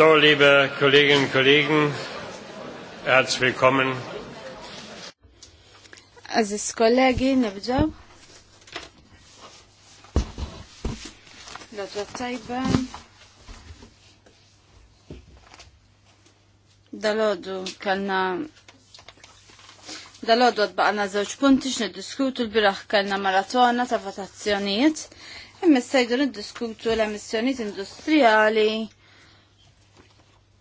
So, liebe Kolleginnen und Kollegen, herzlich willkommen. Aziz kollegi, nibġaw. Lodwa tajba. Dalodu kalna Dalodu għadbaqna zewċ punti x'niddiskutu l-biraħ kalna maratona ta' votazzjoniet. Immissajdu sejdu niddiskutu l-emissjoniet industrijali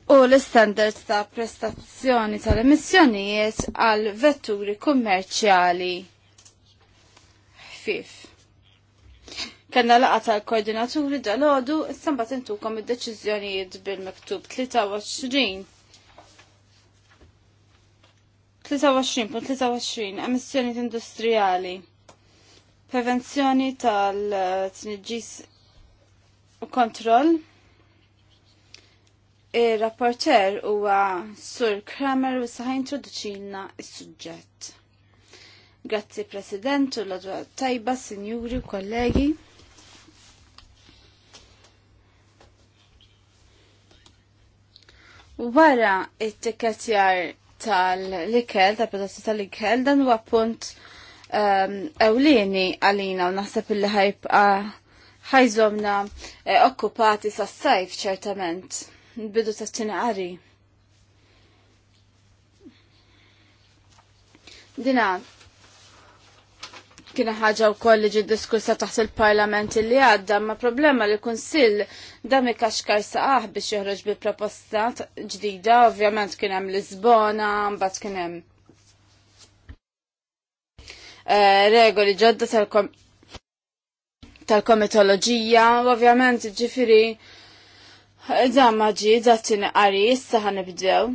u l-standards ta' prestazzjoni tal-emissjonijiet għal vetturi kummerċjali FIF. Kanna laqa tal-koordinaturi dal-ħodu, s-sambat intukom id-deċizjonijiet bil-mektub 23 23.23 emissjoni industrijali prevenzjoni tal tniġis u kontroll Il-rapporter huwa Sur Kramer u saħ introduċilna is-suġġett. Grazzi President u l-adwa tajba, sinjuri u kollegi. Wara it-tikketjar tal-likel, tal-prodotti tal-likel, dan huwa punt ehm, ewlieni għalina u naħseb il-ħajbqa ħajżomna eh, okkupati sas-sajf ċertament bidu ta' t tinaqari Dina, kiena ħaġa u koll li diskursa taħt il-parlament li għadda, ma problema li kunsill dam kaxkar saħ biex joħroġ bi proposta ġdida, ovvjament kien hemm Lisbona, mbagħad kien hemm eh, regoli ġodda tal-komitoloġija, u ovvjament ġifiri Zamma ġi, għari, qari, issa ħanibdew.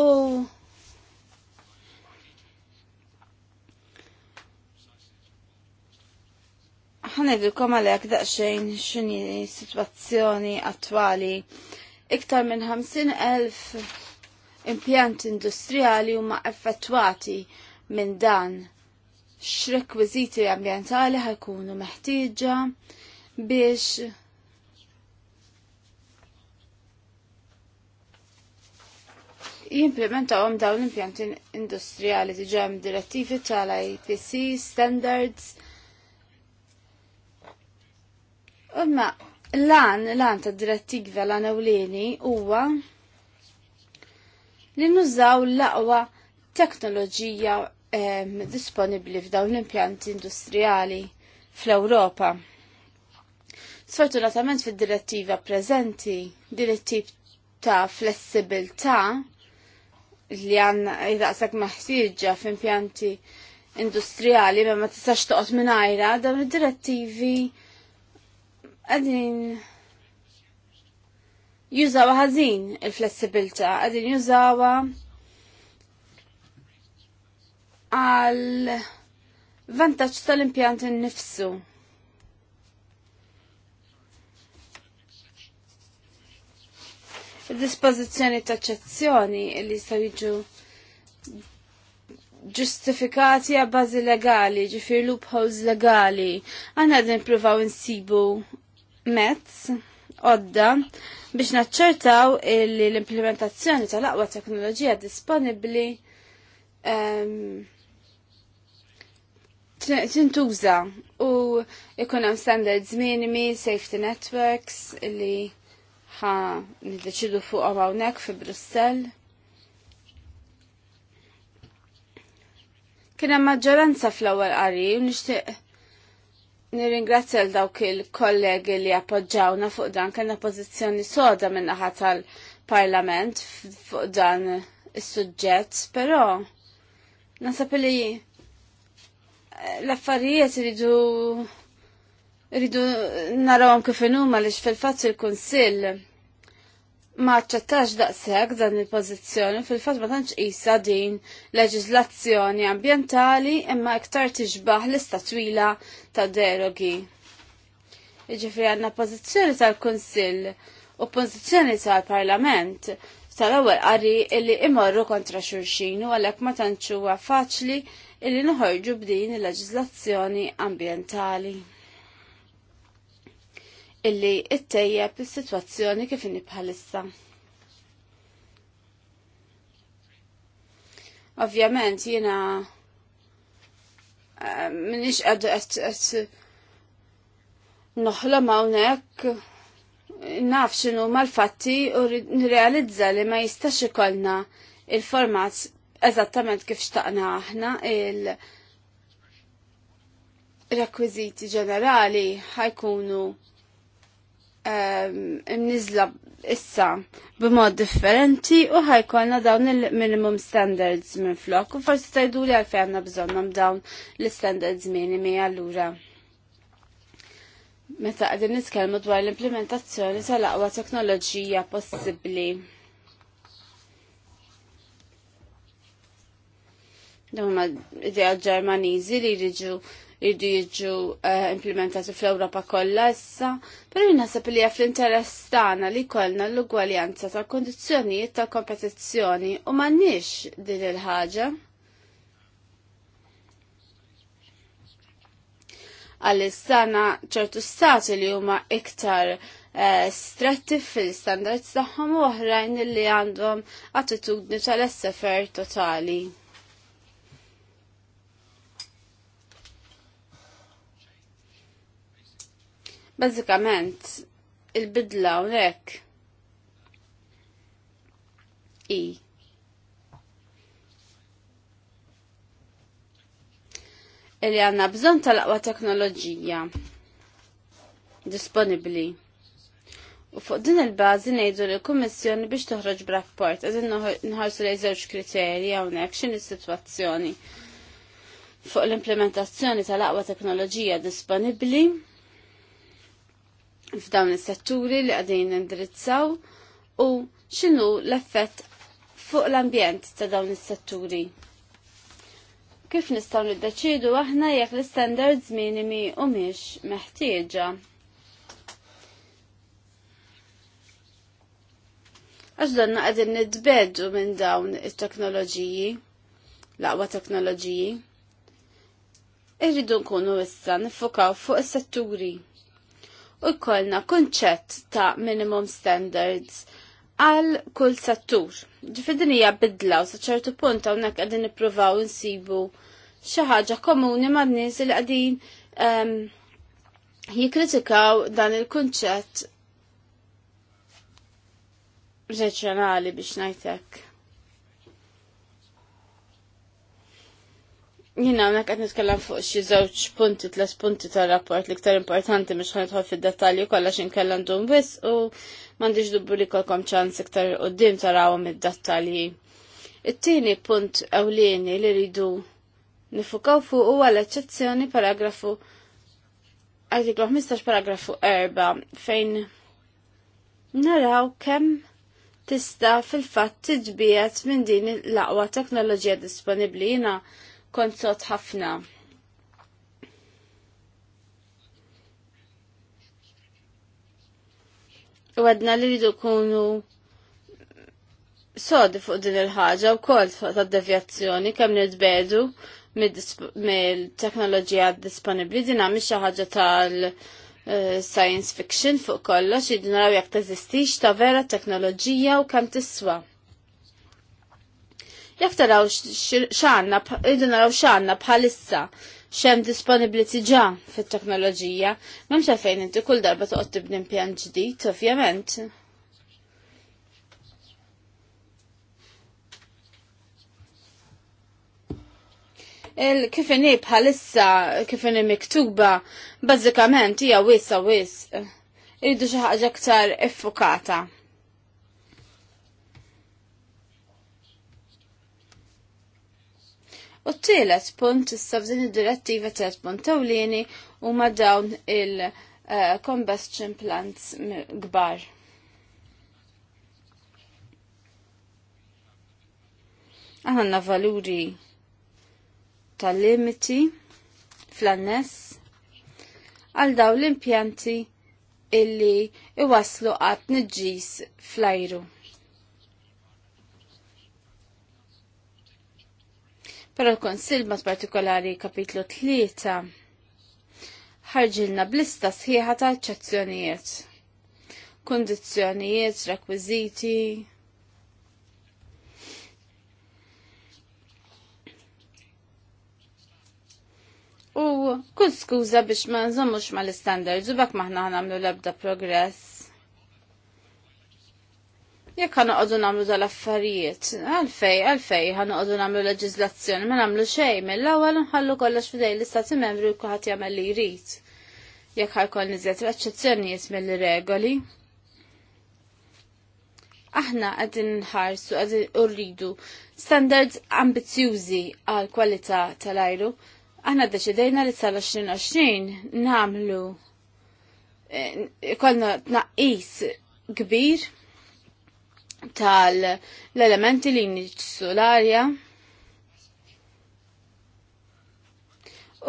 U ħanedilkom għalek daqxejn xini situazzjoni attwali. Iktar minn 50.000 impjant industrijali huma effettwati minn dan. X'rekwiżiti ambjentali ħakunu meħtieġa biex jimplementawhom dawn l-impjanti industrijali diġà hemm direttivi tal-IPC standards. Imma l għan l għan ta' direttiva l-an ewlieni huwa li nużaw l-aqwa teknoloġija ehm, disponibbli f'dawn l-impjanti industrijali fl-Ewropa. Sfortunatament fil direttiva preżenti din it-tip ta' flessibilità li għanna id-daqsak f'impjanti industrijali ma ma tistax toqgħod minn dawn id-direttivi qegħdin jużawa ħażin il-flessibilità, qegħdin jużawa għal vantaġġ tal-impjant innifsu. il-dispożizzjoni ta' ċezzjoni li jistaw jiġu ġustifikati għal bażi legali, ġifir loopholes legali. għanna qed nippruvaw insibu mezz odda, biex naċċertaw li l-implementazzjoni tal-aqwa teknoloġija disponibbli ehm, tintuża u ikun hemm standards minimi, safety networks li ħa niddeċidu fuq hawnhekk fi Brussel. Kien hemm maġġoranza fl-ewwel qari u nixtieq nirringrazzja l dawk il-kollegi li appoġġawna fuq dan kellna pożizzjoni soda minn naħa tal-Parlament fuq dan is-suġġett, però nasab li eh, l-affarijiet iridu naraw narawhom kif huma lix fil-fatt il-Kunsill ma ċattax daqshekk dan il-pożizzjoni fil-fatt ma tantx isa din leġiżlazzjoni ambjentali imma iktar tixbaħ l twila ta' derogi. Jiġifieri għandna pożizzjoni tal-Kunsill u pożizzjoni tal-Parlament tal-ewwel qari illi imorru kontra xulxin u għalhekk ma tanċu faċli illi noħorġu b'din il-leġiżlazzjoni ambjentali illi ittejjeb is-sitwazzjoni kif inni bħalissa. Ovvjament jiena eh, minix għadu għet noħlom għawnek naf xinu mal-fatti u nirealizza li ma jistax ikolna il-format eżattament kif xtaqna aħna il-rekwiziti ġenerali ħajkunu imnizla ehm, issa b'mod differenti u ħajkolna dawn il-minimum standards minn flok u forsi tajdu li għalfej għanna bżonnom dawn l-standards minimi għallura. Meta għadin nitkellmu dwar l-implementazzjoni tal-aqwa teknoloġija possibbli. Dawn ma idea ġermaniżi li jriġu jridu jiġu eh, implementati fl-Ewropa kollha issa, però naħseb li fl-interess tagħna li kollna l-ugwaljanza ta' kondizzjonijiet tal kompetizzjoni u m'għandniex din il-ħaġa. għal istana ċertu stati li huma iktar eh, stretti fil-standards tagħhom u oħrajn li għandhom attitudni tal-SFR totali. Bazzikament, il-bidla unek i li għanna bżon tal-aqwa teknoloġija disponibli. U fuq din il-bazi nejdu li l-Kummissjoni biex toħroġ b'rapport, għazin nħarsu li żewġ kriterji hawnhekk x'in is-sitwazzjoni fuq l-implementazzjoni tal-aqwa teknoloġija disponibli f'dawn is-setturi li għadin indirizzaw u x'inhu l-effett fuq l-ambjent ta' dawn is-setturi. Kif nistgħu niddeċidu aħna jekk l-standards minimi u mhix meħtieġa. Għax donna qegħdin nitbeddu minn dawn it-teknoloġiji, l-aqwa teknoloġiji. Irridu nkunu issa nifukaw fuq is-setturi u jkollna kunċett ta' minimum standards għal kull settur. Ġifidin hija bidla u saċertu punt hawnhekk qegħdin nippruvaw insibu xi ħaġa komuni ma' nies li qegħdin um, ehm, jikritikaw dan il-kunċett reġjonali biex ngħidlek. Jina, għamna għed nitkellem fuq xi żewġ punti, tles punti tal-rapport li ktar importanti biex ħanitħol fid-dettalji kollha xin kellan dum bis u m'għandix dubbu li kolkom ċans iktar qudiem tarawhom id-dettalji. It-tieni punt ewlieni li rridu nifukaw fuq huwa l-eċċezzjoni paragrafu artiklu 15 paragrafu 4 fejn naraw kemm tista fil-fatt tidbiet minn din l-aqwa teknoloġija disponibbli jina kont ħafna. U għadna li rridu kunu sodi fuq din il-ħaġa u kol ta' devjazzjoni kem nidbedu mill-teknoloġija disponibli din għamil ħaġa tal-science fiction fuq kollox id naraw jak teżistix ta' vera teknoloġija u kem tiswa. Jek taraw xanna, idin naraw xanna bħalissa xem disponibli ġa fit-teknoloġija, memx fejn inti kull darba toqgħod tibni pjan ġdid, ovvjament. il-kifini bħalissa kifini miktuba bazzikament hija wisa wis idu xi ħaġa aktar effukata. U t-tielet punt issa f'din id-direttiva tielet punt tawlini u ma dawn il-combustion eh, plants gbar. Għanna valuri tal-limiti fl-annes għal daw l-impjanti illi iwaslu għat nġis fl-ajru. Pero l-Konsil mas partikolari kapitlu 3 ħarġilna blista sħiħa ta' eccezzjonijiet. Kondizjonijiet, rekwiziti. U kull skuża biex ma nżommux mal-standards u bak maħna ħanamlu l-ebda progress jekk ħanoqogħdu nagħmlu dal-affarijiet. Għalfej, għalfej ħanoqogħdu nagħmlu leġiżlazzjoni ma nagħmlu xejn mill-ewwel nħallu kollox f'idej l-istati membri u kuħat jagħmel li jrid. Jekk ħajkol niżjed eċċezzjonijiet mill-regoli. Aħna qegħdin nħarsu qegħdin urridu standards ambizzjużi għal kwalità tal-ajru. Aħna deċidejna li sal-2020 nagħmlu ikollna eh, tnaqqis kbir tal-elementi li jinġsu l-arja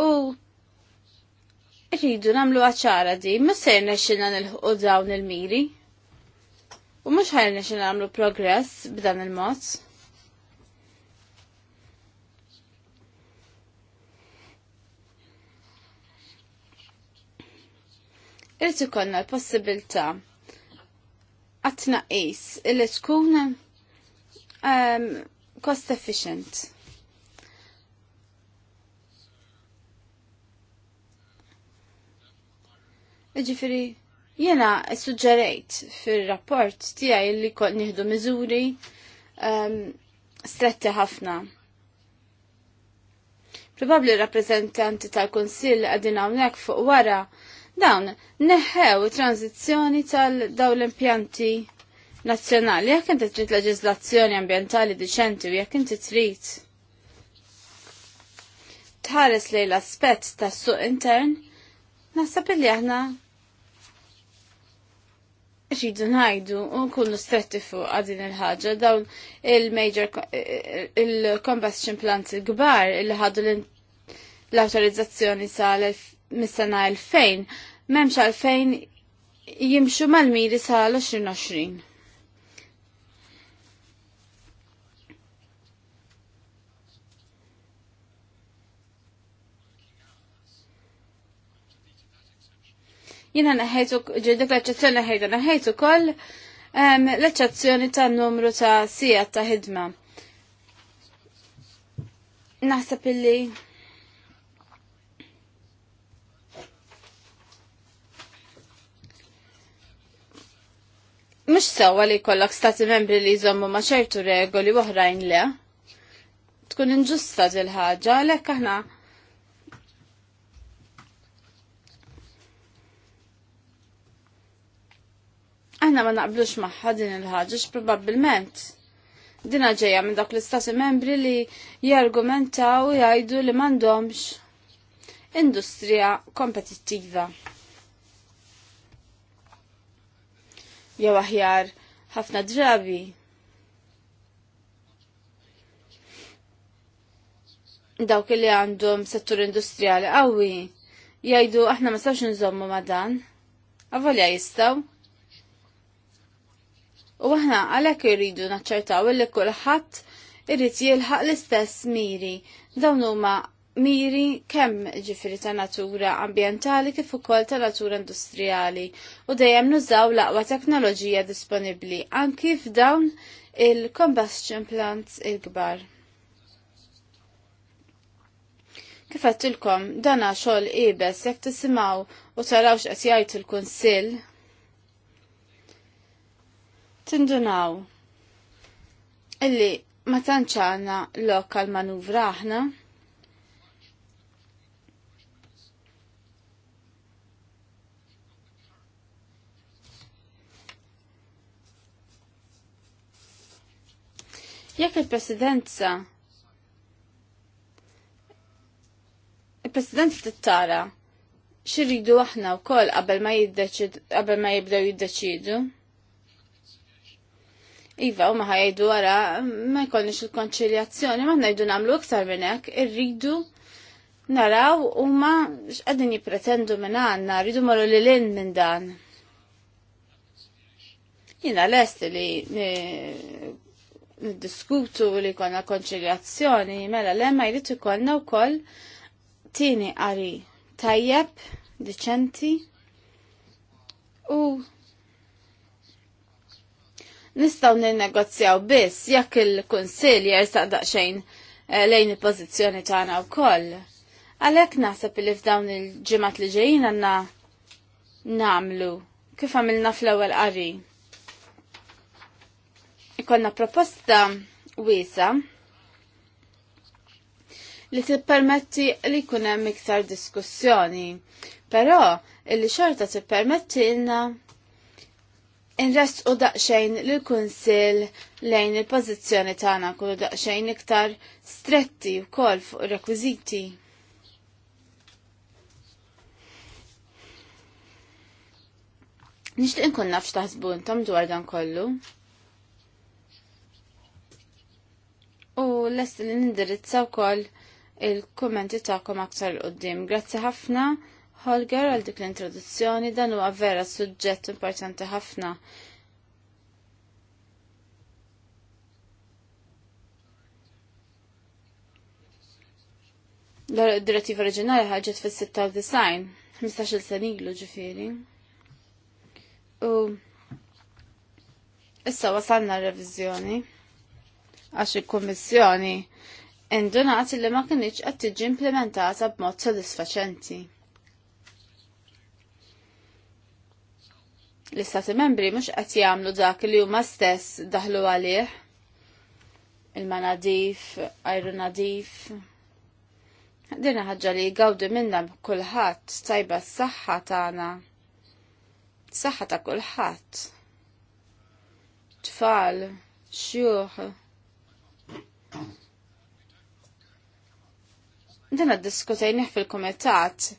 u rridu namlu għacħara di, ma sejna xina nil-ħu dawn il-miri u mux ħajna xina namlu progress b'dan il-mod. Irti konna l-possibilta' is illi tkun um, cost efficient. Iġifiri, jena suġġerejt fil-rapport tijaj li kol nieħdu miżuri um, stretti ħafna. Probabli rappresentanti tal-Konsil għadina hawnhekk fuq wara Dawn, neħew tranzizjoni tal-daw l-impjanti nazzjonali, jekk inti trid leġiżlazzjoni ambjentali diċenti u jekk inti trid tħares lej l-aspett tas-suq intern, naħseb li aħna rridu ngħidu u nkunu stretti fuq għadin il ħaġa dawn il-major il-combustion plants il-gbar il ħadu l-autorizzazzjoni sal mis-sena 2000 m'hemmx għalfejn jimxu mal-miri sa l-2020. Jina neħejtu, ġedik l-eċezzjoni neħejtu, neħejtu koll l-eċezzjoni ta' numru ta' sijat ta' ħidma. Naħseb illi mux sewa li kollak stati membri li jżommu ma ċertu regoli uħrajn le. Tkun inġusta dil-ħagġa, lekk aħna Aħna ma naqblux maħħa din il-ħagġa x-probabbilment. Dina ġeja minn dak l-istati membri li jargumentaw u jgħidu li mandomx industrija kompetittiva. jew aħjar ħafna drabi. Dawk li għandhom settur industrijali qawwi jgħidu aħna ma stawx nżommu ma dan. Avolja jistaw. U aħna għalhekk irridu naċċertaw li kulħadd irid jilħaq l-istess miri. Dawn huma miri kemm ġifiri ta' natura ambientali kif ukoll ta' natura industrijali u dejjem nużaw l-aqwa teknoloġija disponibbli anki f'dawn il-combustion plants il-kbar. Kif għattilkom dana xogħol ibes jekk tisimgħu u tarawx qed jgħid il-kunsill. Tindunaw illi ma tantx għandna lokal manuvra aħna. Jekk il-presidenza il-president ftit tara xirridu aħna wkoll qabel ma jiddeċid qabel ma jibdew jiddeċidu. Iva, u maħa jajdu għara, ma jkollniex il-konċiljazzjoni, ma najdu namlu iktar minn hekk, irridu naraw u ma x'qegħdin jippretendu minn għandna, rridu marru lil lin minn dan. Jina l-est li eh, niddiskutu li konna konċiljazzjoni, mela lemma jrid ikollna wkoll tini qari tajjeb, diċenti u nistaw nil-negozjaw biss jekk il konsil jersa daċxajn eh, lejn il-pożizzjoni tagħna wkoll. Għalhekk naħseb li f'dawn il-ġimgħat li ġejjin għandna namlu kif għamilna fl-ewwel qari. Konna proposta wiesa li tippermetti li jkun hemm iktar diskussjoni. Però illi xorta t-permetti inna Inrest u daqxejn l-Kunsil lejn il-pozizjoni tagħna kull daqxajn iktar stretti wkoll fuq rekwiżiti. Nixtieq inkun nafx taħsbun tam dwar dan kollu. u lest li nindirizza wkoll il-kummenti tagħkom aktar l-qoddim. Grazzi ħafna Holger għal dik l-introduzzjoni dan huwa vera suġġett importanti ħafna. Direttiva oriġinali ħarġet fis-96, 15-il sen ġifieri. U issa wasalna r-reviżjoni għax il-Kummissjoni indunat li ma kienx qed tiġi implementata b'mod sodisfaċenti. L-istati membri mhux qed jagħmlu dak li huma stess daħlu għalih il-manadif, ajru nadif. Dina ħaġa li gawdi minna kulħadd tajba s-saħħa tagħna. S-saħħa ta' kulħadd. Tfal, xjuħ, Dan diskutejnih fil-komitat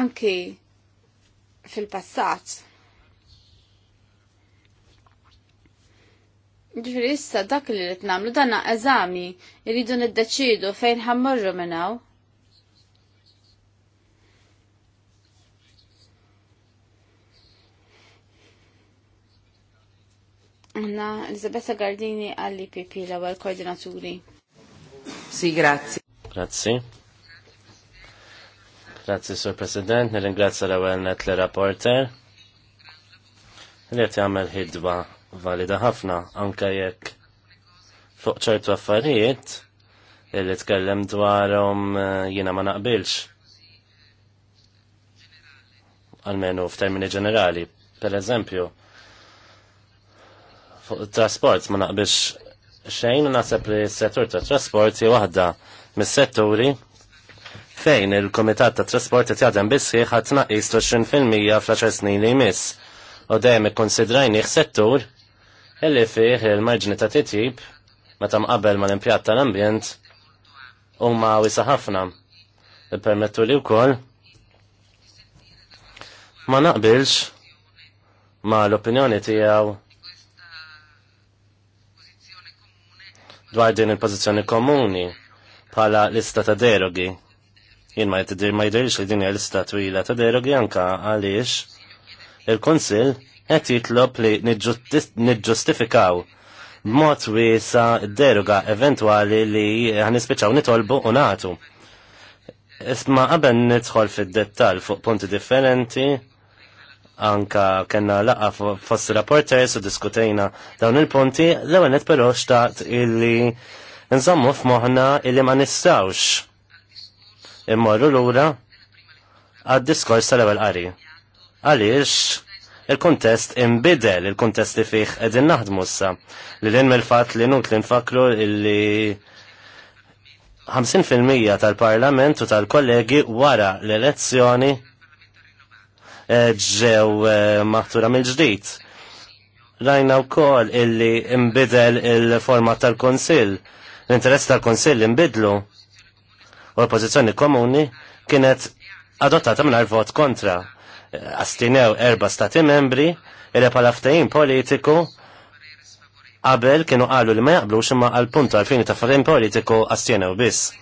anki fil-passat. Ġifiri issa dak li rrit namlu danna eżami irridu niddeċidu fejn ħammorru minnaw. Anna Elisabetta Gardini għall-IPP l-ewwel koordinaturi. Si, grazzi. Grazzi. Grazzi, Sur President, nirringrazzja l-ewwel net l-rapporter. Li qed jagħmel ħidba valida ħafna anke jekk fuq ċertu affarijiet illi tkellem dwarhom eh, jiena ma naqbilx. Almenu f'termini ġenerali, per eżempju, fuq trasport ma naqbix xejn u naħseb li s-settur ta' trasport hi waħda mis-setturi fejn il-Komitat ta' Trasport qed jaħdem bisħiħ ħadd tnaqqis 20% fl-10 snin li jmiss u dejjem ikkonsidrajnih settur illi fih il-marġni ta' titjib meta mqabel mal-impjat tal-ambjent huma wisa ħafna. Permettu li wkoll ma naqbilx ma l-opinjoni tiegħu dwar din il-pożizzjoni komuni bħala lista ta' derogi. Jien ma jtidir ma jdirx li din hija lista twila ta' derogi anka għaliex il-Kunsill qed jitlob li niġġustifikaw b'mod wiesa deroga eventwali li ħanispiċċaw nitolbu u nagħtu. Isma qabel nidħol fid-dettall fuq punti differenti, anka kena laqa fost rapporters u diskutejna dawn il-punti, l-għanet pero xtaqt illi nżammu f'moħna illi ma nistawx immorru l-ura għad-diskors tal-ewel qari. Għaliex il-kontest imbidel, il-kontest li fih edin naħdmu sa. Li l-in mill-fat li nut li nfakru illi 50% tal-parlament u tal-kollegi wara l-elezzjoni ġew eh, maħtura mill-ġdid. Rajna wkoll illi imbidel il-format tal konsil L-interess tal konsil imbidlu u l-pożizzjoni komuni kienet adottata minn vot kontra. Astinew erba stati membri il pala ftehim politiku qabel kienu qalu li ma jaqblux imma għal puntu fini ta' ftehim politiku astinew biss.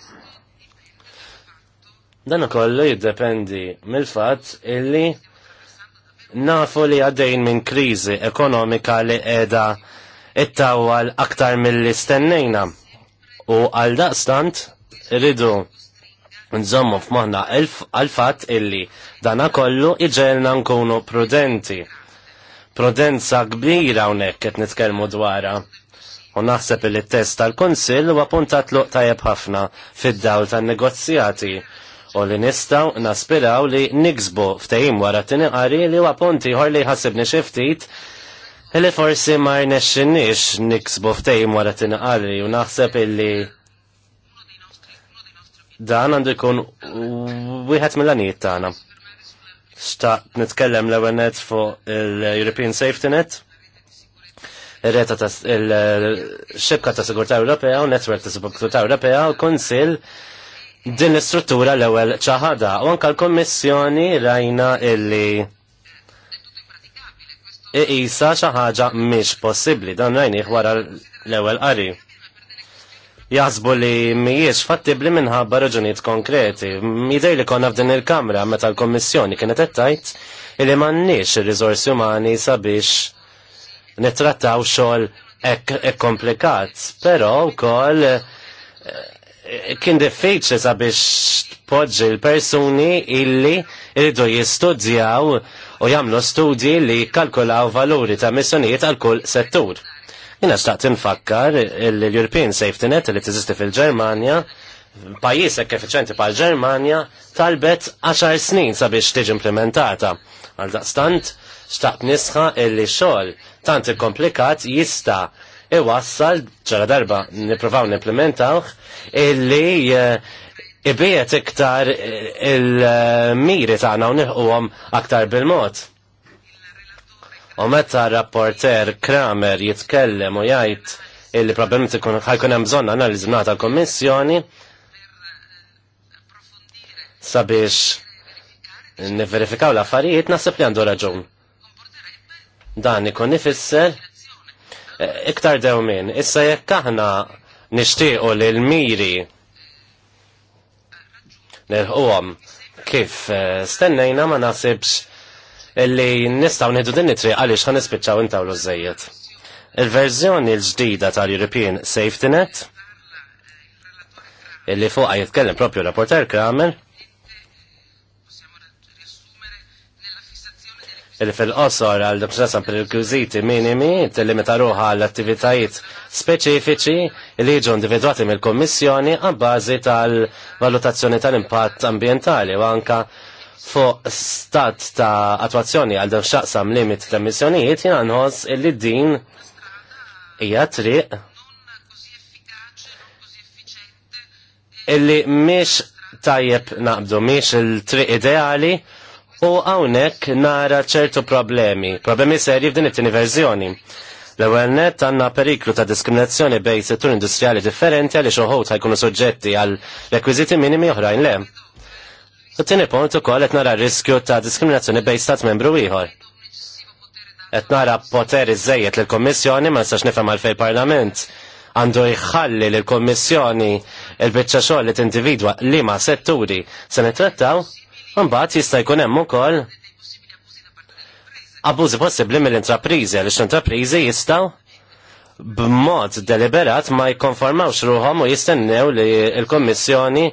Dan kollu jiddependi mill-fatt illi Nafu li għaddejn minn kriżi ekonomika li qiegħda ittawal aktar mill-li stennejna. U għal daqstant rridu nżommu f'maħna għal-fat illi dana kollu iġelna nkunu prudenti. Prudenza kbira unek qed nitkellmu dwarha. U naħseb il t-test tal-Konsil huwa puntat luq tajjeb ħafna fid-dawl tan-negozjati u li nistaw naspiraw li niksbu ftehim wara t-tiniqari li huwa punti ħor li ħasibni xi ftit li forsi ma rnexxinniex niksbu ftehim wara t-tiniqari u naħseb illi dan għandu jkun wieħed mill-għanijiet tagħna. Xtaqt nitkellem l net fuq il-European Safety Net, il-reta ta' il-xibka ta' Sigurtà Ewropea u Network ta' Sigurtà Ewropea u Konsil din l-istruttura l-ewel ċaħada. U anka l-Kommissjoni rajna illi iqisa xi ħaġa mhix possibbli dan rajnih wara l-ewwel qari. Jaħsbu li mhijiex fattibli minħabba raġunijiet konkreti. Idej li konna f'din il-Kamra meta l-Kommissjoni kienet qed tgħid illi m'għandniex ir-riżorsi umani sabiex nittrattaw xogħol hekk komplikat, però wkoll kien diffiċli sabiex tpoġġi l-persuni illi irridu jistudjaw u jagħmlu studji li jikkalkulaw valuri ta' missjonijiet għal kull settur. Jina xtaqt infakkar l-European Safety Net li tiżisti fil-Ġermanja, pajjiż hekk effiċenti bħal ġermanja talbet 10 snin sabiex tiġi implementata. Għal daqstant, xtaqt nisħa illi xogħol tant ikkomplikat jista' iwassal ċara darba niprofaw nimplementawh illi eh, ibiet iktar eh, il-miri tagħna u nilħuhom aktar bil-mod. U meta rapporter Kramer jitkellem u jgħid illi probabbilment ħajkun hemm bżonn analiżi ta' l-Kommissjoni sabiex niverifikaw l-affarijiet naħseb li għandu raġun. Dan ikun ifisser iktar dewmin. Issa jekk aħna nixtiequ li l-miri nilħuhom kif eh, stennejna ma nasibx illi nistaw nħidu din it-triq għaliex ħan nispiċċaw l żejjed. Il-verżjoni l-ġdida tal-European Safety Net illi fuqa jitkellem propju rapporter Kramer il fil-qosor għal depressa prerekwiziti minimi t-limita ruħa għal attivitajiet speċifiċi li ġu individuati mill-Kommissjoni għabbażi tal-valutazzjoni tal-impatt ambientali u anka fuq stat ta' attuazzjoni għal dan xaqsam limit ta' emissjonijiet jina nħoss illi din hija triq illi mhix tajjeb naqbdu mhix il-triq ideali u hawnhekk nara ċertu problemi, problemi serji f'din it-tieni verżjoni. L-ewwel net għandna periklu ta' diskriminazzjoni bejn settur industrijali differenti għaliex uħut ħajkunu soġġetti għal rekwiżiti minimi oħrajn le. U-tieni punt ukoll qed nara riskju ta' diskriminazzjoni bejn stat membru ieħor qed nara poteri żejjed lill kommissjoni ma nistax nifhem fej parlament għandu jħalli lill kommissjoni il-biċċa xogħol li tindividwa li ma setturi se nittrattaw Mbagħad jista' jkun hemm ukoll abbużi possibbli mill-intrapriżi għaliex intrapriżi jistgħu b'mod deliberat ma jikkonformawx ruhom u jistennew li l-Kommissjoni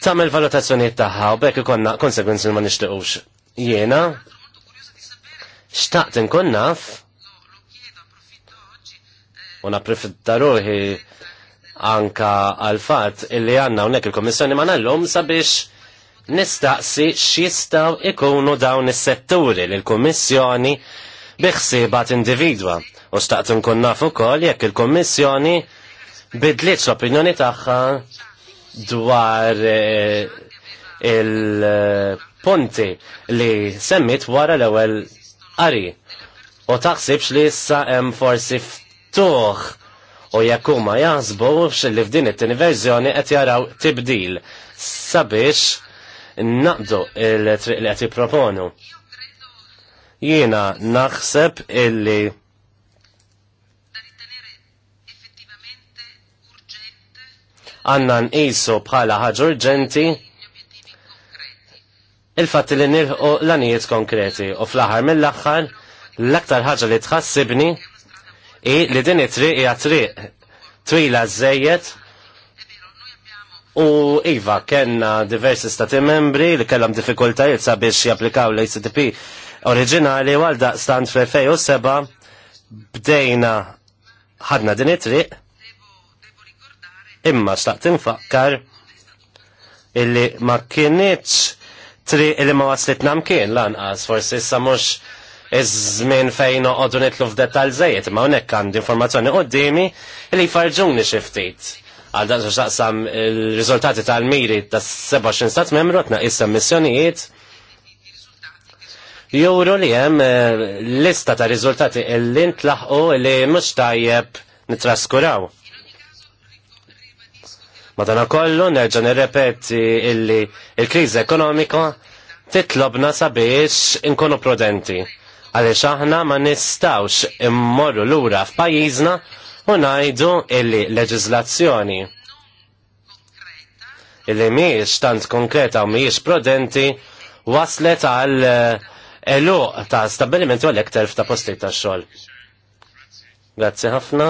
tagħmel valutazzjonijiet tagħha u bekk ikonna konsegwenzi li ma nixtiequx. Jiena xtaqt inkun naf u naprifitta ruħi anka għal-fat illi għanna unnek il-Kommissjoni ma nallum sabiex nistaqsi x'jistgħu ikunu dawn is-setturi l kummissjoni biħsibat individwa u staqt nkun naf ukoll jekk il-Kummissjoni bidlitx l-opinjoni tagħha dwar eh, il-punti li semmit wara l-ewwel qari u taħsibx li issa hemm forsi ftuħ u jekk huma jaħsbu li f'din it-tieni verżjoni qed jaraw tibdil sabiex naqdu il-triq li għati proponu. Jiena naħseb illi għanna nqisu bħala ħaġa urġenti il fatti li nirħu l-anijiet konkreti u fl-aħħar mill-aħħar l-aktar ħaġa li tħassibni i li din it-triq hija triq twila żejjed U Iva, kena diversi stati membri li kellam diffikultajiet sabiex japplikaw l-ACTP oriġinali u għalda stand fl-2007 bdejna ħadna din it-triq imma staqt infakkar illi ma kienieċ triq illi ma waslitna mkien lanqas forsi issa mhux iż-żmien fejn noqogħdu nitlu f'dettal żejjed ma hawnhekk għandi informazzjoni qudiemi li jfarġuni xi ftit għal dan xaqsam il-rizultati tal-miri ta' 27 stat membru issa missjonijiet juru li hemm eh, lista ta' riżultati lint laħu li mhux tajjeb nitraskuraw. Madana kollu nerġa' nirrepeti illi il-kriżi ekonomika titlobna sabiex inkunu prudenti. Għaliex aħna ma nistawx immorru lura f'pajjiżna unajdu illi leġizlazzjoni illi miex tant konkreta u miex prudenti waslet għal eh, eluq ta' stabilimenti u l-ektar ta' posti ta' xogħol. Grazzi ħafna.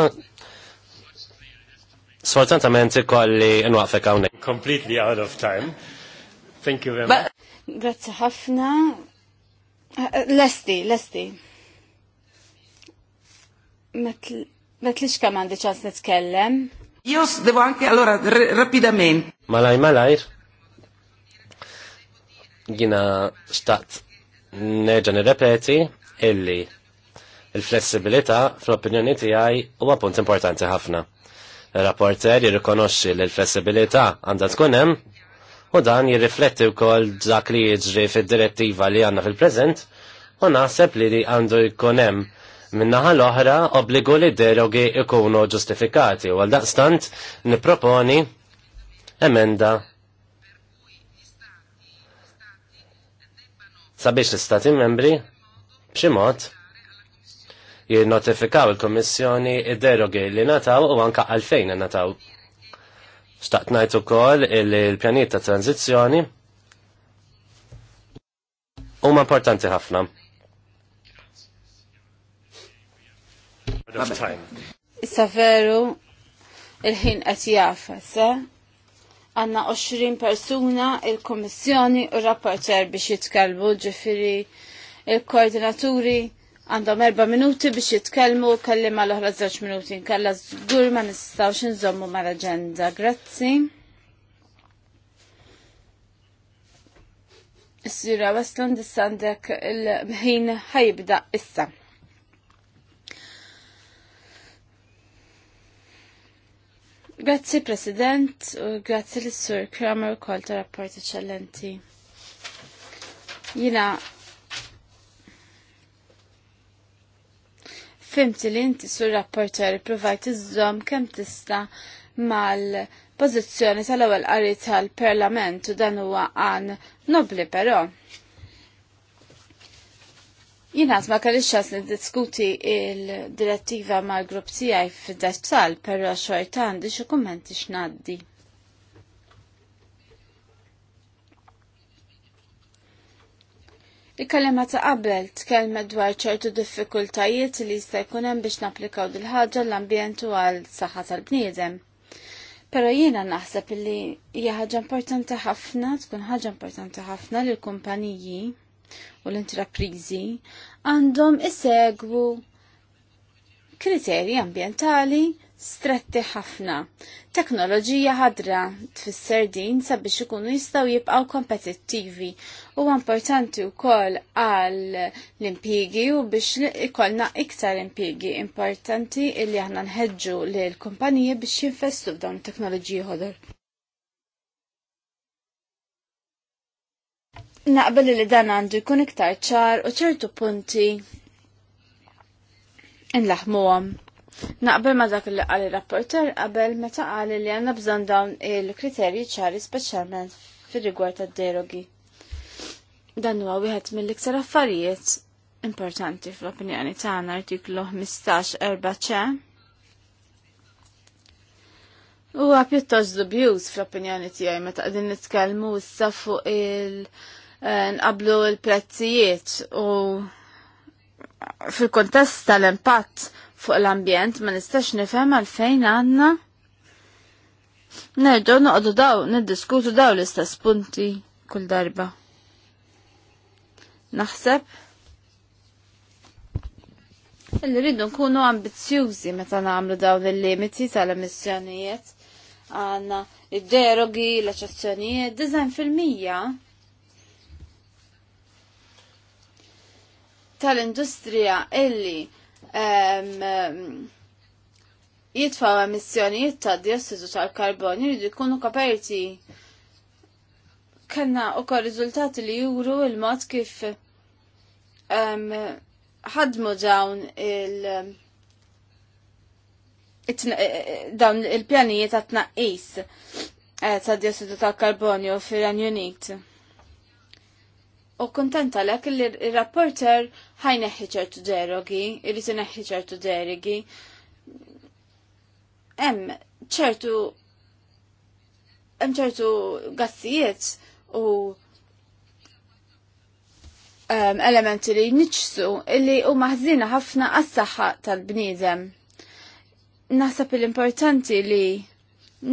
Sfortunatament ikolli nwaqfek hawnhekk. Completely out of time. Thank you very much. Grazzi ħafna. Eh, eh, lesti, lesti. Metl Betlix kam għandi ċans nitkellem. Jos, devo anke, allora, rapidament. Malaj, malajr. Gina xtaqt nerġa nirrepeti illi il-flessibilità fl-opinjoni tiegħi huwa punt importanti ħafna. Il-rapporter jirrikonoxxi li l-flessibilità għandha tkun hemm u dan jirrifletti wkoll dak li jiġri fid-direttiva li għandna fil-preżent u naħseb li għandu jkun hemm Minnaħa l-oħra obbligu li derogi ikunu ġustifikati u għal-daqstant niproponi emenda sabiex l-Stati membri b'ximot jirnotifikaw il komissjoni id-derogi li nataw u anka għalfejn nataw. Xtaqt najt ukoll il pjanita tranzizjoni u huma importanti ħafna Issa veru, il-ħin qed jafa, sa? Għanna 20 persuna il-Kommissjoni u rapporter biex jitkellmu, ġifiri il-koordinaturi għandhom erba' minuti biex jitkellmu u kellima l-oħra żewġ minuti. Nkella żgur ma nistgħux inżommu mal-aġenda. Grazzi. Is-sira Westland dis għandek il-ħin ħajibda issa. Grazzi President u grazzi l-Sur Kramer kol ta' rapport eccellenti. Jina fimti li inti sur rapporter provajt iżżomm kem tista mal-pozizjoni tal-ewwel qari tal-Parlament u dan huwa għan nobli però. Jina ma kalli xas li diskuti il-direttiva ma l-grupp tijaj fil-dettal, pero xoħjtan di xo kommenti xnaddi. Il-kalima ta' qabel tkellmet dwar ċertu diffikultajiet li jista' jkun hemm biex napplikaw dil-ħaġa l-ambjent għal saħħa tal-bniedem. Pero jiena naħseb li hija ħaġa importanti ħafna, tkun ħaġa importanti ħafna lil kumpaniji u l-intraprizi għandhom isegwu kriterji ambientali stretti ħafna. Teknoloġija ħadra tfisser din sabiex ikunu jistgħu jibqgħu kompetittivi u importanti wkoll għal l-impjigi u biex ikollna iktar impjigi importanti illi aħna nħeġġu lill kumpaniji biex jinvestu f'dawn it-teknoloġiji ħodor. naqbel li dan għandu jkun iktar ċar u ċertu punti inlaħmuhom. Naqbel ma dak li qal rapporter qabel meta qal li għandna bżonn dawn il-kriterji ċari speċjalment fir-rigward tad-derogi. Dan huwa wieħed mill-iktar affarijiet importanti fl-opinjoni tagħna artiklu 15-4 c Huwa pjuttost dubjuż fl-opinjoni tiegħi meta qegħdin nitkellmu issa fuq il- Eh, nqablu l-prezzijiet u fil-kontest tal-impatt fuq l-ambjent ma nistax nifhem għalfejn għandna Nerġgħu noqogħdu daw niddiskutu daw l-istess punti kull darba. Naħseb Illi rridu nkunu ambizzjużi meta nagħmlu dawn il-limiti tal-emissjonijiet għandna id-derogi, l-eċezzjonijiet, design fil-mija tal-industrija illi jitfaw emissjonijiet ta' diossidu tal-karbonju jridu jkunu kaperti kanna u kol riżultati li juru il-mod kif ħadmu dawn il- e- e- e- dawn il-pjanijiet ta' tnaqqis eh, ta' diossidu tal-karbonju fil-Unit u kontenta lek li il-rapporter ħajneħi ċertu derogi, irrit neħi ċertu derogi. Em, ċertu, em ċertu gazzijiet u um, elementi li nċsu illi u maħzina ħafna għas-saħħa tal-bniedem. Naħseb l-importanti li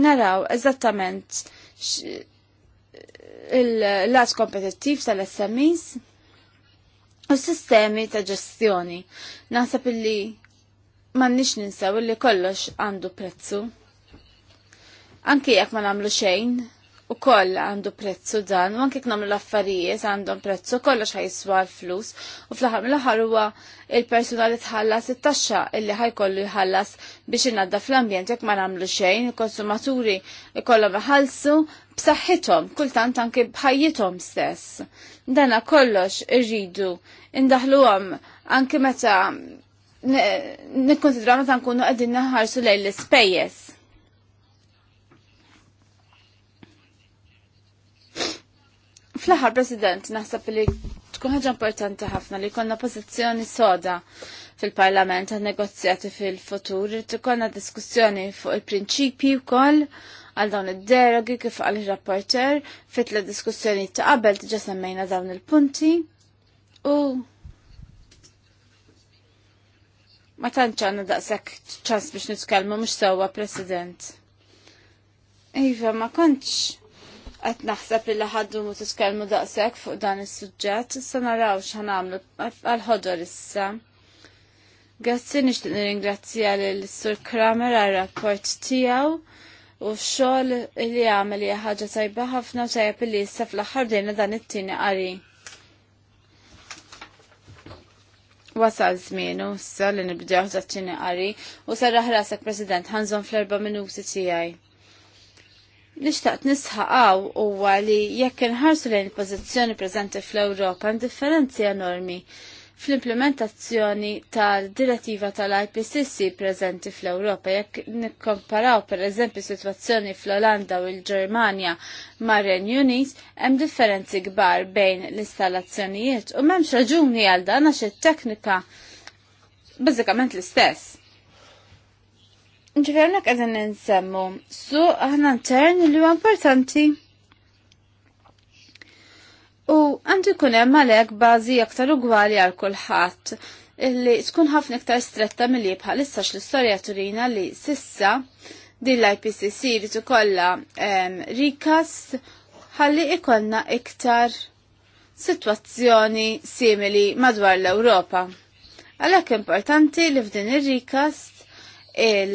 naraw eżattament il-lat kompetittiv tal-SMEs u sistemi ta' ġestjoni. Naħseb illi nix ninsaw illi kollox għandu prezzu. Anki jekk ma nagħmlu xejn, u koll għandu prezzu dan, u anke namlu l-affarijiet għandhom prezzu, kollox ħajiswa l-flus, u fl-ħar mill-ħar huwa il personali tħallas it-taxxa illi ħajkollu jħallas biex inadda fl ambjent jekk ma nagħmlu xejn, il-konsumaturi ikollhom iħallsu, b'saħħithom, kultant anke bħajjithom stess. Dana kollox irridu indaħluhom anke meta nikkonsidra meta nkunu qegħdin naħarsu lejn l-ispejjeż. Fl-aħħar President naħseb li tkun ħaġa importanti ħafna li konna pożizzjoni soda fil-parlament għan negozjati fil-futur, irrid ikollna diskussjoni fuq il-prinċipji wkoll għal dawn id-derogi kif għal il-rapporter fit la diskussjoni ta' qabel tiġa semmejna dawn il-punti u ma tantx għandna daqshekk ċans biex nitkellmu mhux sewwa President. Iva, ma kontx qed naħseb li ħaddu mu titkellmu daqshekk fuq dan is-suġġett, issa naraw x'ħanamlu għal-ħodor issa. Grazzi nixtieq nirringrazzja lill Sur Kramer għar-rapport tiegħu u x-xogħol li għamel li ħaġa tajba ħafna u tajjeb li issa fl-aħħar dejna dan it-tieni qari. Wasal s issa li nibdew t tieni qari u sarraħ rasak President ħanżon fl-erba' minuti tiegħi. Nishtaqt nisħaqaw huwa li jekk inħarsu lejn il-pożizzjoni preżenti fl-Ewropa n differenzi enormi fl-implementazzjoni tal-direttiva tal-IPCC preżenti fl-Ewropa. Jekk nikkomparaw per eżempju situazzjoni fl-Olanda u l-Ġermanja ma' Renju Unit, hemm differenzi kbar bejn l-installazzjonijiet u m'hemmx raġuni għal dan għax it-teknika bażikament l-istess. Ġifier hawnhekk qegħdin su aħna intern li huwa importanti U għandu jkun hemm għalhekk bażi aktar ugwali għal kulħadd illi tkun ħafna iktar stretta milli bħalissa l-istorja turina li sissa din l-IPCC li tkollha rikas ħalli ikollna iktar sitwazzjoni simili madwar l-Ewropa. Għalhekk importanti li f'din ir rikas il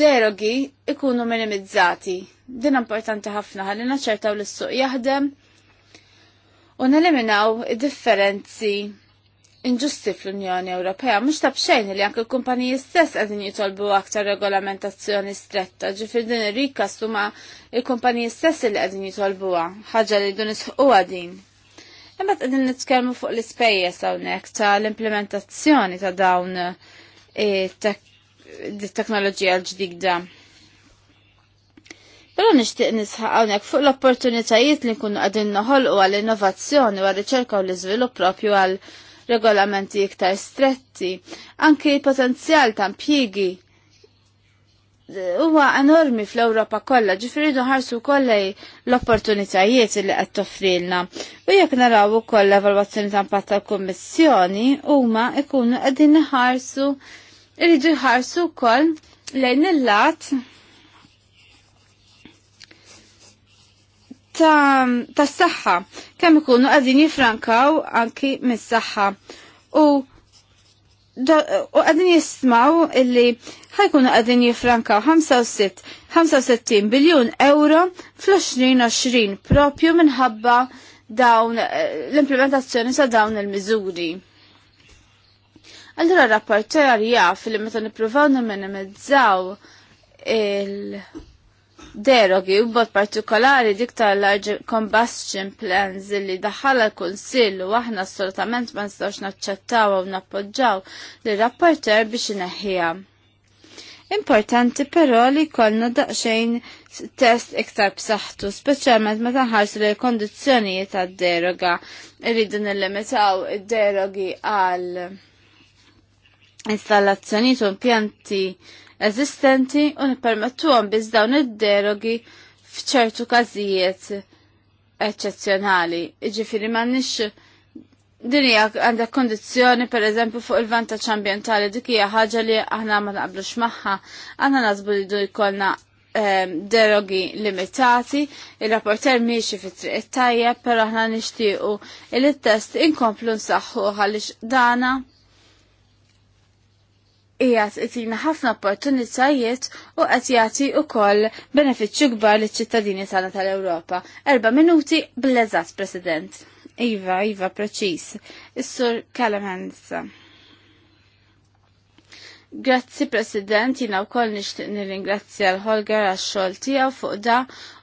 derogi ikunu minimizzati Din importanti ħafna ħalli naċċertaw li s-suq jaħdem u neliminaw differenzi inġusti fl-Unjoni Ewropea, Mux ta' bxejn li anke l-kumpaniji stess qegħdin jitolbu aktar regolamentazzjoni stretta, ġifir din ir-rikastru ma' il-kumpaniji stess li qegħdin jitolbuha, ħaġa li dun isħuqha din. Imma qegħdin nitkellmu fuq l-ispejjeż hawnhekk ta' l-implementazzjoni ta' dawn eh, it-teknoloġija l-ġdida. Pero nishtiq nisħaq hawnhekk fuq l-opportunitajiet li nkunu qegħdin noħolqu għall innovazzjoni u għal riċerka u l-iżvilupp propju għal regolamenti iktar stretti. Anki potenzjal ta' impjiegi eh, huwa enormi fl-Ewropa kollha, ġifieri ħarsu kollej l-opportunitajiet li qed toffrilna. U jekk naraw ukoll l-evalwazzjoni ta' impatt tal-Kummissjoni huma jkunu qegħdin iħarsu jridu jħarsu wkoll lejn il-lat ta' s-saxħa, kemm ikunu għadin jifrankaw anki mis-saxħa. U għadin jismaw illi ħajkunu għadin jifrankaw 65 biljun euro fl-2020 propju minħabba dawn eh, l-implementazzjoni sa' dawn il-miżuri. Allora rapporter jaf li meta nippruvaw nimminimizzaw il- derogi u bot partikolari dik tal-large combustion plans li daħala l-Kunsill u aħna assolutament ma nistgħux naċċettaw u nappoġġaw li rapporter biex ineħħiha. Importanti però li kollna daqsxejn test iktar b'saħħtu, speċjalment meta nħarsu li kondizzjonijiet tad deroga irridu nillimitaw id-derogi għal installazzjonijiet u impjanti eżistenti u nippermettuhom biss dawn id-derogi f'ċertu każijiet eċċezzjonali. Jiġifieri m'għandniex din hija kondizjoni per pereżempju fuq il-vantaġġ ambjentali dik hija ħaġa li aħna ma naqblux magħha. Aħna nażbu li jkollna ehm, derogi limitati, il-rapporter miexi fit-triq tajja, tajjeb pero aħna nixtiequ il-test inkomplu nsaħħu għaliex dana ijat itina ħafna opportunitajiet u qed jagħti wkoll benefiċċju kbar liċ-ċittadini tagħna tal-Ewropa. Erba' minuti bl-eżatt, President. Iva, Iva, preċis. Is-sur Kalam Grazzi President, jina u koll nishtiq nir-ingrazzja l-Holger għax-xol tijaw fuq da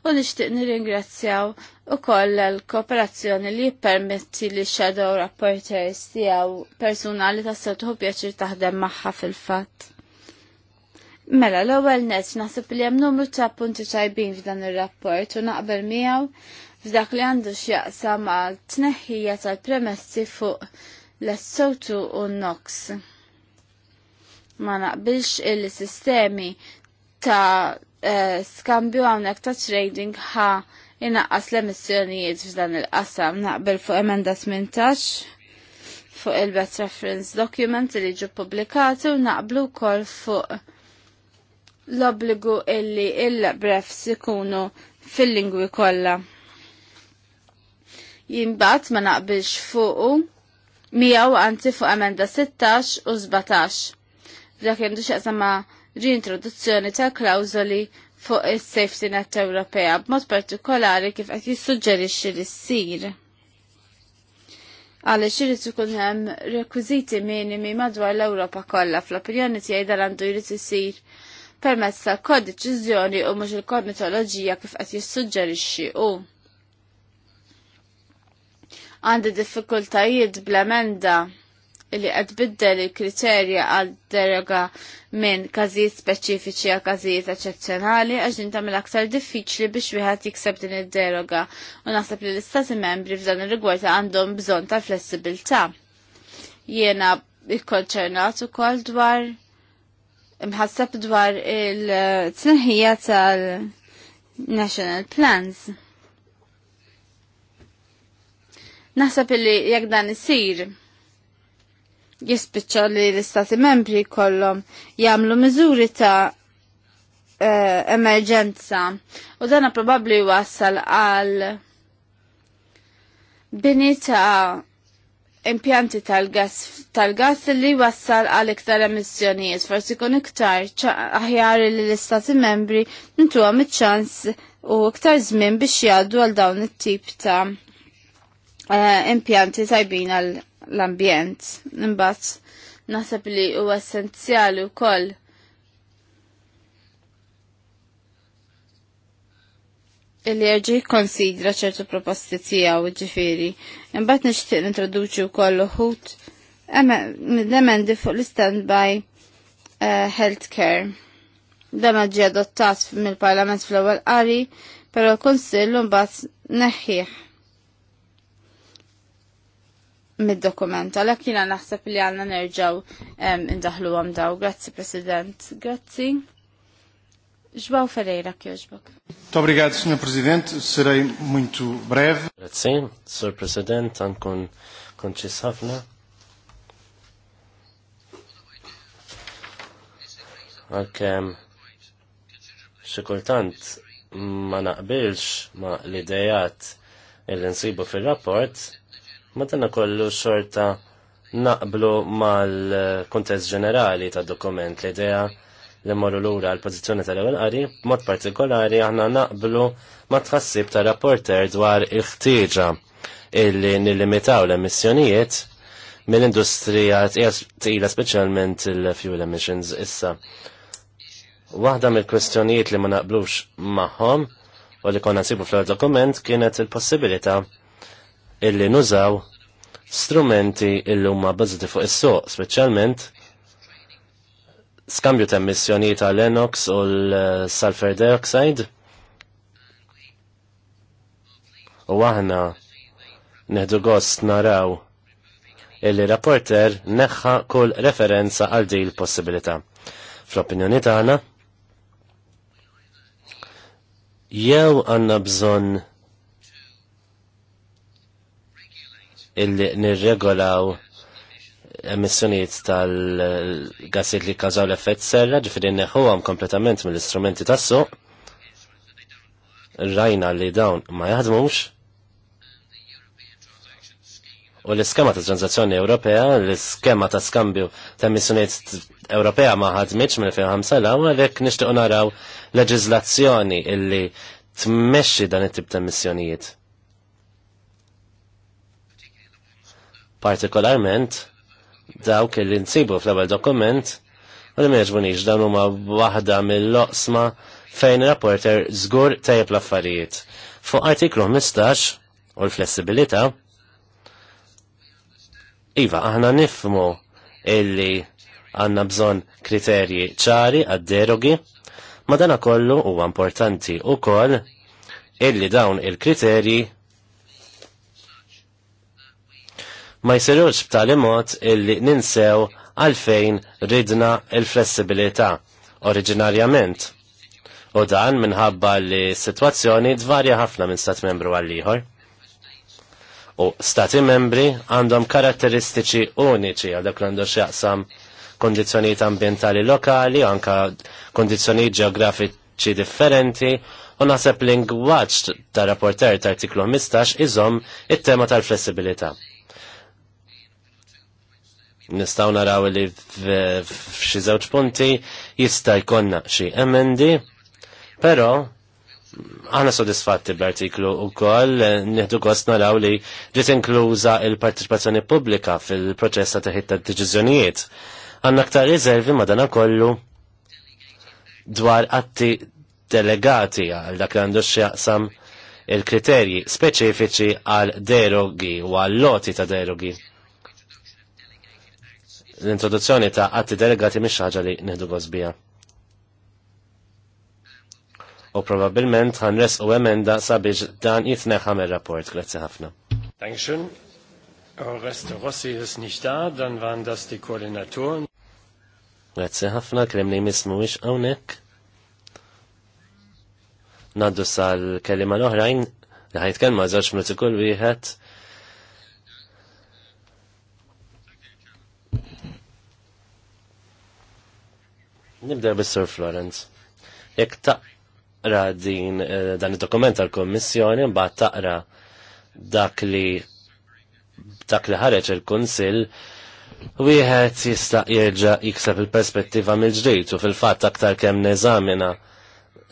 u nishtiq nir-ingrazzjaw u koll l-kooperazzjoni li permetti li shadow rapporters tijaw personali ta' sotuħu pjaċir taħdem maħħa fil-fat. Mela, l-ewel net naħseb li hemm numru ta' punti tajbin f'dan ir-rapport u naqbel miegħu f'dak li għandu x'jaqsa ma' tneħħija tal-premessi fuq l sotu u n-nox ma naqbilx il-sistemi ta' eh, skambju għawnek ta' trading ħa inaqqas l-emissjonijiet f'dan il-qasam naqbel fuq emenda 18 fuq il-bet reference document li ġu publikati u naqblu kol fuq l-obligu illi il-brefs ikunu fil-lingwi kollha. Jimbat ma naqbilx 100 miegħu anzi fuq emenda 16 u 17 dak jendu xaqsam ma' reintroduzzjoni ta' klawzoli fuq is-safety net Ewropea b'mod partikolari kif qed jissuġġerixxi li ssir. Għaliex irid ikun hemm rekwiżiti minimi madwar l-Ewropa kollha fl-opinjoni tiegħi dal għandu jrid isir permezz ta' kodiċizjoni u mhux il kornitologija kif qed jissuġġerixxi u għandi diffikultajiet bl-emenda li qed biddel il-kriterja għal deroga minn każijiet speċifiċi għal każijiet eċċezzjonali għax din tagħmel aktar diffiċli biex wieħed jikseb din id-deroga u naħseb li l-Istati membri f'dan ir-rigward għandhom bżonn ta' flessibilità. Jiena ikkonċernat ukoll dwar imħassab dwar il-tnħija tal-National Plans. Naħseb li jekk dan isir, jispiċċa li l-istati membri kollom jagħmlu miżuri ta' eh, emerġenza u dana probabli wassal għal bini ta' impjanti tal-gas tal-gas li wassal għal iktar emissjonijiet, forsi kun iktar aħjar li l-istati membri nintu għam ċans u iktar żmien biex jgħaddu għal dawn it-tip ta' eh, impjanti tajbin għal l-ambjent. Imbagħad naħseb li huwa essenzjali wkoll illi ġi konsidra ċertu proposti tiegħu ġifieri. Imbagħad nixtieq introduċi wkoll uħut demendi fuq l by uh, eh, healthcare. Dan ġi adottat mill-Parlament fl-ewwel qari, però l-Kunsill mbagħad neħħieħ mid-dokument, għalhekk jina naħseb li għandna nerġgħu indaħlu għam daw. Grazzi, President. Grazzi. Ġbaw Ferreira, kjo kjoġbok. Tobrigad, Sr. President, serej muito brev. Grazzi, Sr. President, ankun konċis ħafna. Għalkemm xikultant, ma naqbilx ma l-idejat il-insibu fil-rapport, Ma tanna kollu xorta naqblu mal-kontest ġenerali ta' dokument l-idea li morru l-ura għal-pozizjoni tal-ewel qari, mod partikolari aħna naqblu ma tħassib ta' rapporter dwar iħtieġa illi nillimitaw l-emissjonijiet mill-industrija tqila speċjalment il-fuel emissions issa. Waħda mill-kwestjonijiet li ma naqblux magħhom u li konna nsibu fl-dokument kienet il-possibilità il possibilita il possibilità illi nużaw strumenti illi huma bazzati fuq is so speċjalment skambju ta' emissjoni ta' Lennox u l-sulfur dioxide. U aħna neħdu gost naraw illi rapporter neħħa kull referenza għal di l-possibilità. Fl-opinjoni tagħna jew għanna bżonn illi nirregolaw emissjonijiet tal-gassiet li kazaw l-effett serra, ġifiri neħuwam kompletament mill-istrumenti tassu, rajna li dawn ma jaħdmux, u l-iskema ta' tranzazzjoni Ewropea, l-iskema ta' skambju ta' emissjonijiet Ewropea ma ħadmitx mill-2005 l għalhekk nixtiequ naraw leġiżlazzjoni illi tmexxi dan it-tip ta' emissjonijiet. partikolarment dawk li nsibu fl-ewwel dokument u li meġbunix dan huma waħda mill-loqsma fejn rapporter żgur tajjeb l-affarijiet. Fuq artiklu 15 u l-flessibilità Iva, aħna nifmu illi għanna bżon kriterji ċari għad-derogi, ma dana kollu u importanti u koll illi dawn il-kriterji ma jsirux b'tali mod illi ninsew għalfejn ridna il-flessibilità oriġinarjament. U dan minħabba li situazzjoni dvarja ħafna minn stat membru għal ieħor. U stati membri għandhom karatteristiċi uniċi għal dak għandu xjaqsam kondizjonijiet ambientali lokali, anka kondizjonijiet ġeografiċi differenti, u naħseb lingwaġġ ta' rapporter ta' artiklu 15 iżom it-tema tal-flessibilità. Nistaw naraw li f'xi żewġ punti jista' jkollna xi emendi, però aħna sodisfatti b'artiklu wkoll nieħdu kost naraw li ġiet inkluża il-partiċipazzjoni pubblika fil-proċess ta' teħid ta' deċiżjonijiet. Għanna aktar riservi madana kollu dwar atti delegati għal dak li għandu x'jaqsam il-kriterji speċifiċi għal derogi u għal loti ta' derogi l-introduzzjoni ta' atti delegati mi ħaġa li neħdu għazbija. U probabbilment ħanres u emenda sabiex dan jitneħam mir-rapport. Grazzi ħafna. Dankeschön. Oreste Rossi ist nicht da, dann waren das die Koordinatoren. Grazie ħafna, krem li mismu ix għonek. Naddu sal-kelima l-oħrajn, li kelma, zaċ minuti kull wieħed Nibda bis-Sur Florence. Jekk taqra din eh, dan id-dokument tal-Kommissjoni mbagħad taqra dak li dak li ħareġ il-Kunsill wieħed jista' jerġa' jikseb il-perspettiva mill-ġdid u fil-fatt aktar kemm neżamina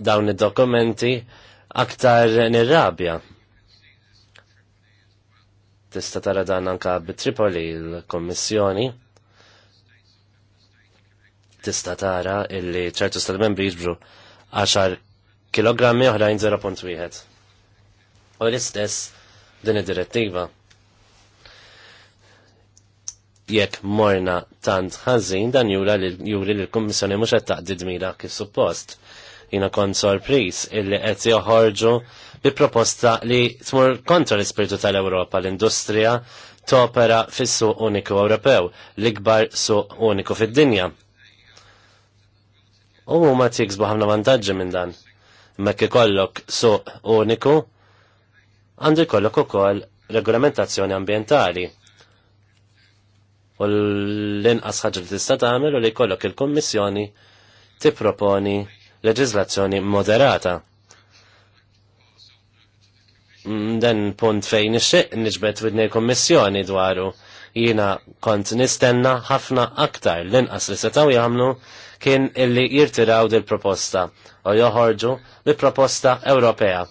dawn id-dokumenti aktar nirrabja. Tista' tara dan anka bit-Tripoli l-Kommissjoni tista tara illi ċertu stat membri jiġbru 10 kg oħrajn 0.1. U l-istess din id-direttiva. Jekk morna tant ħażin dan jura juri li l-Kummissjoni mhux qed taqdi dmira kif suppost. Jina kont sorpriż illi qed joħorġu bi proposta li tmur kontra l-ispirtu tal-Ewropa l-industrija topera fis-suq uniku Ewropew, l-ikbar suq uniku fid-dinja. U huma tiksbu ħafna vantaġġi minn dan. Mekk ikollok suq uniku, għandu jkollok ukoll regolamentazzjoni ambientali. U l-inqas ħaġa li tista' tagħmel u li jkollok il-Kummissjoni tipproponi leġiżlazzjoni moderata. Mm, dan punt fejn ixtieq niġbed widni l-Kummissjoni dwaru jiena kont nistenna ħafna aktar l-inqas li setgħu jagħmlu kien illi jirtiraw dil proposta u joħorġu li proposta Ewropea.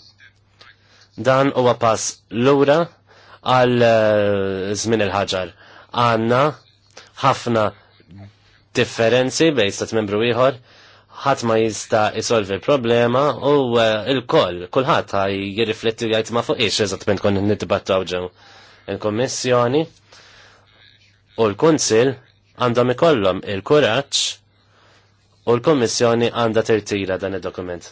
Dan huwa pass lura għal eh, żmien il-ħaġar. Għanna ħafna differenzi bejn stat membru ieħor, ħadd ma jista' isolvi problema u eh, l-koll, kulħadd jirrifletti jgħid ma fuq ix eżattament kon nittibattu ġew. Il-Kommissjoni u l-Kunsil għandhom ikollhom il-kuraġġ u l-Kommissjoni għanda tirtira dan il dokument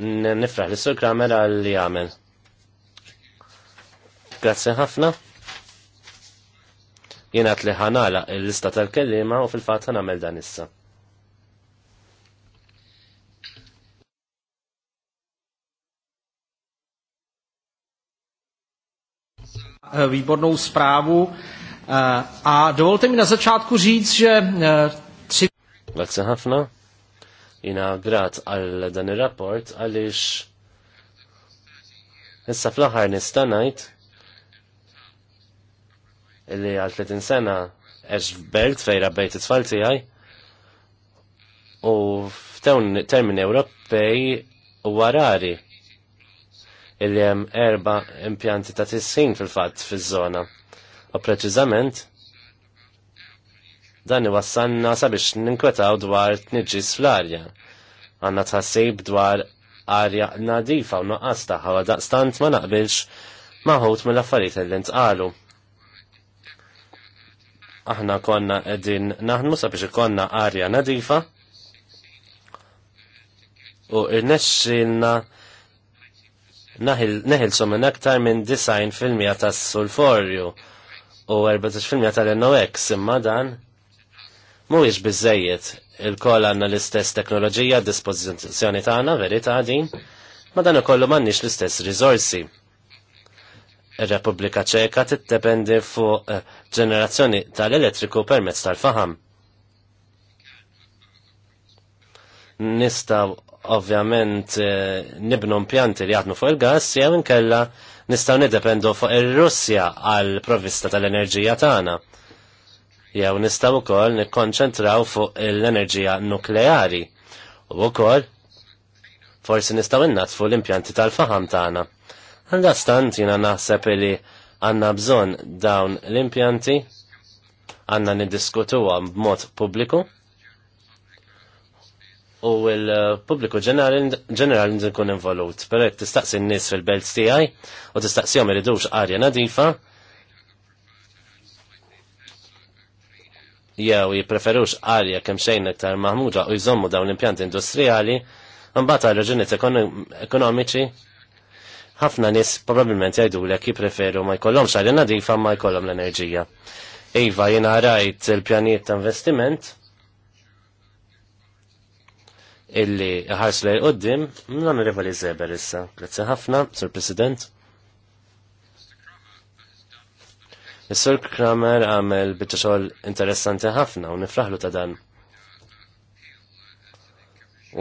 Nifraħ li s sur Kramer għalli għamel. Grazie ħafna. Jena li ħanala il-lista tal-kellima u fil-fat ħanamel dan issa. Eh, výbornou zprávu. Eh, a dovolte mi na začátku říct, že eh, Grazie ħafna. Jina grat għal dan ir-rapport għaliex issa fl-aħħar nista' ngħid illi għal 30 sena eġ belt fej rabbejt it-tfal tiegħi u f'tewn termini Ewropej warari illi hemm erba' impjanti ta' tisħin fil-fatt fiż-żona. U preċiżament Dan iwassanna sabiex ninkwetaw dwar tniġis fl-arja. Għanna tħassib dwar arja nadifa u noqqas taħħa u daqstant ma naqbilx maħut mill-affarijiet li ntqalu. Aħna konna qegħdin naħnu sabiex konna arja nadifa u irnexxilna neħilsu minn aktar minn 90% tas sulforju u 14% tal-NOx imma dan Mhuwiex biżejjed il-kol għandna l-istess teknoloġija dispożizzjoni tagħna verità din, ma dan ukollu m'għandniex l-istess riżorsi. Ir-Repubblika Ċeka tiddependi fuq eh, ġenerazzjoni tal-elettriku permezz tal-faham. Nistaw ovvjament eh, nibnu impjanti li jaħdmu fuq il gass jew inkella nistgħu niddependu fuq ir-Russja għal provvista tal-enerġija tagħna. Ta jew nistgħu ukoll nikkonċentraw fuq l-enerġija nukleari u wkoll forsi nistgħu innatfu l-impjanti tal-faħam tagħna. Għandha stant jiena naħseb li għandna bżonn dawn l-impjanti għandna niddiskutuha b'mod pubbliku u l-pubbliku ġenerali nkun involut. Perek tistaqsi n nies fil-belt tiegħi u tistaqsihom iridux arja nadifa jew jipreferux għalja kemm xejn iktar maħmuġa u jżommu dawn l-impjanti industrijali, mbagħad għal raġunijiet ekonomiċi ħafna nies probabbilment jgħidulek jippreferu ma jkollhomx għalja nadifa ma jkollhom l-enerġija. Iva jiena rajt il-pjanijiet ta' investiment illi ħarslu l qoddim non rivali zeber issa. Grazzi ħafna, Sur President. Is-Sur Kramer għamel biċċa xogħol interessanti ħafna u nifraħlu ta' dan.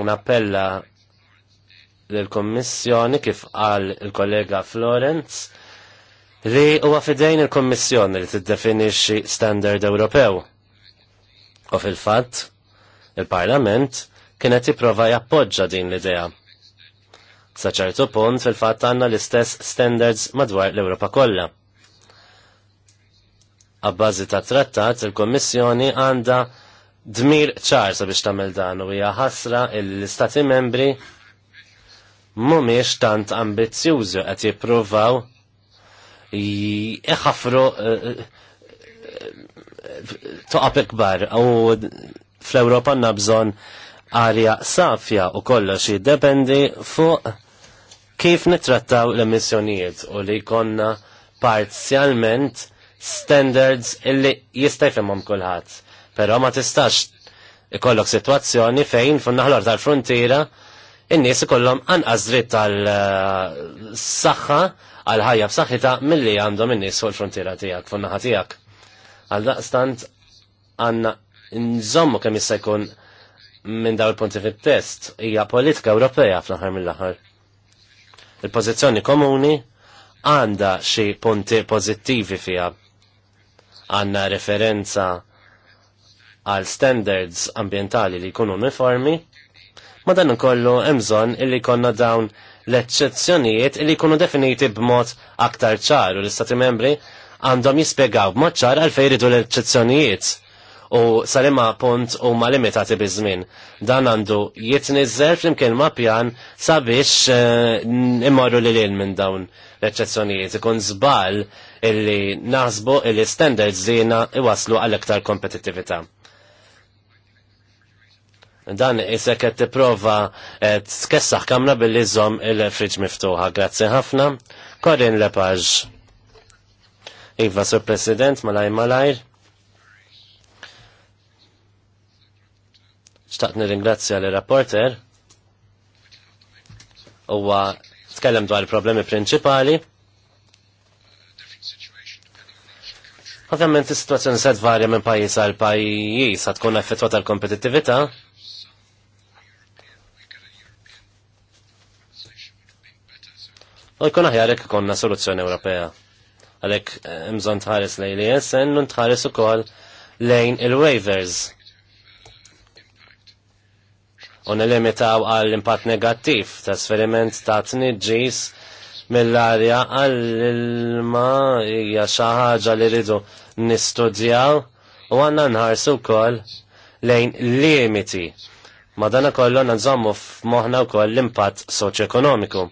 Un appella l-Kommissjoni kif qal il-kollega Florence li huwa fidejn il-Kommissjoni li tiddefinixxi standard Ewropew. U fil-fatt, il-Parlament kienet jipprova jappoġġa din l-idea. Sa ċertu punt fil-fatt għandna l-istess standards madwar l-Ewropa kollha. Għabbażi ta' trattat, il-Kommissjoni għanda dmir ċar sabiex tagħmel dan u hija ħasra l-Istati membri mhumiex tant ambizzjużi qed jippruvaw iħafru eh, eh, eh, toqab ikbar u fl-Ewropa għandna bżonn arja safja u kollox jiddependi fuq kif nitrattaw l-emissjonijiet u li konna parzjalment standards illi jista' jfhimhom kulħadd. Però ma tistax ikollok sitwazzjoni fejn fun naħlor tal-frontiera in-nies ikollhom anqas dritt tal-saħħa eh, għal ħajja b'saħħitha milli għandhom in-nies fuq il-frontiera tiegħek fun naħa tiegħek. Għal daqstant għandna nżommu kemm jista' jkun minn daw il-punti fit-test hija politika Ewropea fl-aħħar mill-aħħar. Il-pożizzjoni komuni għandha xi punti pożittivi fiha għanna referenza għal standards ambientali li jkunu uniformi, ma dan kollu emżon illi konna dawn l-eccezzjonijiet illi jkunu definiti b'mod aktar ċar u l-istati membri għandhom jispiegaw b'mod ċar għal fejridu l-eccezzjonijiet u salima punt u ma limitati bizmin. Dan għandu jitnizzel flimkien ma pjan sabiex uh, immorru li l minn dawn l-eccezzjonijiet. Ikun zbal illi naħsbu illi standards zina iwaslu għal iktar kompetitività. Dan isek qed tipprova eh, tkessaħ kamra billi żomm il-friġ miftuħa. Grazzi ħafna. Korin Lepaġ. Iva, Sur President, malaj malajr. Xtaqt nirringrazzja l-rapporter. Huwa tkellem dwar il-problemi prinċipali Ovvjament is-sitwazzjoni se tvarja minn pajjiż għal pajjiż sa tkun effettwa tal kompetittività U jkun aħjar jekk ikonna soluzzjoni Ewropea. Għalhekk eh, bżonn tħares lejn l-ISN u tħares ukoll lejn il-waivers. U nilimitaw għall impatt negattiv trasferiment ta' tniġġis mill-arja għall-ilma hija xi ħaġa li rridu nistudjaw u għanna nħarsu kol lejn limiti. Madana kollu nżommu f'moħna u koll l-impatt soċ-ekonomiku.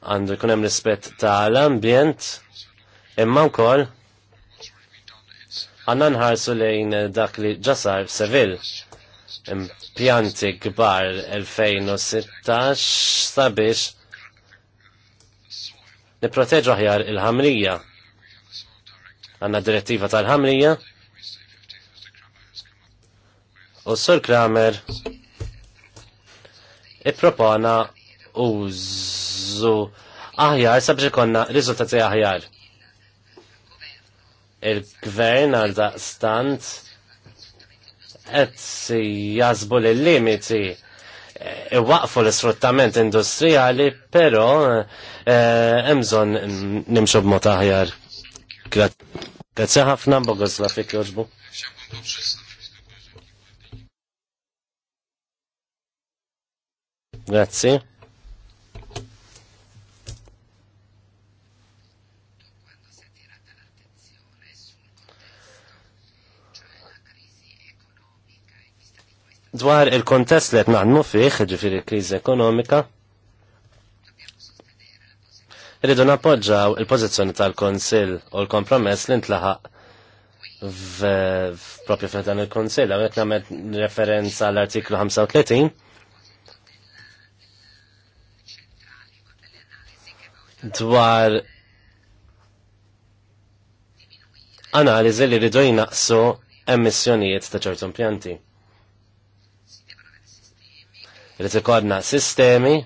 Għandu jkun hemm rispett tal-ambjent, imma wkoll għanna nħarsu lejn dak li ġasar f'Sevil. Impjanti kbar 2016 sabiex niproteġu ħjar il-ħamrija Għanna direttiva tal-ħamrija. U s-sur Kramer i-propona użu aħjar sabġi konna rizultati aħjar. Il-gvern għal et si jazbu li limiti eh, waqfu l-sfruttament industrijali, pero emżon eh, nimxu b-mot aħjar. Grazie ħafna Bogoslav jekk jogħġbu. Grazzi. Dwar il-kontest li qed naħdmu fih, ġifieri kriżi ekonomika, rridu nappoġġaw il-pożizzjoni tal konsil u l-kompromess li ntlaħaq f'propju fejn dan il konsil għamet namet referenza l-artiklu 35 dwar analiżi li rridu jnaqsu emissjonijiet ta' ċertu impjanti. Rrid ikodna sistemi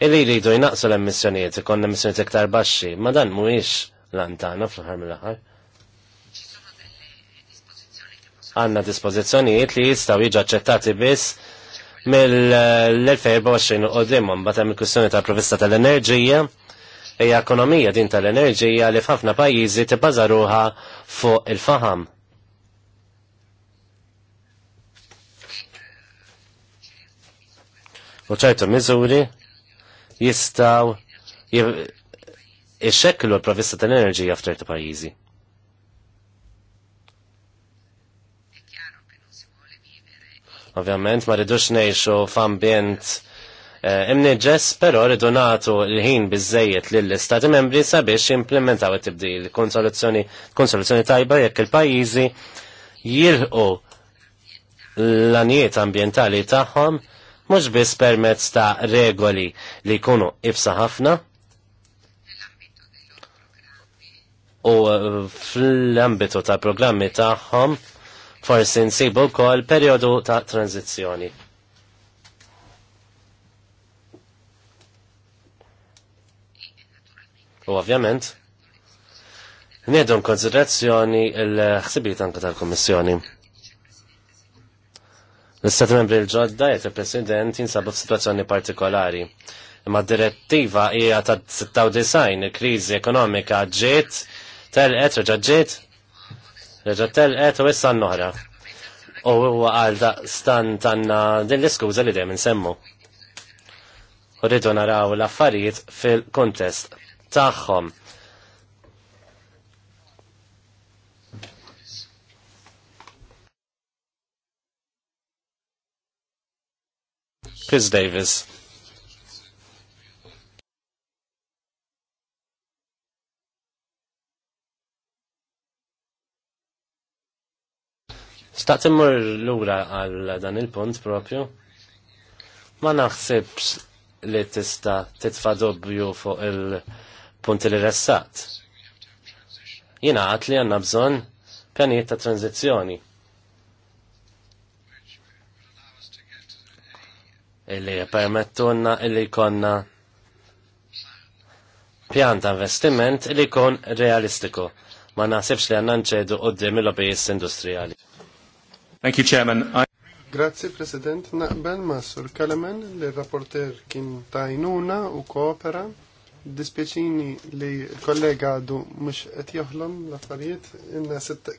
illi jridu jnaqsu l-emissjonijiet, ikon emissjonijiet iktar baxxi, ma dan mhuwiex lantana fl-ħar mill-aħħar. Għanna dispożizzjonijiet li jistgħu jiġu aċċettati biss mill-2024 u qoddim mbagħad hemm il-kwistjoni tal-provista tal-enerġija hija ekonomija din tal-enerġija li f'ħafna pajjiżi ruha fuq il-faham. U ċertu miżuri jistaw ixxeklu l-provista tal-enerġija f'ċerti pajjiżi. Ovvjament ma rridux ngħixu f'ambjent eh, imneġess, però rridu nagħtu l-ħin biżejjed lill-Istati membri sabiex jimplementaw it-tibdil kun soluzzjoni tajba jekk il-pajjiżi jilħu l-anijiet ambientali tagħhom mhux biss permezz ta' regoli li jkunu ibsa ħafna u uh, fl-ambitu ta' programmi tagħhom forsi nsibu wkoll perjodu ta' tranzizzjoni. U ovvjament, Nedu konsiderazzjoni l-ħsibiet anke tal-Kommissjoni. L-Istat membri l-ġodda jgħet il-President jinsabu f'sitwazzjoni partikolari. Imma direttiva hija ta' 96 il-kriżi ekonomika ġiet, telqet, reġa' ġiet, reġa' telqet u issa n-noħra. U huwa għal da' stan tanna din l-iskuża li dejjem insemmu. U rridu naraw l-affarijiet fil-kontest tagħhom Chris Davis. Staqt immur l-ura għal dan il-punt propju. Ma naħsibx li tista titfa dubju fuq il-punti li ressat. Jina għat li għanna bżon pjanijiet ta' tranzizjoni. illi permettunna illi konna pjanta investiment illi kon realistiku. Ma nasibx li għanna nċedu u d lobbyist industrijali. Thank you, Chairman. I... Grazie, President. Naqbel ma' Sur Kalemen li rapporter kien tajnuna u koopera. Dispieċini li kollega għadu mux qed joħlom l-affarijiet,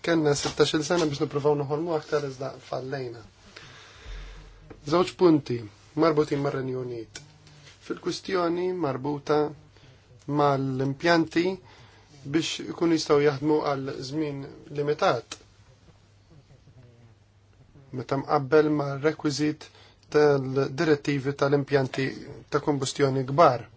kena 16 sena biex nipruvaw noħolmu għaktar iżda fallejna. Zawċ punti marbutin mar-Renju Unit. Fil-kustjoni marbuta mal-impjanti biex ikun jistgħu jaħdmu għal żmien limitat. Meta mqabbel ma' rekwiżit tal-direttivi tal-impjanti ta' kombustjoni kbar.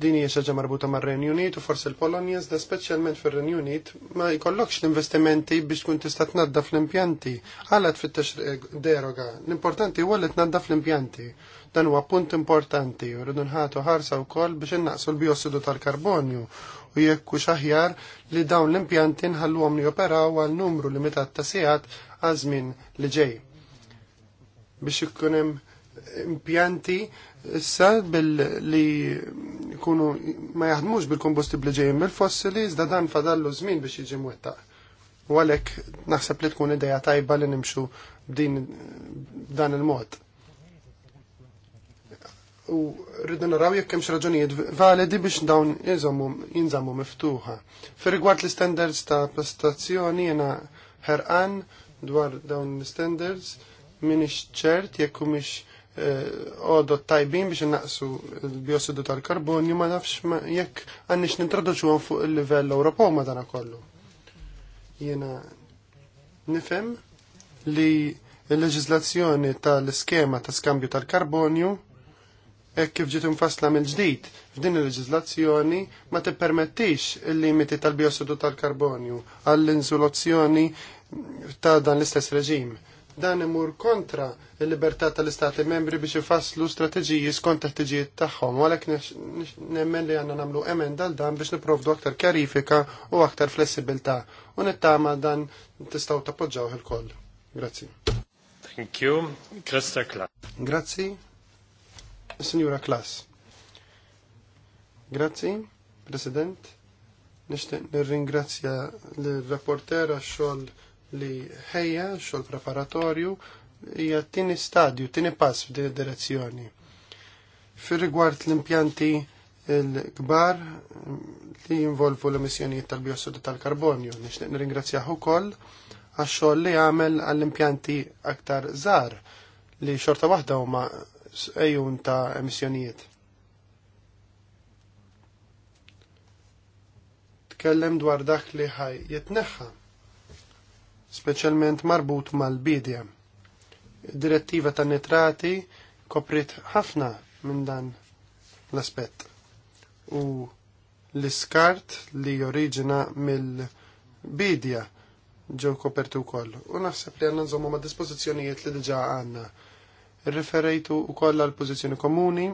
Din hija xi marbuta mar-Renju Unit u forsi l-Polonja iżda speċjalment fir-Renju Unit ma jkollokx l-investimenti biex tkun tista' tnaddaf l-impjanti. Għalet tfittex eh, deroga. L-importanti huwa li tnaddaf l-impjanti. Dan huwa punt importanti u rridu nħatu ħarsa wkoll biex innaqsu l-biossidu tal-karbonju u jekk hux aħjar li dawn l-impjanti nħalluhom li operaw għal numru limitat ta' sigħat għal żmien li ġej. Biex ikun hemm impjanti issa billi jkunu ma jaħdmux bil-kombustibli ġejjin mill-fossili, iżda dan fadallu żmien biex jiġi mwettaq. U għalhekk naħseb li tkun idea tajba li nimxu b'din dan il-mod. U rridu naraw jekk hemm raġunijiet validi biex dawn jinżammu miftuħa. Fi rigward l-standards ta' prestazzjoni jiena ħerqan dwar dawn l-standards minix ċert jekk mhix għodot eh, tajbin biex naqsu l-biossidu tal-karbonju ma nafx jekk għannix nintroduċu għan fuq il-livell Ewropew ma dana kollu. Jena nifem li l-leġizlazzjoni tal-iskema ta' skambju tal-karbonju hekk kif ġiet infassla mill-ġdid f'din il-leġizlazzjoni ma tippermettix il-limiti tal-biossidu tal-karbonju għall inżoluzzjoni ta' dan l-istess reġim Dan imur kontra il-libertà tal-istati membri biex ifasslu strateġiji skont taħtiġijiet tagħhom, U għalhekk nemmen li għandna nagħmlu emenda għal dan biex niprovdu aktar kjarifika u aktar flessibilità u nittama dan tistgħu tappoġġawh il-koll. Grazzi. Thank you. Krista Klas. Grazzi. Signora Klas. Grazzi, President. Nishtiq nirringrazzja l-rapporter għax-xogħol li ħejja xogħol preparatorju hija tini stadju, tieni pass f'din id-direzzjoni. Fir-rigward l-impjanti l-kbar li jinvolvu l-emissjonijiet tal-biossidu tal-karbonju, nixtieq nirringrazzjah ukoll għax-xogħol li għamel għall-impjanti aktar żgħar li xorta waħda huma ejjun ta' emissjonijiet. Tkellem dwar dak li ħaj jitneħħa speċjalment marbut mal-bidja. Direttiva tan nitrati koprit ħafna minn dan l-aspett. U l-iskart li joriġina mill-bidja ġew kopertu wkoll. U naħseb li għandna nżommu ma' dispozizjonijiet li diġà għandna. u wkoll għal pożizzjoni komuni.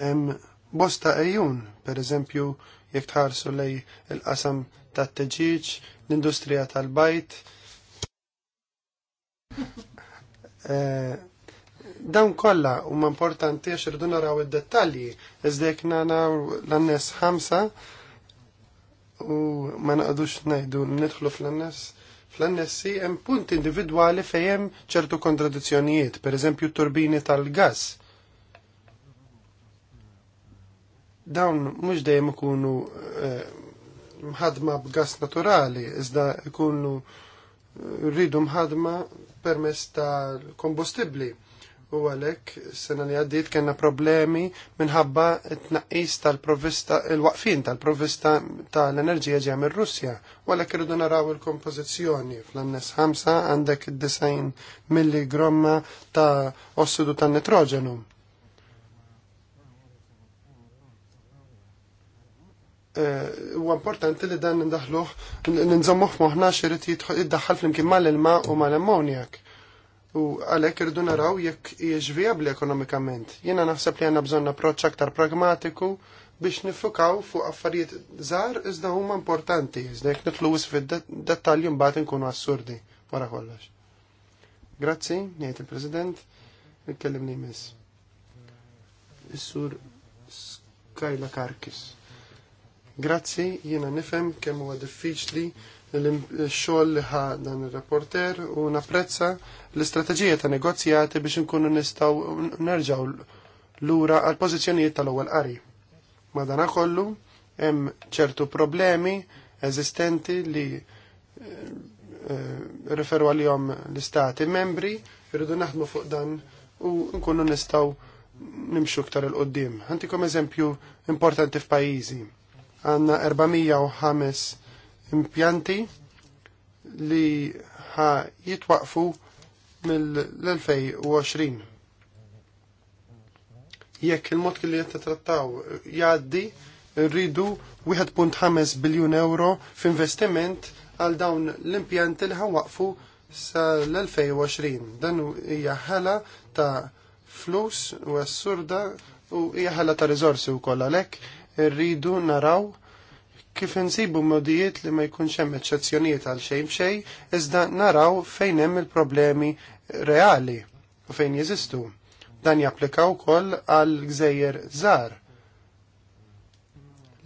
Hemm bosta ejjun, per eżempju, jekk tħarsu lej il-qasam tat-teġiġ, l-industrija tal-bajt. Eh, dawn kollha huma importanti għax irridu naraw id-dettalji, iżda jekk naraw l-annes ħamsa u ma naqdux ngħidu nidħlu fl-annes fl-annessi hemm punt individwali fejn hemm ċertu kontradizzjonijiet, pereżempju turbini tal-gass. Dawn mhux dejjem ikunu eh, mħadma b'gas naturali, iżda jkunu eh, rridu mħadma permess ta' kombustibli. U għalek, sena li għaddit kena problemi minħabba t-naqis tal-provista, il-waqfin tal-provista tal-enerġija ġem il Russja. U għalek rridu naraw il-kompozizjoni. Fl-annes 5 għandek 90 mg ta' ossidu tal nitrogenu Eh, huwa importanti li dan nindaħluh ninżommuh moħħna irid jiddaħħal flimkien mal-ilma u mal-ammonjak. U għalhekk irdu naraw jekk hiex viabli ekonomikament. Jiena naħseb li għandna bżonn approċċ aktar pragmatiku biex nifukaw fuq affarijiet żgħar iżda huma importanti, iżda jekk nitlu fid-dettalji mbagħad inkunu assurdi wara kollox. Grazzi, jgħid il-President, il-kellimni miss. Is-sur Kajla Karkis. Grazzi, jiena nifhem kemm huwa diffiċli l-xogħol li ħa dan ir-rapporter u napprezza l-istrateġija ta' negozjati biex inkunu nistgħu nerġgħu lura għal pożizzjonijiet tal-ewwel qari. Madanakollu hemm ċertu problemi eżistenti li eh, eh, referu għalihom l-istati membri, irridu naħdmu fuq dan u nkunu nistgħu nimxu ktar il-qoddim. Ħantikom eżempju importanti f'pajjiżi għanna 405 impjanti li ħa jitwaqfu mill-2020. Jekk il-mod kelli jett trattaw jgħaddi, rridu 1.5 biljun euro f'investiment għal dawn l-impjanti li waqfu sal-2020. Dan hija ħala ta' flus u assurda u hija ħala ta' rizorsi u kollha għalhekk Irridu naraw kif insibu modijiet li ma jkunx hemm eċċezzjonijiet għal xejn xej, iżda naraw fejn hemm il-problemi reali u fejn jeżistu. Dan japplika wkoll għal gżejjer żgħar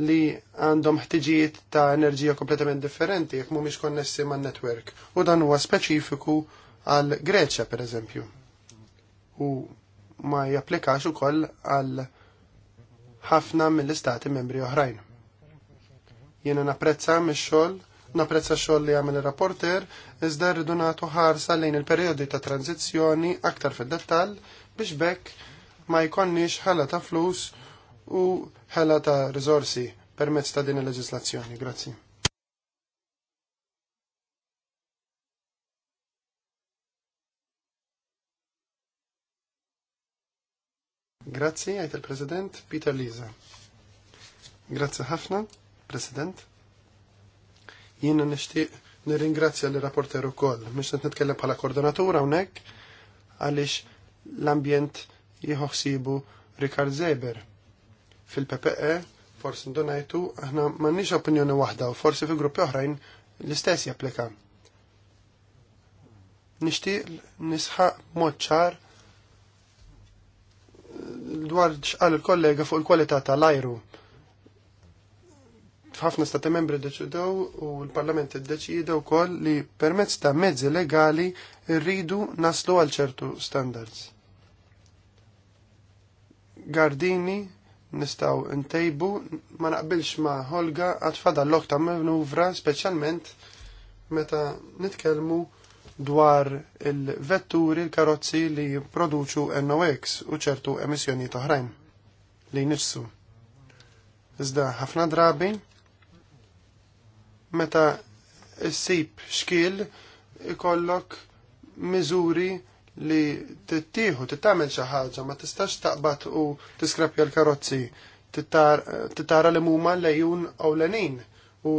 li għandhom ħtiġijiet ta' enerġija kompletament differenti jekk mhumiex konnessi man netwerk u dan huwa speċifiku għal Greċja pereżempju. U ma japplikax ukoll għal ħafna mill-istati membri oħrajn. Jiena napprezza mix-xogħol, napprezza x-xogħol li għamel ir-rapporter, iżda rridu nagħtu ħarsa lejn il-perjodi ta' tranzizzjoni aktar fid-dettall biex bekk ma jkonniex ħela ta' flus u ħela ta' riżorsi permezz ta' din il-leġislazzjoni. Grazzi. Grazzi, għajt il-President Peter Liza. Grazzi ħafna, President. Jiena nishtiq nirringrazzja l rapporter u koll, mux net nitkellem bħala koordinatura unek, għalix l-ambjent jħoħsibu Rikard Zeber. Fil-PPE, forsi ndonajtu, aħna mannix opinjoni wahda u forsi fi gruppi oħrajn l-istess japplika. Nishtiq nisħaq mod ċar dwar xqal il-kollega fuq il-kwalità tal-ajru. Ħafna stati membri deċidew u l-Parlament iddeċidew wkoll li permezz ta' mezzi legali rridu naslu għal ċertu standards. Gardini nistaw ntejbu ma naqbilx ma' Holga għat fada l-lok ta' manuvra speċjalment meta nitkellmu dwar il-vetturi l-karozzi li jipproduċu NOx u ċertu emissjoni toħrajn li nifsu. Iżda ħafna drabi meta ssib xkiel ikollok miżuri li tittieħu tittamel xi ħaġa ma tistax taqbad u tiskrappja l-karozzi titara li muma lejun ewlenin u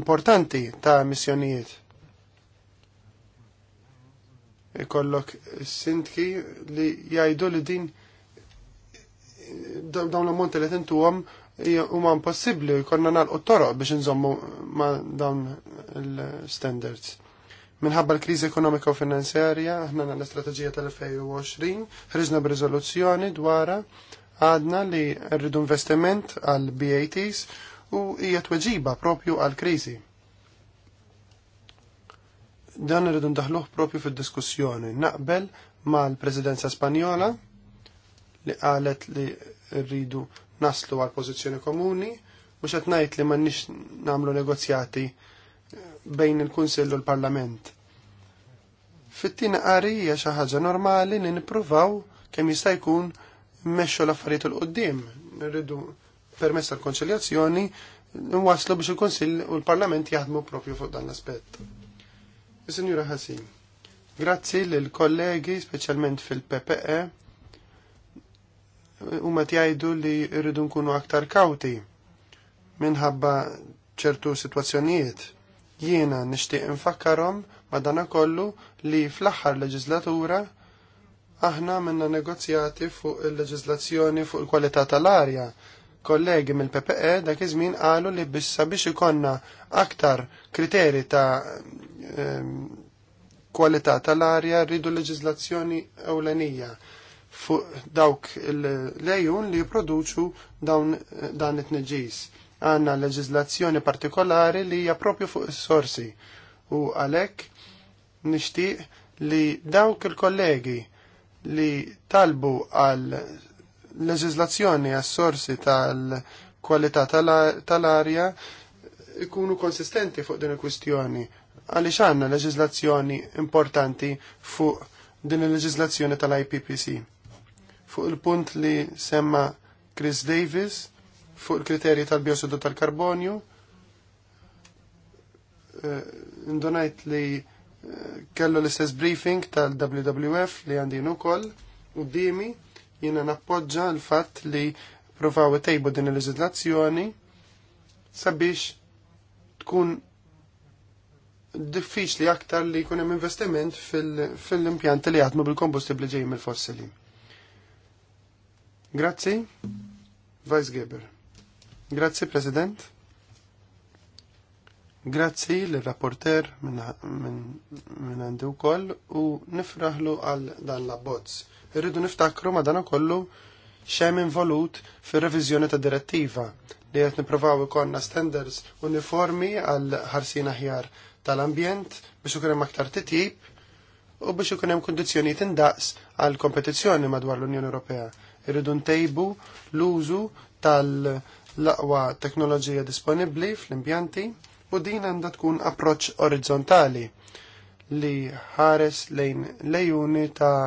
importanti ta' missjonijiet ikollok sintki li jgħidu li din dawn l-ammonti li tintuhom huma impossibbli jkollna nagħlqu toroq biex nżommu ma' dawn l-standards. Minħabba l-kriżi ekonomika u finanzjarja, aħna għandna l-istrateġija tal-2020, ħriġna b'riżoluzzjoni dwar għadna li rridu investiment għal BATs u hija tweġiba propju għal kriżi dan irridu ndaħluh propju fil-diskussjoni. Naqbel mal-Presidenza Spanjola li qalet li rridu naslu għal pożizzjoni komuni u xed ngħid li m'għandniex nagħmlu negozjati bejn il-Kunsill u l-Parlament. Fit-tina qari hija xi ħaġa normali li nippruvaw kemm jista' jkun mmexxu l-affarijiet il qudiem Nirridu permess tal-konċiljazzjoni nwaslu biex il-Kunsill u l-Parlament jaħdmu propju fuq dan l-aspett. Signora Ħasim, grazzi l-kollegi, specialment fil-PPE, u ma tjajdu li rridu nkunu aktar kauti minħabba ċertu situazzjonijiet. Jiena nishtiq ma dana kollu li fl-axħar leġislatura aħna minna negozjati fuq il-leġislazzjoni fuq il-kwalità tal-arja kollegi mill-PPE dak iż-żmien qalu li bissa biex ikonna aktar kriteri ta' ehm, kwalità tal-arja rridu leġizlazzjoni ewlenija fuq dawk l-lejun li jipproduċu dawn dan it-tneġis. Għanna leġiżlazzjoni partikolari li hija propju fuq is-sorsi u għalhekk nixtieq li dawk il-kollegi li talbu għal leġizlazzjoni għas-sorsi tal-kwalità tal-arja ikunu konsistenti fuq din il-kwistjoni għaliex għandna leġizlazzjoni importanti fuq din il-leġizlazzjoni tal-IPPC. Fuq il-punt li semma Chris Davis fuq il-kriterji tal biosidu tal-karbonju, eh, indonajt li eh, kellu l-istess briefing tal-WWF li għandin ukoll u dimi jiena nappoġġa l-fatt li provaw tejbu din il-leġislazzjoni sabiex tkun diffiċli aktar li jkun hemm investiment fil-impjanti li jaħdmu bil-kombustibbli ġej mill-fossili. Grazzi, Vice Geber. Grazzi, President. Grazzi l-rapporter minn għandu kol u nifraħlu għal dan l abbozz irridu niftakru ma dan kollu xem involut fir-reviżjoni ta' direttiva li qed nippruvaw ikollna standards uniformi għal ħarsina aħjar tal-ambjent biex ukoll hemm aktar titjib u biex ikun hemm kundizzjonijiet indaqs għal kompetizjoni madwar l-Unjoni Ewropea. Irridu ntejbu l-użu tal-laqwa teknoloġija disponibbli fl-impjanti u din għandha tkun approċċ orizzontali li ħares lejn lejuni ta'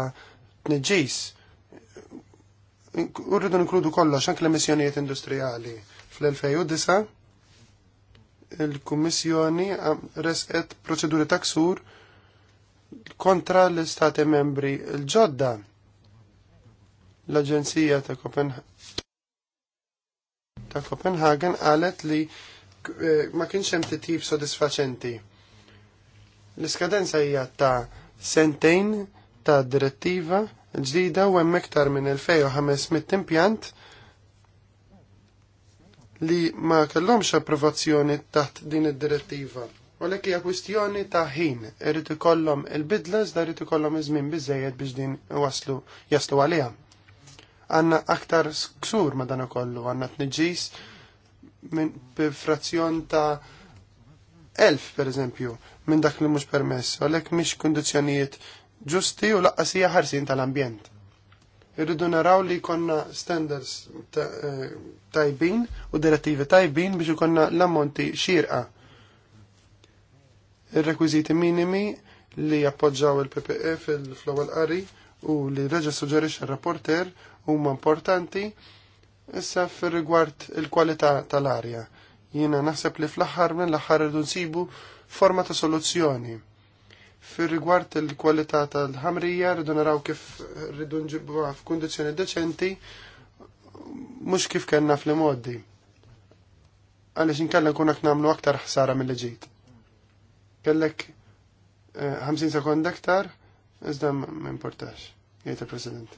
tneġġis. Urridu nkludu kollox anke l-emissjonijiet industrijali. Fl-2009 il-Kummissjoni resqet proċeduri taksur kontra l-Istati membri l-ġodda l-Aġenzija ta' Kopenhagen ta' Copenhagen qalet li eh, ma kienx hemm titjib sodisfaċenti. L-iskadenza hija ta' sentejn ta' direttiva ġdida u hemm iktar minn 2500 impjant li ma kellhomx approvazzjoni taħt din id-direttiva. Għalek hija kwistjoni ta' ħin, Irid ikollhom il bidlas da rrid ikollhom iż-żmien biżejjed biex din waslu jaslu għaliha. Għandna aktar ksur ma dan ukollu, għandna tniġġis minn frazzjon ta' elf per eżempju minn dak li mhux permess, għalhekk mhix kundizzjonijiet ġusti u laqqasija ħarsin tal-ambjent. Irridu naraw li konna standards eh, tajbin u direttivi tajbin biex ikonna l-ammonti xirqa. Ir-rekwiziti minimi li jappoġġaw il-PPE fil għal qari u li reġa suġerix il-rapporter huma importanti issa fir-rigward il-kwalità tal-arja. Jiena naħseb li fl-aħħar mill-aħħar irridu nsibu forma ta' soluzzjoni Fir rigward il-kwalità tal-ħamrija rridu naraw kif rridu nġibuha f'kundizzjoni deċenti mhux kif kellna fl-modi. Għaliex inkella nkun qed nagħmlu aktar ħsara mill ġejt. Kellek 50 eh, sekond aktar, iżda ma importax, jgħid il-President.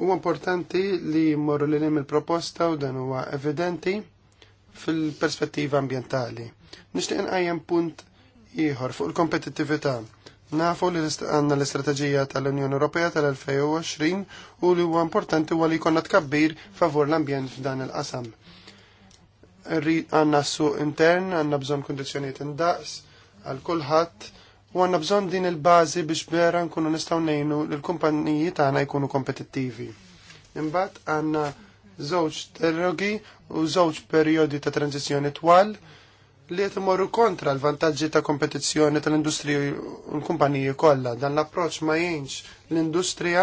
Huwa importanti li jmorru li nim il-proposta u dan huwa evidenti fil-perspettiva ambientali. Nixtieq nqajjem punt ieħor fuq il-kompetittività. Nafu li għanna l-istrateġija tal-Unjoni Ewropea tal-2020 u li huwa importanti huwa li jkollna tkabbir favur l-ambjent f'dan il-qasam. Għanna s-suq intern, għanna bżonn kundizzjonijiet indaqs għal kulħadd u għanna bżonn din il-bażi biex vera nkunu nistgħu ngħinu l-kumpaniji tagħna jkunu kompetittivi. Imbagħad għandna żewġ derogi u żewġ perjodi ta' tranzizjoni twal li qed imorru kontra l-vantaġġi ta' kompetizzjoni tal-industrija u l-kumpaniji kollha. Dan l-approċċ ma jgħinx l-industrija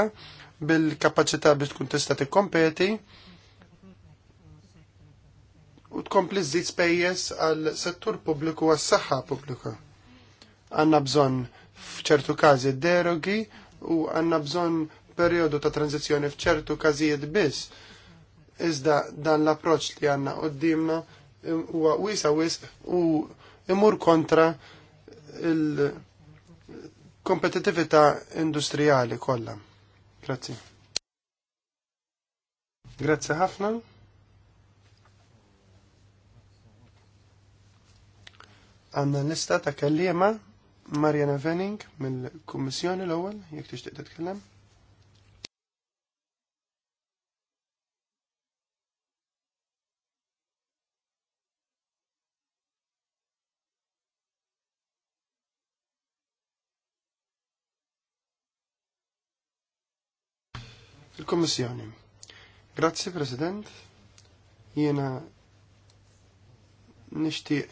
bil-kapaċità biex tkun tista' tikkompeti u tkompli żżid spejjeż għal settur pubbliku għas saħħa pubblika. Għandna bżonn f'ċertu każi derogi u għandna bżonn perjodu ta' tranzizzjoni f'ċertu każijiet biss iżda dan l-approċ li għanna d huwa wisa wisq u imur kontra il-kompetitività industrijali kollha. Grazzi. Grazzi ħafna. Għanna lista ta' kellima Marjana Venning mill-Kummissjoni l-ewwel, jekk tixtieq titkellem. Il-Kommissjoni. Grazzi, President. Jiena nishtiq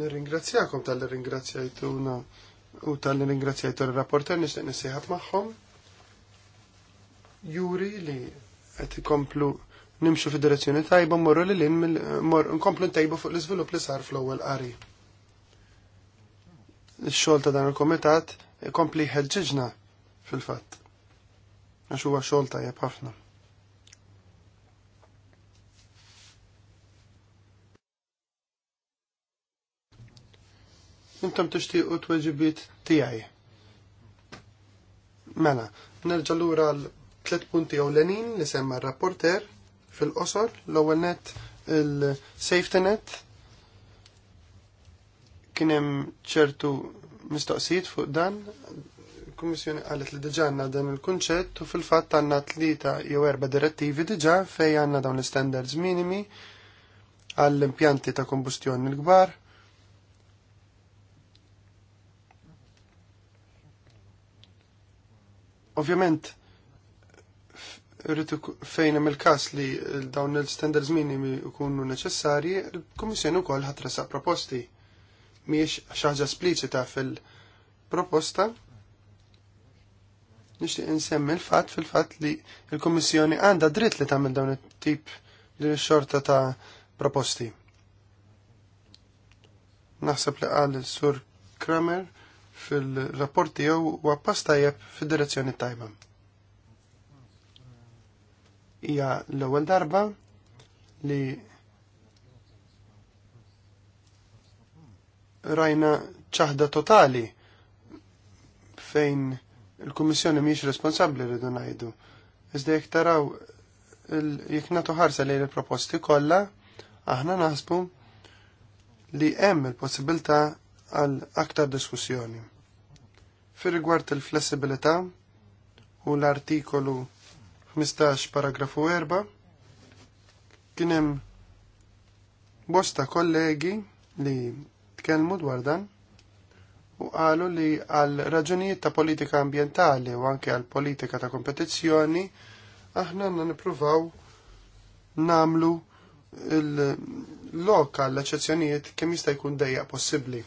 nirringrazzjakom tal ringrazzjajtuna u tal-li ringrazzjajtu l-rapporter nishtiq nisiħat maħħom. Juri li għet komplu nimxu fi direzzjoni tajba morru li l-in nkomplu ntajbu fuq l-izvilup li sar fl-ewwel qari. Ix-xogħol ta' dan il-komitat kompli ħelġiġna fil-fatt għax huwa xogħol tajjeb ħafna. Intom tixtiequ t-weġibiet tiegħi. Mela, nerġa' lura l tliet punti ewlenin li semma r-rapporter fil-qosor, l-ewwel net il-safety net kien hemm ċertu mistoqsijiet fuq dan il-Kummissjoni qalet li diġà għandna dan il-kunċett u fil-fatt għandna tlieta jew erba' direttivi diġà fejn għandna dawn l-standards minimi għall-impjanti ta' kombustjoni l-kbar. Ovvjament, rritu fejn hemm il-każ li dawn il-standards minimi jkunu neċessarji, il-Kummissjoni wkoll ħatresaq proposti miex xaġa spliċita fil-proposta nixtieq insemmi l-fatt fil-fatt li l-Kummissjoni għandha dritt li tagħmel dawn it-tip din xorta ta' proposti. Naħseb li qal sur Kramer fil-rapport tiegħu huwa pass tajjeb fid-direzzjoni tajba. Hija l-ewwel darba li rajna ċaħda totali fejn il-Kummissjoni miex responsabbli rridu ngħidu. Iżda jekk taraw jekk nagħtu ħarsa lejn il-proposti kollha, aħna naħsbu li hemm il-possibilità għal aktar diskussjoni. Fir rigward il-flessibilità u l-artikolu 15 paragrafu 4 kien hemm bosta kollegi li tkellmu dwar dan u qalu li għal raġunijiet ta' politika ambientali u anke għal politika ta' kompetizzjoni aħna għanna nippruvaw namlu l-loka l-eċezzjonijiet kemm jista' jkun dejja possibbli.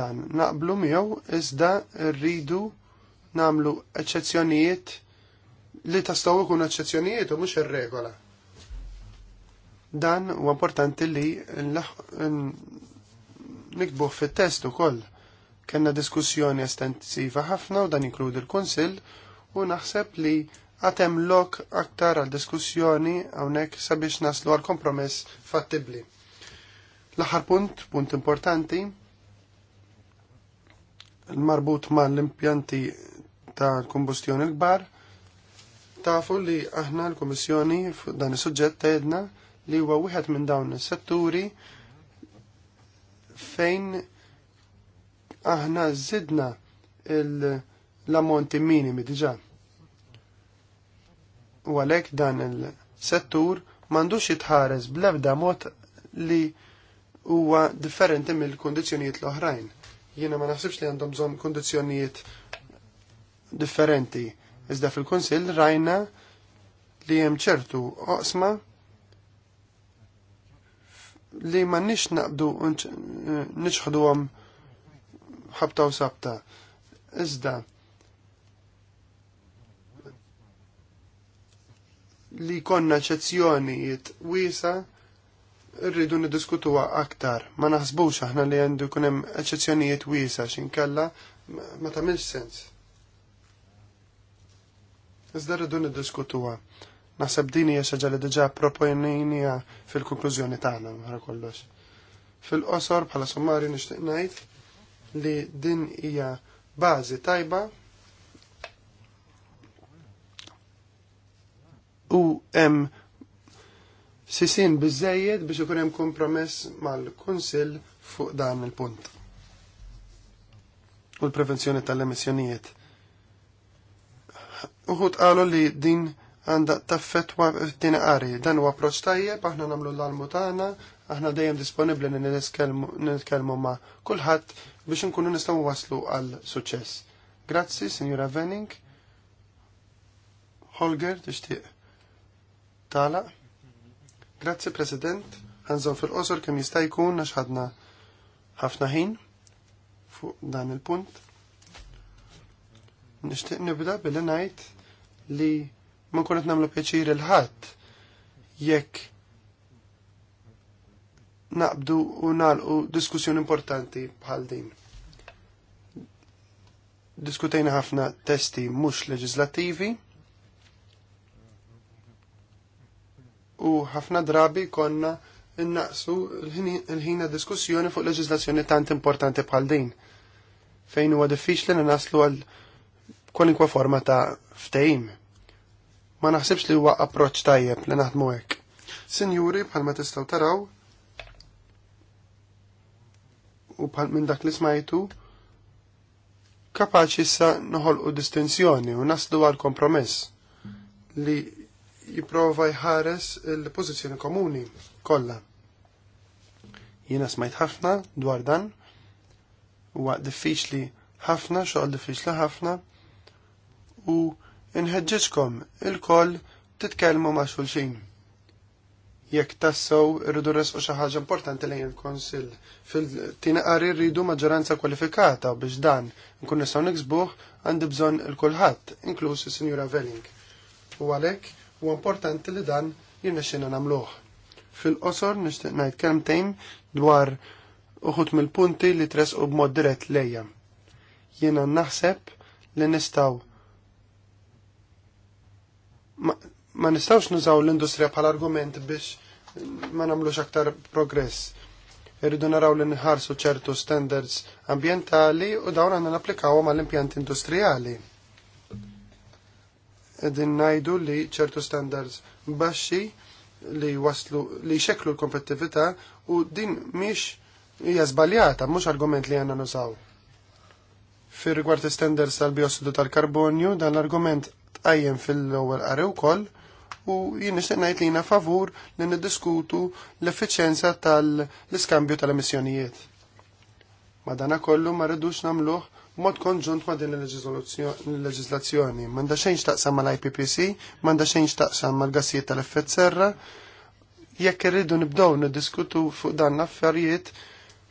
Dan naqblu miegħu iżda rridu namlu eċezzjonijiet li tastaw ikun eċezzjonijiet u mhux ir-regola. Dan huwa importanti li nikbuħ fit-test ukoll. Kenna diskussjoni estensiva ħafna u dan inkludi l-Kunsill u naħseb li għatem lok aktar għal diskussjoni hawnhekk sabiex naslu għal kompromess fattibli. L-aħħar punt, punt importanti, l-marbut ma' l-impjanti ta' kombustjoni l-kbar, tafu li aħna l-Komissjoni dan is-suġġett tgħidna li huwa wieħed minn dawn is-setturi fejn aħna zidna l-ammonti minimi diġa. U għalek dan il-settur mandux jitħares blebda mod li huwa differenti mill-kondizjonijiet l-oħrajn. Jiena ma naħsibx li għandhom bżonn kondizjonijiet differenti. Iżda fil-Kunsill rajna li hemm ċertu oqsma li ma nix naqbdu nixħdu għom ħabta u sabta. Iżda, li konna ċezzjonijiet wisa rridu nidiskutuha aktar. Ma naħsbux aħna li għandu kunem eċezzjonijiet wisa xinkella ma tamilx sens. Iżda rridu nidiskutuha. Naħseb din hija xaġa li diġà proponejnija fil-konklużjoni tagħna għara kollox. Fil-qosor bħala Sommari nixtieq ngħid li din hija bażi tajba u hemm sisin biżejjed biex ikun hemm kompromess mal-Kunsill fuq dan il-punt. U l-prevenzjoni tal-emissjonijiet. Uħut qalu li din għandha taffetwa f'din qari. Dan huwa approċċ tajjeb, aħna namlu l-almu taħna, aħna dejjem disponibbli n nitkellmu ma' kulħadd biex nkunu nistgħu waslu għal suċċess. Grazzi, signora Venning. Holger, tixtieq. Tala. Grazzi, President. Għanżon fil-qosor kemm jista' jkun ħafna ħin fuq dan il-punt. Nixtieq nibda bil ngħid li ma nkun qed nagħmlu pjaċir il ħadd jekk naqbdu u nagħlqu diskussjoni importanti bħal din. Diskutejna ħafna testi mhux leġislattivi u ħafna drabi konna innaqsu l-ħina diskussjoni fuq leġislazzjoni tant importanti bħal din. Fejn huwa diffiċli naslu għal kwalinkwa forma ta' ftehim ma naħsibx li huwa approċċ tajjeb li naħdmu hekk. Sinjuri bħalma tistgħu taraw u bħal minn dak li smajtu kapaċi issa noħolqu distinzjoni u naslu għal kompromess li jipprova jħares il-pożizzjoni komuni kollha. Jiena smajt ħafna dwar dan huwa diffiċli ħafna, xogħol diffiċli ħafna u inħedġiġkom il-koll titkelmu ma' xulxin. Jekk tassew irridu resqu xi ħaġa importanti lejn il-Konsill. Fil-tina qari rridu maġġoranza kwalifikata biex dan nkun nistgħu niksbuh għandi bżonn il-kulħadd, inkluż is-Sinjura Velling. U għalhekk huwa importanti li dan jirnexxinna nagħmluh. Fil-qosor nixtieq ngħid kelmtejn dwar uħut mill-punti li tresqu b'mod dirett lejja. Jiena naħseb li nistaw ma nistawx nużaw l-industrija bħal argument biex ma nagħmlux aktar progress. Irridu naraw li nħarsu ċertu standards ambientali u dawn għandna napplikawhom għall-impjanti industrijali. Qegħdin ngħidu li ċertu standards baxxi li waslu li xeklu l-kompettività u din mhix hija żbaljata, mhux argument li għandna nużaw. Fir rigward standards tal-biossidu tal-karbonju, dan l-argument tqajjem fil-ewwel qari wkoll u jien nixtieq ngħid lina favur li niddiskutu l-effiċjenza tal-iskambju tal-emissjonijiet. Madana kollu ma rridux nagħmluh mod konġunt ma din il-leġislazzjoni. M'għandha xejn xtaqsam mal-IPPC, m'għandha xejn xtaqsam mal-gassijiet tal-effett serra. Jekk irridu nibdew niddiskutu fuq dan l-affarijiet,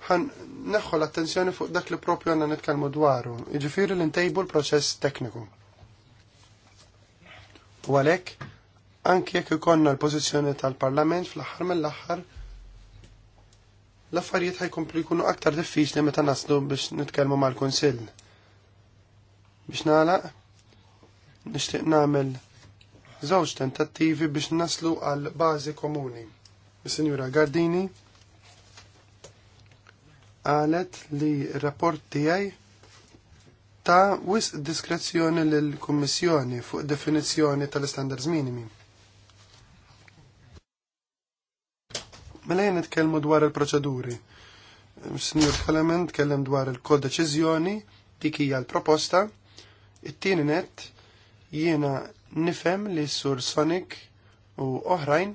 ħan neħħol attenzjoni fuq dak li propju għanna nitkellmu dwaru, jiġifieri li ntejbu l-proċess tekniku. U għalhekk anke jekk ikonna l-pożizzjoni tal-Parlament fl-aħħar mill-aħħar l-affarijiet ħajkomplu jkunu aktar diffiċli meta naslu biex nitkellmu mal-Kunsill. Biex nagħlaq nixtieq nagħmel żewġ tentattivi biex naslu għal bażi komuni. Is-Sinjura Gardini qalet li r-rapport tiegħi ta' wis diskrezzjoni lill-Kummissjoni fuq definizzjoni tal-standards minimi. Mela jien nitkellmu dwar il-proċeduri. Sinjur Kalemen tkellem dwar il-kodeċiżjoni, dik hija l-proposta. It-tieni net jiena nifhem li sur Sonic u oħrajn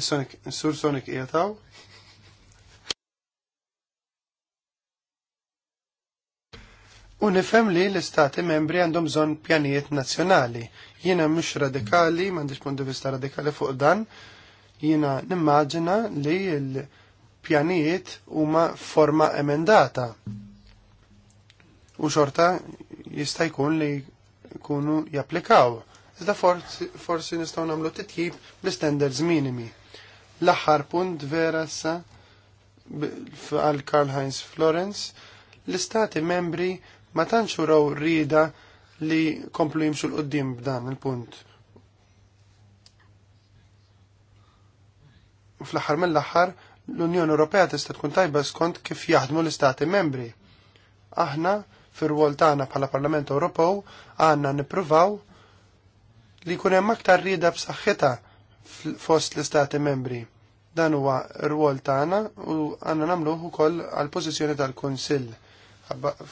Sur Sonic jgħataw? U nifhem li l-istati membri għandhom bżonn pjanijiet nazzjonali. Jina mux radikali, mandiġ punt di vista radikali fuq dan, jiena nimmaġina li l-pjanijiet huma forma emendata. U xorta jista' jkun li jkunu japplikaw. Iżda forsi nistgħu nagħmlu titjib bl-standards minimi. L-aħħar punt vera sa għal Karl Heinz Florence, l-istati membri ma tantx uraw rida li komplu jimxu l-qoddim b'dan il-punt. Fl-aħħar mill-aħħar, l-Unjoni Ewropea tista' tkun tajba skont kif jaħdmu l-istati membri. Aħna fir-rwol tagħna bħala Parlament Ewropew għandna nippruvaw li jkun hemm aktar rieda b'saħħitha fost l-istati membri. Dan huwa r-rwol tagħna u għandna nagħmluh ukoll għall-pożizzjoni tal-Kunsill.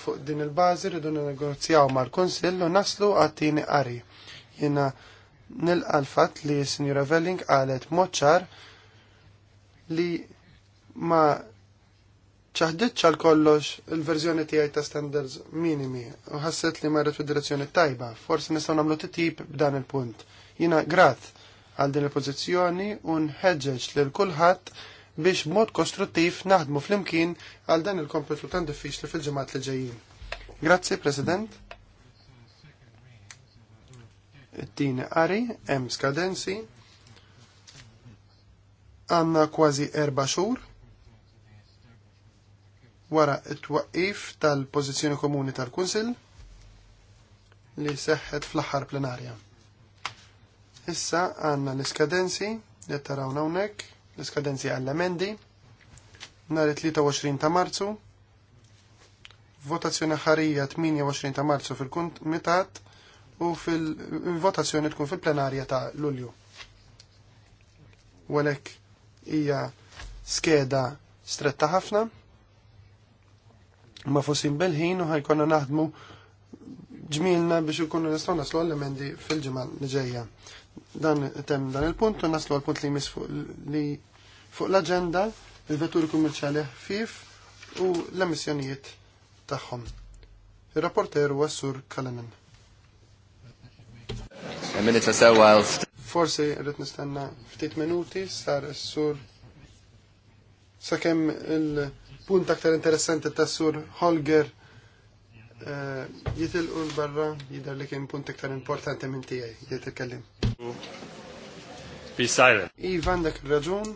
Fuq din il-bażi rridu negozjaw mal-Kunsill u naslu għat-tieni qari. Jiena nilqa l-fatt li Sinjura Velling qalet moċċar li ma ċaħditx għal kollox il-verżjoni tiegħi ta' standards minimi u ħasset li marret fid-direzzjoni tajba. Forsi nistgħu nagħmlu titjib b'dan il-punt. Jiena grat għal din il-pożizzjoni u nħeġġeġ lil kulħadd biex mod kostruttiv naħdmu fl-imkien għal dan il-kompetu tan diffiċli fil-ġemat li ġejjin. Grazzi, President. Tini Ari, M. Skadensi. Għanna kważi erba xhur wara it-twaqif tal-pożizzjoni komuni tal-Kunsil li seħħet fl-aħħar plenarja. Issa għanna l-iskadenzi li taraw hawnhekk, l-iskadenzi għall-emendi nhar 23 ta' Marzu, votazzjoni ħarija 28 ta' Marzu fil-Kumitat u fil-votazzjoni tkun fil-plenarja ta' Lulju. Walek hija skeda stretta ħafna ma fossin ħin u ħajkonna naħdmu ġmilna biex ikunu nistgħu naslu l-emendi fil-ġimgħa niġejja dan tem dan il-punt u naslu għal-punt li jmiss li fuq l-agenda il-vetturi kummerċjali ħfif u l-emissjonijiet tagħhom. Il-rapporter huwa Sur Kalanen. Forsi rrid nistenna ftit minuti sar is-sur sakemm il-punt aktar interessanti tas-sur Holger Eh, jitil u l-barra jidar li kien punt iktar importanti minn tijaj, jgħid il-kellim. Be silent. Iva għandek raġun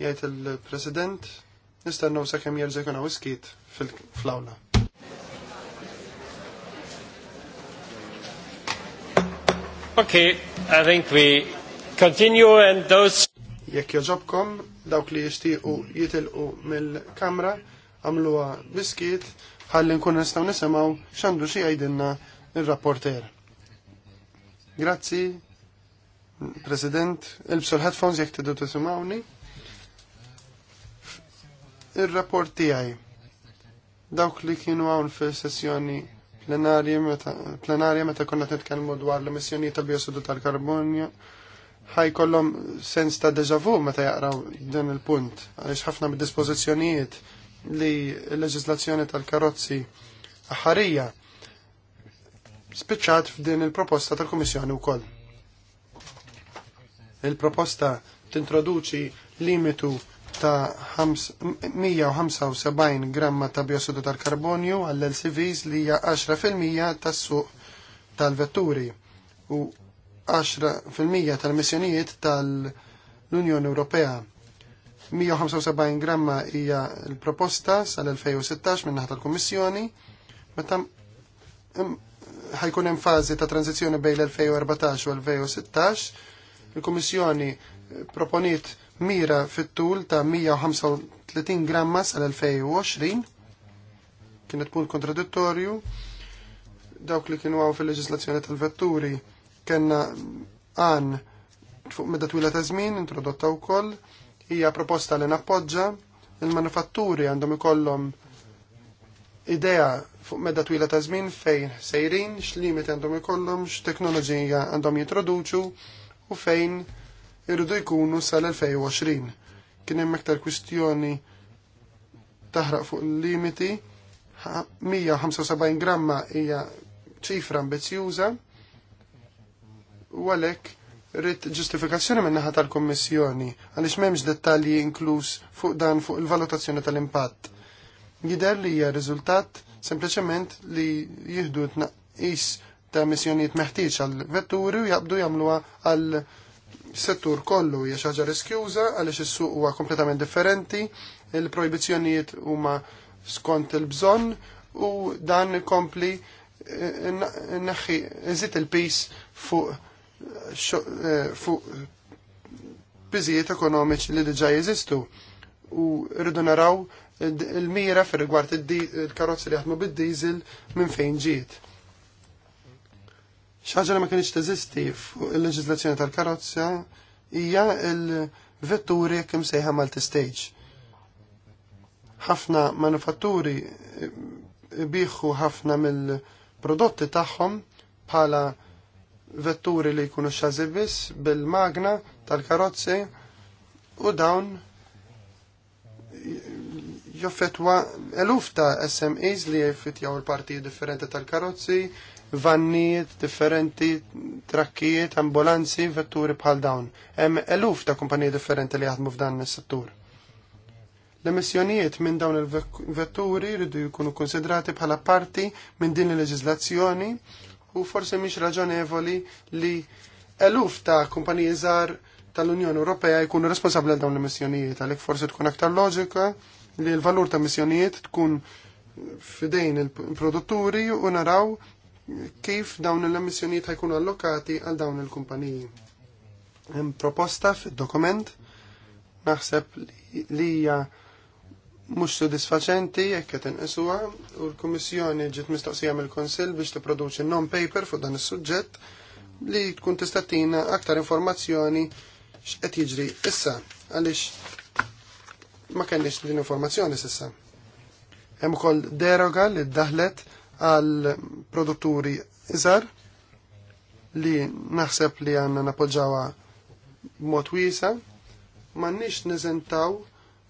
jgħid il-President nistennew sa' jerġa' jkun hawn iskit fil-flawla. Okay, I think we continue and those Jek joġobkom dawk li jixtiequ jitilqu mill-kamra għamluwa biskit, ħalli nkun nistgħu nisimgħu x'għandu xi jgħidilna ir-rapporter. Grazzi, President, ilbsu l-headphones jekk tidu tisimgħuni. Ir-rapport tiegħi dawk li kienu hawn fis-sessjoni plenarja meta konna titkellmu dwar l-emissjoni ta' biossidu tal-karbonju kollom sens ta' deja vu meta jaqraw dan il-punt għaliex ħafna mid-dispożizzjonijiet li l-leġislazzjoni tal-karozzi ħarija spiċċat f'din il-proposta tal-Kummissjoni wkoll. Il-proposta tintroduċi limitu ta' 175 gramma ta' biossidu tal-karbonju għall-LCVs li hija 10% tas-suq tal-vetturi u 10% tal-missjonijiet tal-Unjoni Ewropea 175 gramma hija l-proposta sal-2016 minn naħta l-Kummissjoni, meta ħajkun hemm fażi ta' tranzizzjoni bejn l-2014 u l-2016. Il-Kummissjoni proponiet mira fit-tul ta' 135 gramma sal-2020. Kienet punt kontradittorju. Dawk li kienu għaw fil-leġislazzjoni tal-vetturi kena għan fuq medda twila ta' żmien introdotta wkoll hija proposta li nappoġġa il-manufatturi għandhom ikollhom idea fuq medda twila ta' żmien fejn sejrin, x'limit għandhom ikollhom, x'teknoloġija għandhom jintroduċu u fejn irridu jkunu sal-2020. Kien hemm aktar kwistjoni taħraq fuq il-limiti 175 gramma hija ċifra ambizjuża u għalhekk rrit ġustifikazzjoni minn naħa tal-Kommissjoni għaliex m'hemmx dettalji inkluż fuq dan fuq il-valutazzjoni tal-impatt. Gider li hija riżultat sempliċement li jieħdu tnaqqis ta' missjonijiet meħtieġ għal vetturi u jaqbdu jagħmluha għal settur kollu hija xi ħaġa riskjuża għaliex is-suq huwa kompletament differenti, il-projbizzjonijiet huma skont il-bżonn u dan kompli naħħi iżid il-pis fuq Eh, fuq biżijiet ekonomiċi li diġà jeżistu u rridu naraw il-mira fir rigward il-karozzi li jaħdmu bid-diesel minn fejn ġiet. Xaġa li ma kienx teżisti fuq il-leġiżlazzjoni tal-karozza hija il-vetturi kemm sejħa multi-stage. Ħafna manufatturi biħu ħafna mill-prodotti tagħhom bħala vetturi li jkunu xazibis bil-magna tal-karozzi u dawn joffetwa eluf ta' SMEs li jaffetjaw il-partiji differenti tal-karozzi, vannijiet differenti, trakkijiet, ambulanzi, vetturi bħal dawn. Hemm eluf ta' kumpaniji differenti li jaħdmu f'dan is-settur. L-emissjonijiet minn dawn il-vetturi rridu jkunu konsidrati bħala parti minn din il-leġiżlazzjoni u forse mhix raġonevoli li eluf ta' kumpaniji żgħar tal-Unjoni Ewropea jkunu responsabbli għal dawn l-missjonijiet, għalhekk forsi tkun aktar loġika li l-valur ta' missjonijiet tkun fidejn il-produtturi u naraw kif dawn l-emissjonijiet ħajkunu allokati għal dawn il-kumpaniji. Hemm proposta fid-dokument naħseb li hija li mhux sodisfaċenti jekk qed inqisuha u l-Kummissjoni ġiet mistoqsija mill-Kunsill biex tipproduċi non-paper fuq dan is-suġġett li tkun tista' tina aktar informazzjoni x'qed jiġri issa għaliex ma kenniex din informazzjoni s'issa. Hemm ukoll deroga li ddaħlet għal produtturi iżar li naħseb li għandna napoġġawha b'mod wiesa' m'għandniex niżentaw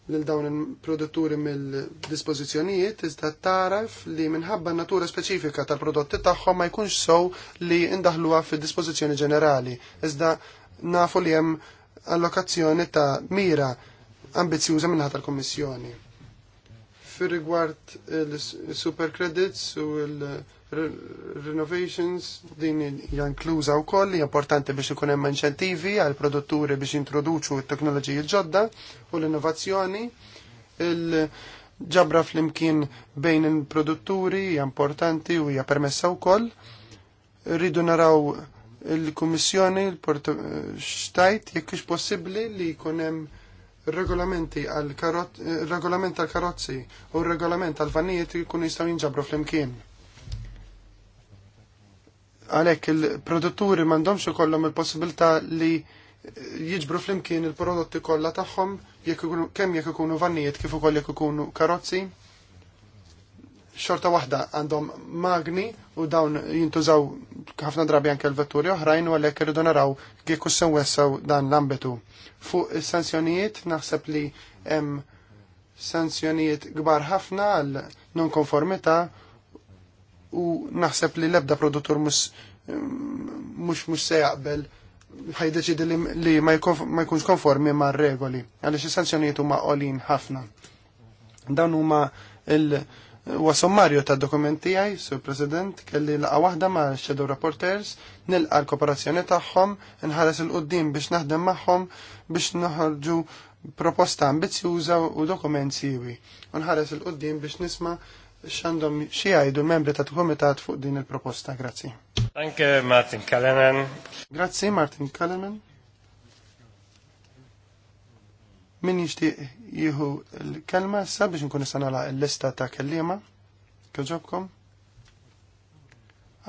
lil dawn il-produtturi mill-dispożizzjonijiet iżda taraf li minħabba natura speċifika tal-prodotti tagħhom ma jkunx sew li indaħluha fid-dispożizzjoni ġenerali. Iżda nafu li hemm allokazzjoni ta' mira ambizjuża minħata tal-Kommissjoni. Fir rigward il-supercredits u l renovations din hija u wkoll li importanti biex ikun hemm inċentivi għal produtturi biex introduċu t-teknoloġiji ġodda u l-innovazzjoni. Il-ġabra flimkien bejn il-produtturi hija importanti u hija permessa wkoll. Rridu naraw il-Kummissjoni l-Portajt jekk ix possibbli li jkun hemm regolamenti għal eh, regolament għal karozzi u regolament għal vanijiet jkunu jistgħu jinġabru flimkien għalhekk il-produtturi m'għandhomx ikollhom il-possibilità li jiġbru flimkien il-prodotti kollha tagħhom kemm jekk ikunu vannijiet kif ukoll jekk ikunu karozzi. Xorta waħda għandhom magni u dawn jintużaw ħafna drabi anke l-vetturi oħrajn u għalhekk irridu naraw kieku sewessaw dan l-ambitu. Fuq is-sanzjonijiet naħseb li hemm sanzjonijiet kbar ħafna għal non-konformità u naħseb li l-ebda produttur mux mux se jaqbel ħajdeċidi li ma jkunx konformi ma' regoli għalix is-sanzjonijiet huma qolin ħafna. Dan huma il wa sommarju ta' dokumenti għaj, sur President, kelli laqa waħda ma' Shadow Reporters, nilqa l-kooperazzjoni tagħhom, nħares il-qoddim biex naħdem magħhom biex noħorġu proposta ambizjuża u dokument siwi. Nħares il-qoddim biex nisma' xandom xiejdu membri ta' komitat fuq din il-proposta. Grazzi. Thank you, Martin Kalemen. Grazzi Martin Kalemen. Min jixtieq jieħu l-kelma sa biex nkun nista' il-lista ta' kelliema. kħuġobkom.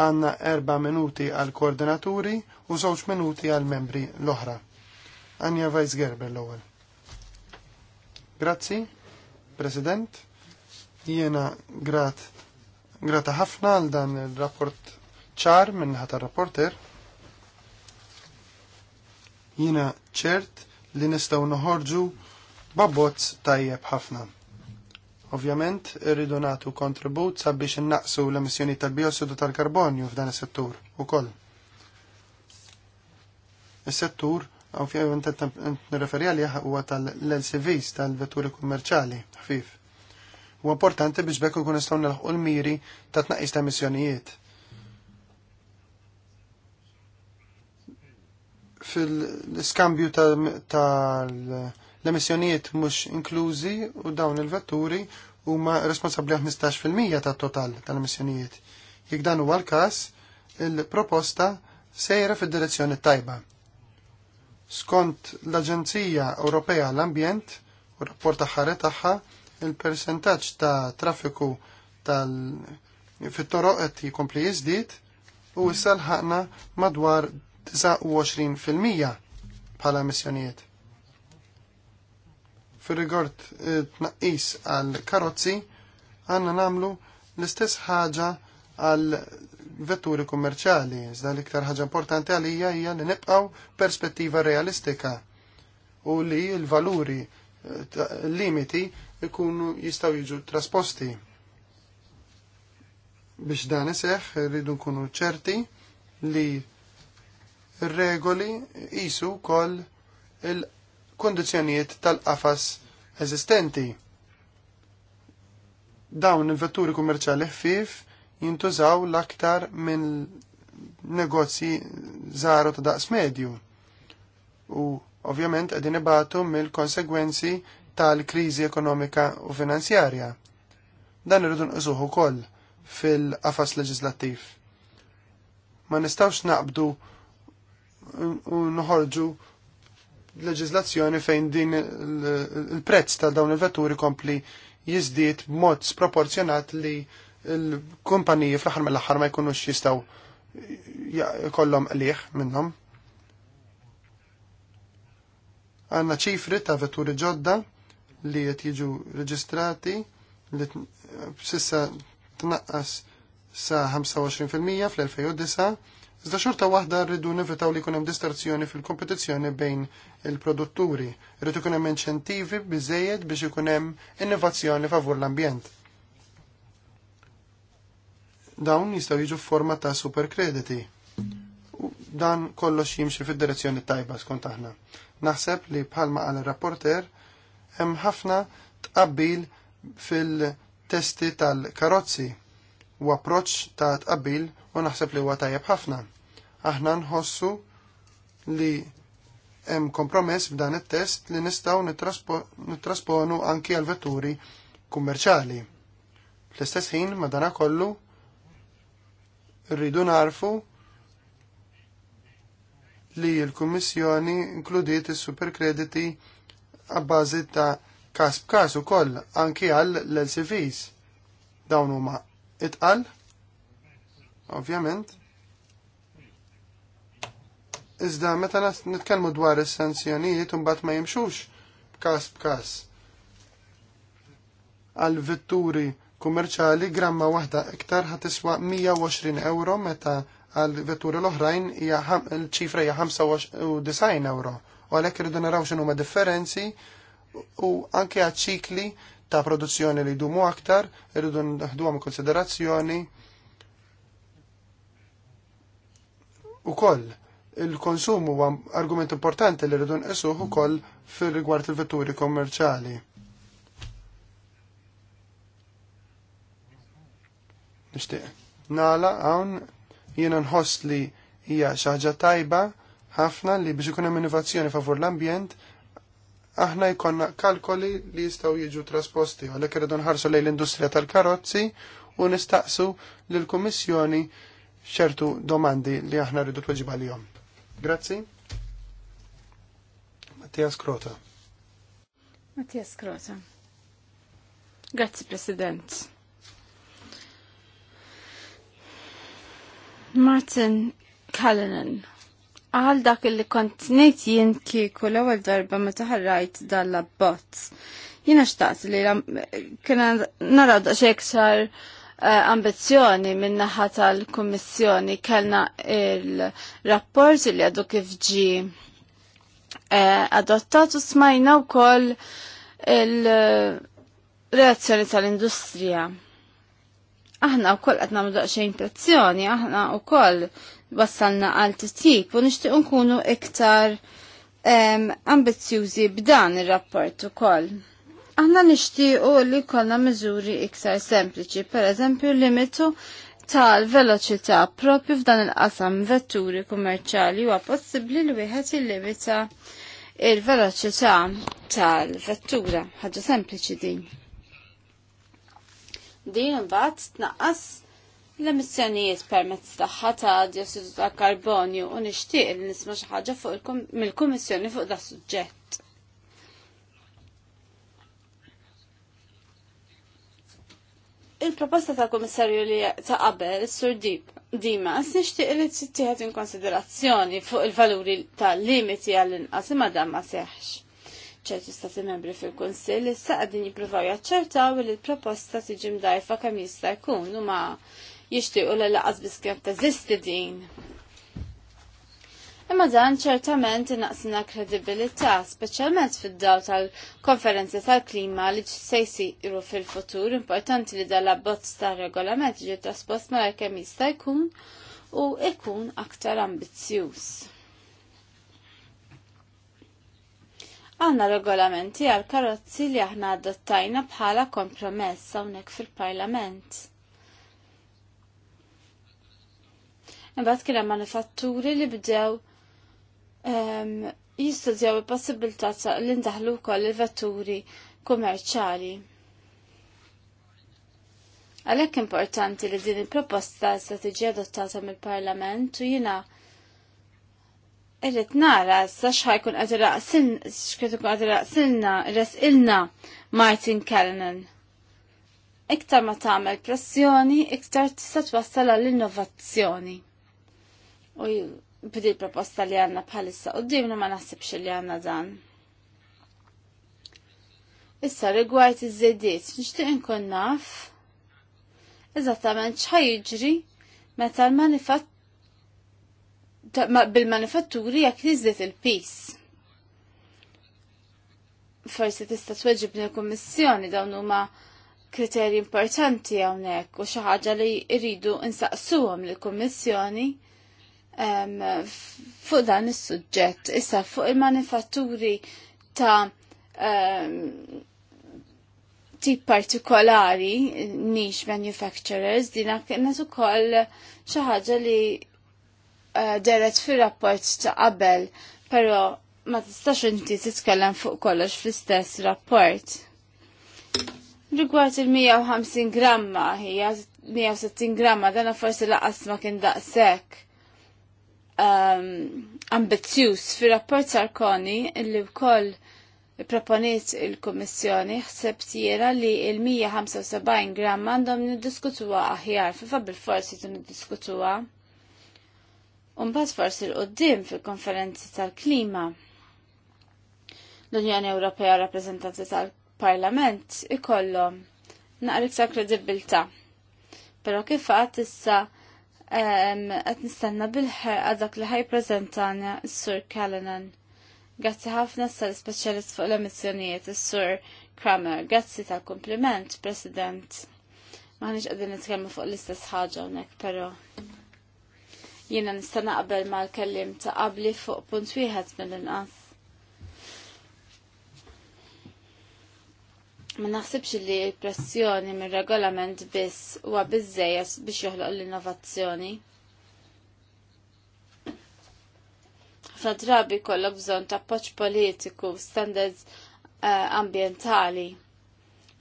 Għanna erba' minuti għal koordinaturi u żewġ minuti għal membri l-oħra. Anja Vajz Gerber l-ewwel. Grazzi, President. Jiena grat grata ħafna għal dan il-rapport ċar minn ħata rapporter. Jiena ċert li nistgħu noħorġu babbozz tajjeb ħafna. Ovvjament, irridu nagħtu kontribut sabiex innaqsu l-emissjoni tal-biossidu tal-karbonju f'dan is-settur ukoll. Is-settur għaw fjaj nirreferi għalih huwa tal-LCVs tal-vetturi kummerċali ħfif. U importanti biex bekk ikun nistgħu nilħqu l-miri ta' tnaqqis ta' emissjonijiet. fil ta' tal-emissjonijiet mhux inklużi u dawn il-vetturi huma responsabbli għal 15% tat-total tal-emissjonijiet. Jekk dan huwa l-każ, il-proposta sejra fid-direzzjoni tajba. Skont l-Aġenzija Ewropea għall-Ambjent u rapport aħħar tagħha, il percentaċ ta' traffiku tal fit-toroq qed jikompli jiżdied u issa lħaqna madwar 29% bħala emissjonijiet. Fir-rigord eh, tnaqqis għal karozzi għandna nagħmlu l-istess ħaġa għal vetturi kummerċali, iżda l-iktar ħaġa importanti għalija hija li nibqgħu perspettiva realistika u li l-valuri eh, limiti ikunu jistaw jiġu trasposti. Biex dan iseħ, rridu nkunu ċerti li regoli jisu kol il kondizjoniet tal-qafas eżistenti. Dawn il-vetturi kummerċali ħfif jintużaw l-aktar minn negozji zaru ta' daqs medju. U ovvjament għedin ibatu mill-konsegwenzi tal-kriżi ekonomika u finanzjarja. Dan irridu nqisuhu ukoll fil-qafas leġislattiv. Ma nistawx naqbdu u nħorġu leġislazzjoni fejn din il-prezz ta' dawn il-vetturi kompli jizdiet b'mod sproporzjonat li l-kumpaniji fl-aħħar mill-aħħar ma jkunux jistaw kollhom qliħ minnhom. Għanna ċifri ta' vetturi ġodda li qed jiġu reġistrati li sissa tnaqqas sa 25% fl-2009, iżda xorta waħda rridu nivitaw li kunem distorzjoni fil-kompetizzjoni bejn il-produtturi, rridu kunem inċentivi biżejjed biex ikunem innovazzjoni favur l-ambjent. Dawn jistaw jiġu forma ta' superkrediti. Dan kollox jimxi fid-direzzjoni tajba skont aħna. Naħseb li bħalma għal rapporter hemm ħafna tqabbil fil-testi tal-karozzi u approċ ta' tqabbil u naħseb li huwa tajjeb ħafna. Aħna nħossu li hemm kompromess b'dan it-test li nistgħu nittrasponu anki għal vetturi kummerċali. Fl-istess ħin madanakollu rridu narfu li l-Kummissjoni inkludiet is-superkrediti għabbażi ta' kas b'kas ukoll anki għal l-LCVs. Dawn huma itqal, ovvjament. Iżda meta nitkellmu dwar is-sanzjonijiet imbagħad ma jimxux b'kas b'kas għal vetturi kummerċali gramma waħda iktar ħatiswa 120 euro meta għal vetturi l-oħrajn il-ċifra hija 95 euro u għalhekk irridu naraw x'inhuma huma differenzi u anke għad ċikli ta' produzzjoni li jdumu aktar, irridu naħduhom konsiderazzjoni ukoll il-konsum huwa argument importanti li rridu nqisuh ukoll fir-rigward il-vetturi kommerċali. Nixtieq. Nala hawn jiena nħoss li hija xi ħaġa tajba ħafna li biex ikun hemm innovazzjoni favur l-ambjent aħna jkollna kalkoli li jistgħu jiġu trasposti għalhekk irridu nħarsu lejn l-industrija tal-karozzi u nistaqsu lill-Kummissjoni ċertu domandi li aħna rridu tweġib għalihom. Grazzi. Mattia Skrota. Mattia Skrota. Grazzi President. Martin Callanan għal dak li kont nejt jien kieku l-ewwel darba meta dan dalla bot. Jiena xtaqt li kena naraw daqsxejn iktar eh, ambizzjoni minn naħa tal-Kummissjoni kellna il-rapport li għadu kif ġi eh, adottat u smajna wkoll il-reazzjoni tal-industrija aħna u koll nagħmlu mdaqxie impressjoni, aħna u koll wassalna għal titjib u nixtieq nkunu iktar ambizzjużi b'dan ir-rapport ukoll. Aħna nixtiequ li kolla miżuri iktar sempliċi, pereżempju limitu tal-veloċità propju f'dan il-qasam vetturi kummerċali huwa possibbli li wieħed il-limita il-veloċità tal-vettura, ħaġa sempliċi din. Din bat tnaqqas l-emissjonijiet permezz tagħha ta' diossidu ta' karbonju u nixtieq li nisma' xi ħaġa fuq mill-Kummissjoni fuq da' suġġett. Il-proposta ta' kummissarju li ta' qabel, Sur Dimas, nishtiq li tittieħed in konsiderazzjoni fuq il-valuri tal-limiti għall-inqas imma dan ma seħħx. ċertu stati membri fil-Kunsill issa qegħdin jippruvaw jaċċertaw li l-proposta tiġi mdajfa kemm jista' jkun u ma' jixtiequ l laqas biskep teżisti din. Imma dan ċertament naqsina kredibilità, speċjalment fid-daw tal-konferenza tal-klima li se jsiru fil-futur, importanti li dal-abbozz tar-regolament ġi traspost mara kemm jista' jkun u ikun aktar ambizzjuż. Għanna regolamenti għal karozzi li aħna adottajna bħala kompromess hawnhekk fil-Parlament. Imbagħad kien hemm manifatturi li bdew ehm, jistudjaw il-possibilità li ndaħlu wkoll il-vetturi kummerċali. Għalhekk importanti li din il-proposta se adottata mill-Parlament u jiena irrit nara sa xħajkun għadira sin, xkritikun għadira sinna, resqilna Martin Callanan. Iktar ma tagħmel pressjoni, iktar tista' twassal għall-innovazzjoni. U bidi proposta li għanna bħalissa u dimna ma naħsibx li għanna dan. Issa rigward iż-żediet, nixtieq inkun naf eżattament x'ħaj jiġri meta l-manifatt bil-manifatturi jekk jiżdiet il-pis. Forsi tista' tweġibni il kummissjoni dawn huma kriterji importanti hawnhekk u xi ħaġa li jridu insaqsuhom lill-Kummissjoni fuq dan is-suġġett. Issa fuq il-manifatturi ta' um, tip partikolari, niche manufacturers, dina kienet ukoll xi ħaġa li uh, deret fir-rapport ta' qabel, però ma tistax inti titkellem fuq kollox fl-istess rapport. Rigward il-150 gramma, hija 160 gramma, dana forsi laqas ma kien daqshekk Um, ambizzjuż fir-rapport Sarkoni li wkoll proponiet il kummissjoni ħseb tiera li il-175 gram għandhom niddiskutuha aħjar fi fabil forsi tu niddiskutuha. Umbagħad forsi l-qoddim fil-konferenzi tal-klima. L-Unjoni Ewropea rappresentanti tal-Parlament ikollhom naqriksa kredibilta. Però kif qatt issa qed nistenna bil-ħerqa dak li ħajpreżentana s-Sur Callanan. Grazzi ħafna sal-speċjalist fuq l-emissjonijiet is-Sur Kramer. Grazzi tal-kompliment, President. Maħniġ qegħdin nitkellmu fuq l-istess ħaġa hawnhekk, però jiena nista' qabel mal-kellim ta' qabli fuq punt wieħed mill-inqas. Ma naħsibx li pressjoni mir regolament biss huwa biżejjed biex joħloq l-innovazzjoni. Ħafna drabi kollok bżonn ta' poċ politiku, standards uh, ambientali.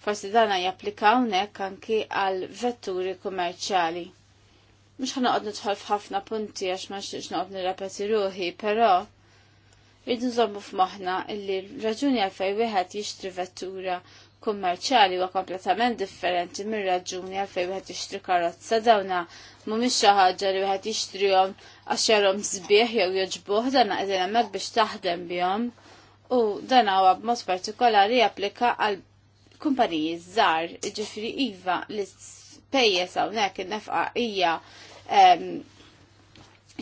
Forsi dana japplika hawnhekk anki għal vetturi Mux Mhux ħanoqgħod tħolf ħafna punti għax ma nixtieqx noqgħod nirrepeti ruħi, però rridu nżommu f'moħħna illi raġuni għalfej wieħed jixtri vettura kummerċali huwa kompletament differenti mir-raġuni għalfejn wieħed jixtri karozza dawna mhumiex xi ħaġa li wieħed jixtrihom għax jarhom sbieħ jew jogħġbuh dan qegħdin hemmhekk biex taħdem bihom u dan huwa b'mod partikolari japplika għal kumpaniji żgħar, ġifri iva li ispejjeż hawnhekk in-nefqa hija ehm,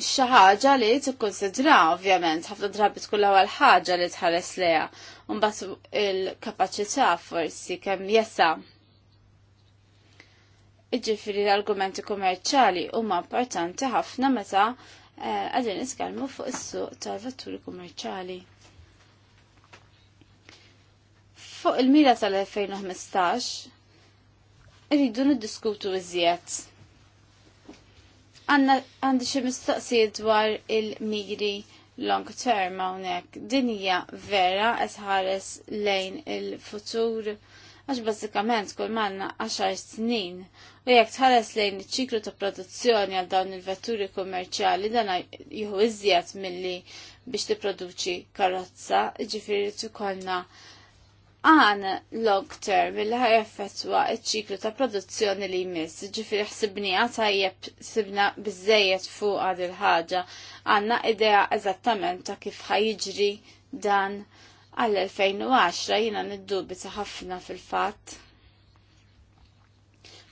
xi ħaġa li tikkunsidra ovvjament ħafna drabi tkun l-ewwel ħaġa li tħares leha u mbagħad il-kapaċità forsi kemm jesa. Iġifieri l-argumenti kummerċjali huma importanti ħafna meta eh, għadin niskalmu fuq is-suq tal-vetturi kummerċali. Fuq il-mira tal-2015 irridu niddiskutu iżjed għandi xi mistoqsijiet dwar il-miri long term hawnhekk. Dinja vera ħares lejn il-futur għax bażikament kull manna 10 snin u jekk tħares lejn iċ-ċiklu ta' produzzjoni għal dawn il-vetturi kummerċjali dan jieħu iżjed milli biex tipproduċi karozza, ġifieri tkollna għan long term li ħaj effettwa ċiklu ta' produzzjoni li jmiss, ġifiri ħsibni għatajjeb sibna bizzejiet fuq għad il-ħagġa, għanna idea eżattament ta' kif ħajġri dan għall-2010 jina niddubi ta' ħafna fil-fat.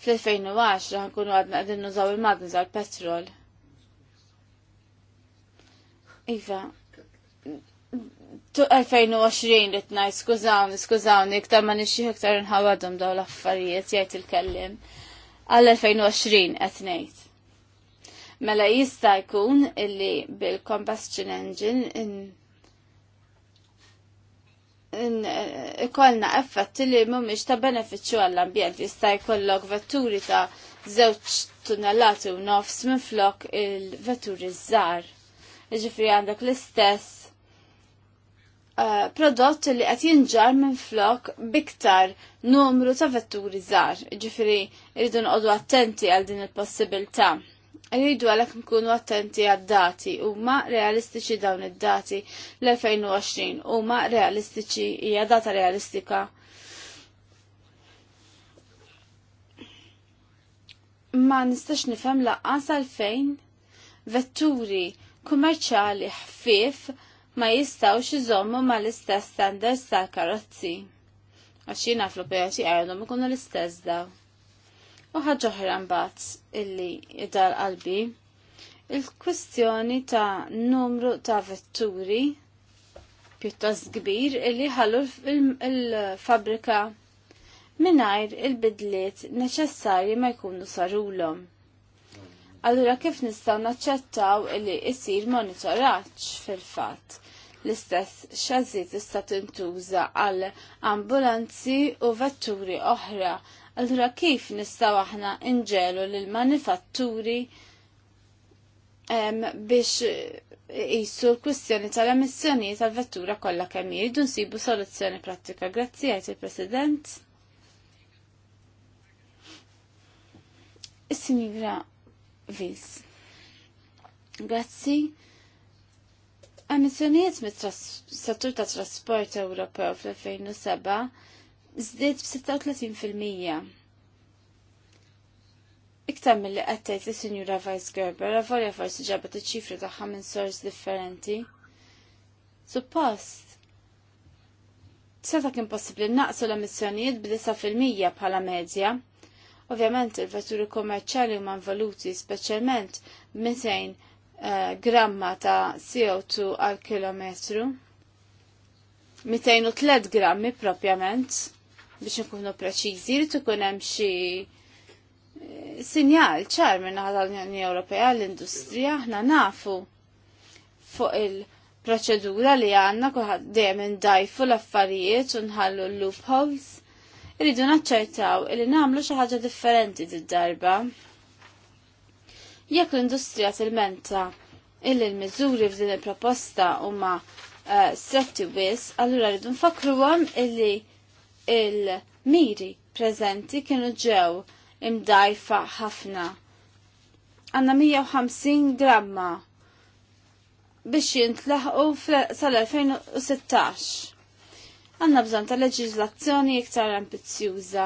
Fl-2010 ħankunu għadna għadin nużaw il-madni tal-petrol. Iva, 2020 li tnaj, skużawni, skużawni, iktar ma nixi iktar nħawadhom daw l-affarijiet, jgħid il-kellim. għall 2020 qed ngħid. Mela jista' jkun illi bil-combustion engine in ikollna effett li mhumiex ta' benefiċċju għall-ambjent jista' jkollok vetturi ta' żewġ tunnellati u nofs flok il-vetturi żgħar. Jiġifieri għandek l-istess Eh, prodott li qed jinġar minn flok biktar numru ta' vetturi żgħar. Ġifieri rridu noqogħdu attenti għal din il-possibilità. Rridu għalhekk nkunu attenti għad-dati huma realistiċi dawn id-dati l-2020 huma realistiċi hija data realistika. Ma nistax nifhem laqqas għalfejn vetturi kummerċali ħfief ma jistawx iżommu ma l-istess standards tal-karozzi. Għaxina fl-operaċi ma ikunu l-istess daw. U ħagġoħra mbagħad illi id-dar qalbi il-kwestjoni ta' numru ta' vetturi pjuttost kbir illi ħallu il-fabrika il minajr il-bidliet neċessarji ma jkunu sarulhom. Allura kif nistgħu naċċettaw li jsir monitoraċ fil-fatt? L-istess xazzi tista' tintuża għal ambulanzi u vetturi oħra. Allura kif nistgħu aħna inġelu lil manifatturi biex jissu l-kwistjoni tal-emissjoni tal-vettura kollha kemm jiridu nsibu soluzzjoni pratika. Grazzi għajt il-President. Is-Sinjura vis. Grazzi. me mit-settur ta' trasport Ewropew fl-2007 żdied b-36%. Iktar mill-li għattajt li Sinjura Vice Gerber, għavolja forsi ġabet iċ-ċifri tagħha minn sors differenti. Suppost, seta' kien possibbli naqsu l-emissjonijiet b fil-mija bħala medja, Ovvjament il-vetturi kommerċali huma valuti speċjalment 200 uh, eh, gramma ta' CO2 għal kilometru. 203 grammi propjament biex nkunu preċiżi li ikun hemm xi eh, sinjal ċar minn l-Unjoni Ewropea l-industrija aħna nafu fuq il-proċedura li għandna kulħadd dejjem indajfu l-affarijiet u nħallu l-loopholes irridu naċċertaw li nagħmlu xi ħaġa differenti d-darba. Jekk l-industrija tilmenta illi l-miżuri f'din il-proposta huma stretti wis, allura rridu nfakruhom illi il-miri preżenti kienu ġew imdajfa ħafna. Għanna 150 gramma biex jintlaħqu sal-2016 għanna bżon ta' leġizlazzjoni iktar ambizzjuża.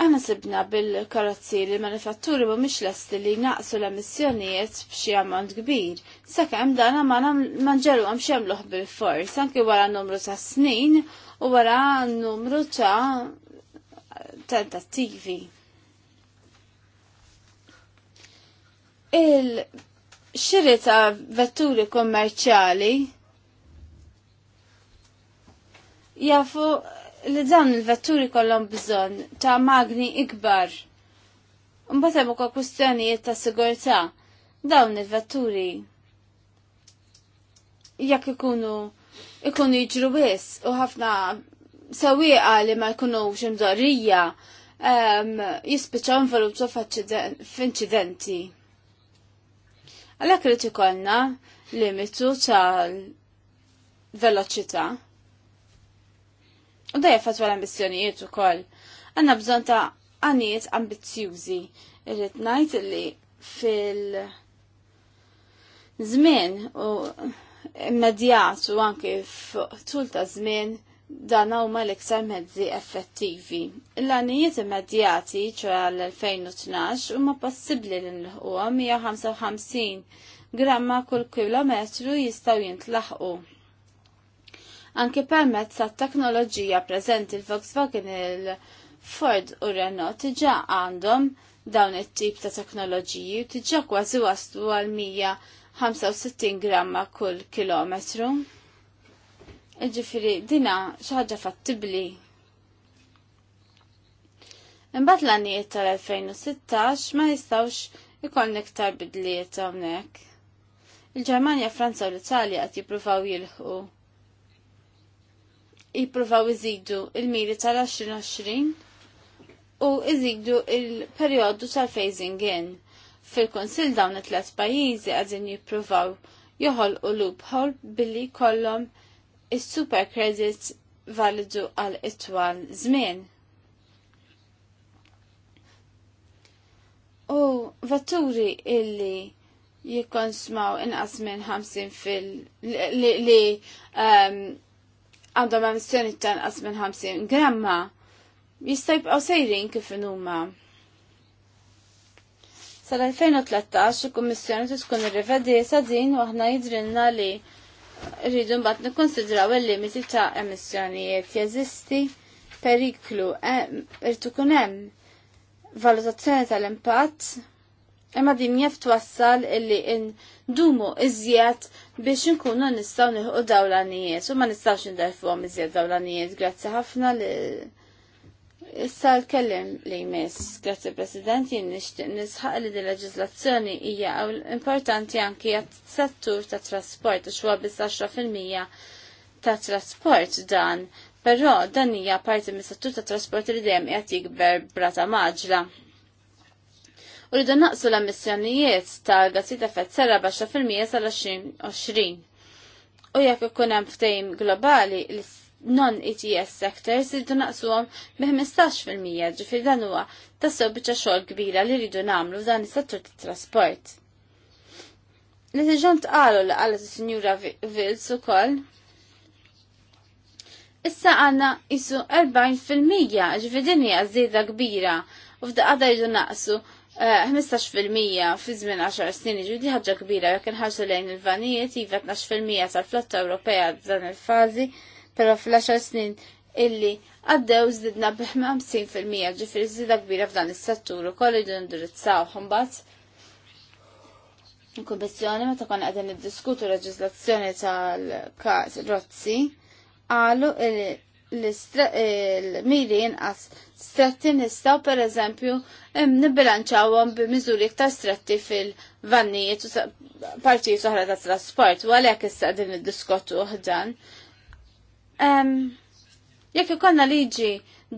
Għanna sibna bil-karozzi li manifatturi ma mux lesti li naqsu l-emissjonijiet b'xi għamont kbir. Sakke hemm dana ma nġelu għam xemluħ bil-fors, anki wara numru ta' snin u wara numru ta' tentattivi. Il-xiri ta' vetturi kommerċali jafu li dawn il-vetturi kollom bżonn ta' magni ikbar. Mbagħad hemm ukoll kwistjonijiet ta' sigurtà. Dawn il-vetturi jekk ikunu ikunu jiġru bis u ħafna sewwieqa li ma jkunux imdorrija um, jispiċaw involutu f'inċidenti. Għalhekk irid ikollna limitu tal-veloċità. U da jaffat għal ambizjonijiet u koll. Għanna bżon ta' għaniet ambizjuzi. Irrit najt li fil żmien u immedjat u anki tul ta' żmien dan huma l-iktar mezzi effettivi. L-għanijiet immedjati ċoħ għal 2012 huma possibbli l-nħuqom 155 gramma kull kilometru jistaw jintlaħqu anke permezz tat teknoloġija preżenti l volkswagen il-Ford u Renault tiġa għandhom dawn it-tip ta' teknoloġiji tiġa kważi waslu għal 165 gramma kull kilometru. Iġifiri, dina xaħġa fattibli. Imbat l-għanijiet tal-2016 ma jistawx ikon iktar bidliet għonek. Il-Ġermanja, Franza u l-Italja għat jipruvaw jilħu jippruvaw iżidu il-miri tal-2020 u iżidu il-perjodu tal-phasing in. Fil-Konsil dawn it-tlet pajjiżi għadin jippruvaw joħolqu lupħol billi kollom is-super credits validu għal itwal żmien. U vetturi illi jikonsmaw inqas minn 50 fil li, li um, għandhom emissjoni tanqas minn 50 gramma jista' jibqgħu sejrin kif huma. Sal-2013 il-Kummissjoni tkun irrivedisa din u aħna jidrilna li rridu mbagħad nikkonsidraw il-limiti ta' emissjonijiet jeżisti periklu eh, irtu kun hemm valutazzjoni tal-impatt imma din jef twassal illi in dumu iżjed biex nkunu nistaw nilħu dawlanijiet u ma nistawx ndarfuhom iżjed dawlanijiet. Grazzi ħafna li Issa l-kellim li jmiss, grazzi President, jien nixtieq nisħaq li din leġiżlazzjoni hija importanti anki għat-settur ta' trasport u xwa biss 10% ta' trasport dan, però dan hija parti mis-settur ta' trasport li dejjem qed jikber brata maġla u rridu naqsu l-emissjonijiet ta' gassit fetzera serra baxa fil-mija sal-2020. U jekk ikun hemm ftehim globali non-ETS sectors rridu għom bi 15% ġifier dan huwa tassew biċċa xogħol kbira li rridu nagħmlu f'dan is-settur tat-trasport. Li tiġant qalu li qalet is-Sinjura Vils ukoll issa għanna jisu 40% ġvidini għazzida kbira u f'daqqa jidu naqsu 15% eh, fi żmien 10 snin ġudi ħaġa kbira jekk inħarsu lejn il-vanijiet iva 12% tal-flotta Ewropea dan il-fażi, però fl-10 snin illi għaddew zidna b-50% ġifir zida kbira f'dan is-settur u idu jdu indirizzaw mbagħad il-Kummissjoni meta kon qegħdin iddiskutu leġislazzjoni tal-każ Rozzi qalu l-miri jinqas stretti nistaw per eżempju nibbilanċawhom bi miżuri iktar stretti fil-vannijiet u partijiet oħra ta' trasport u għalhekk issa din id-diskottu dan. Jekk ikonna liġi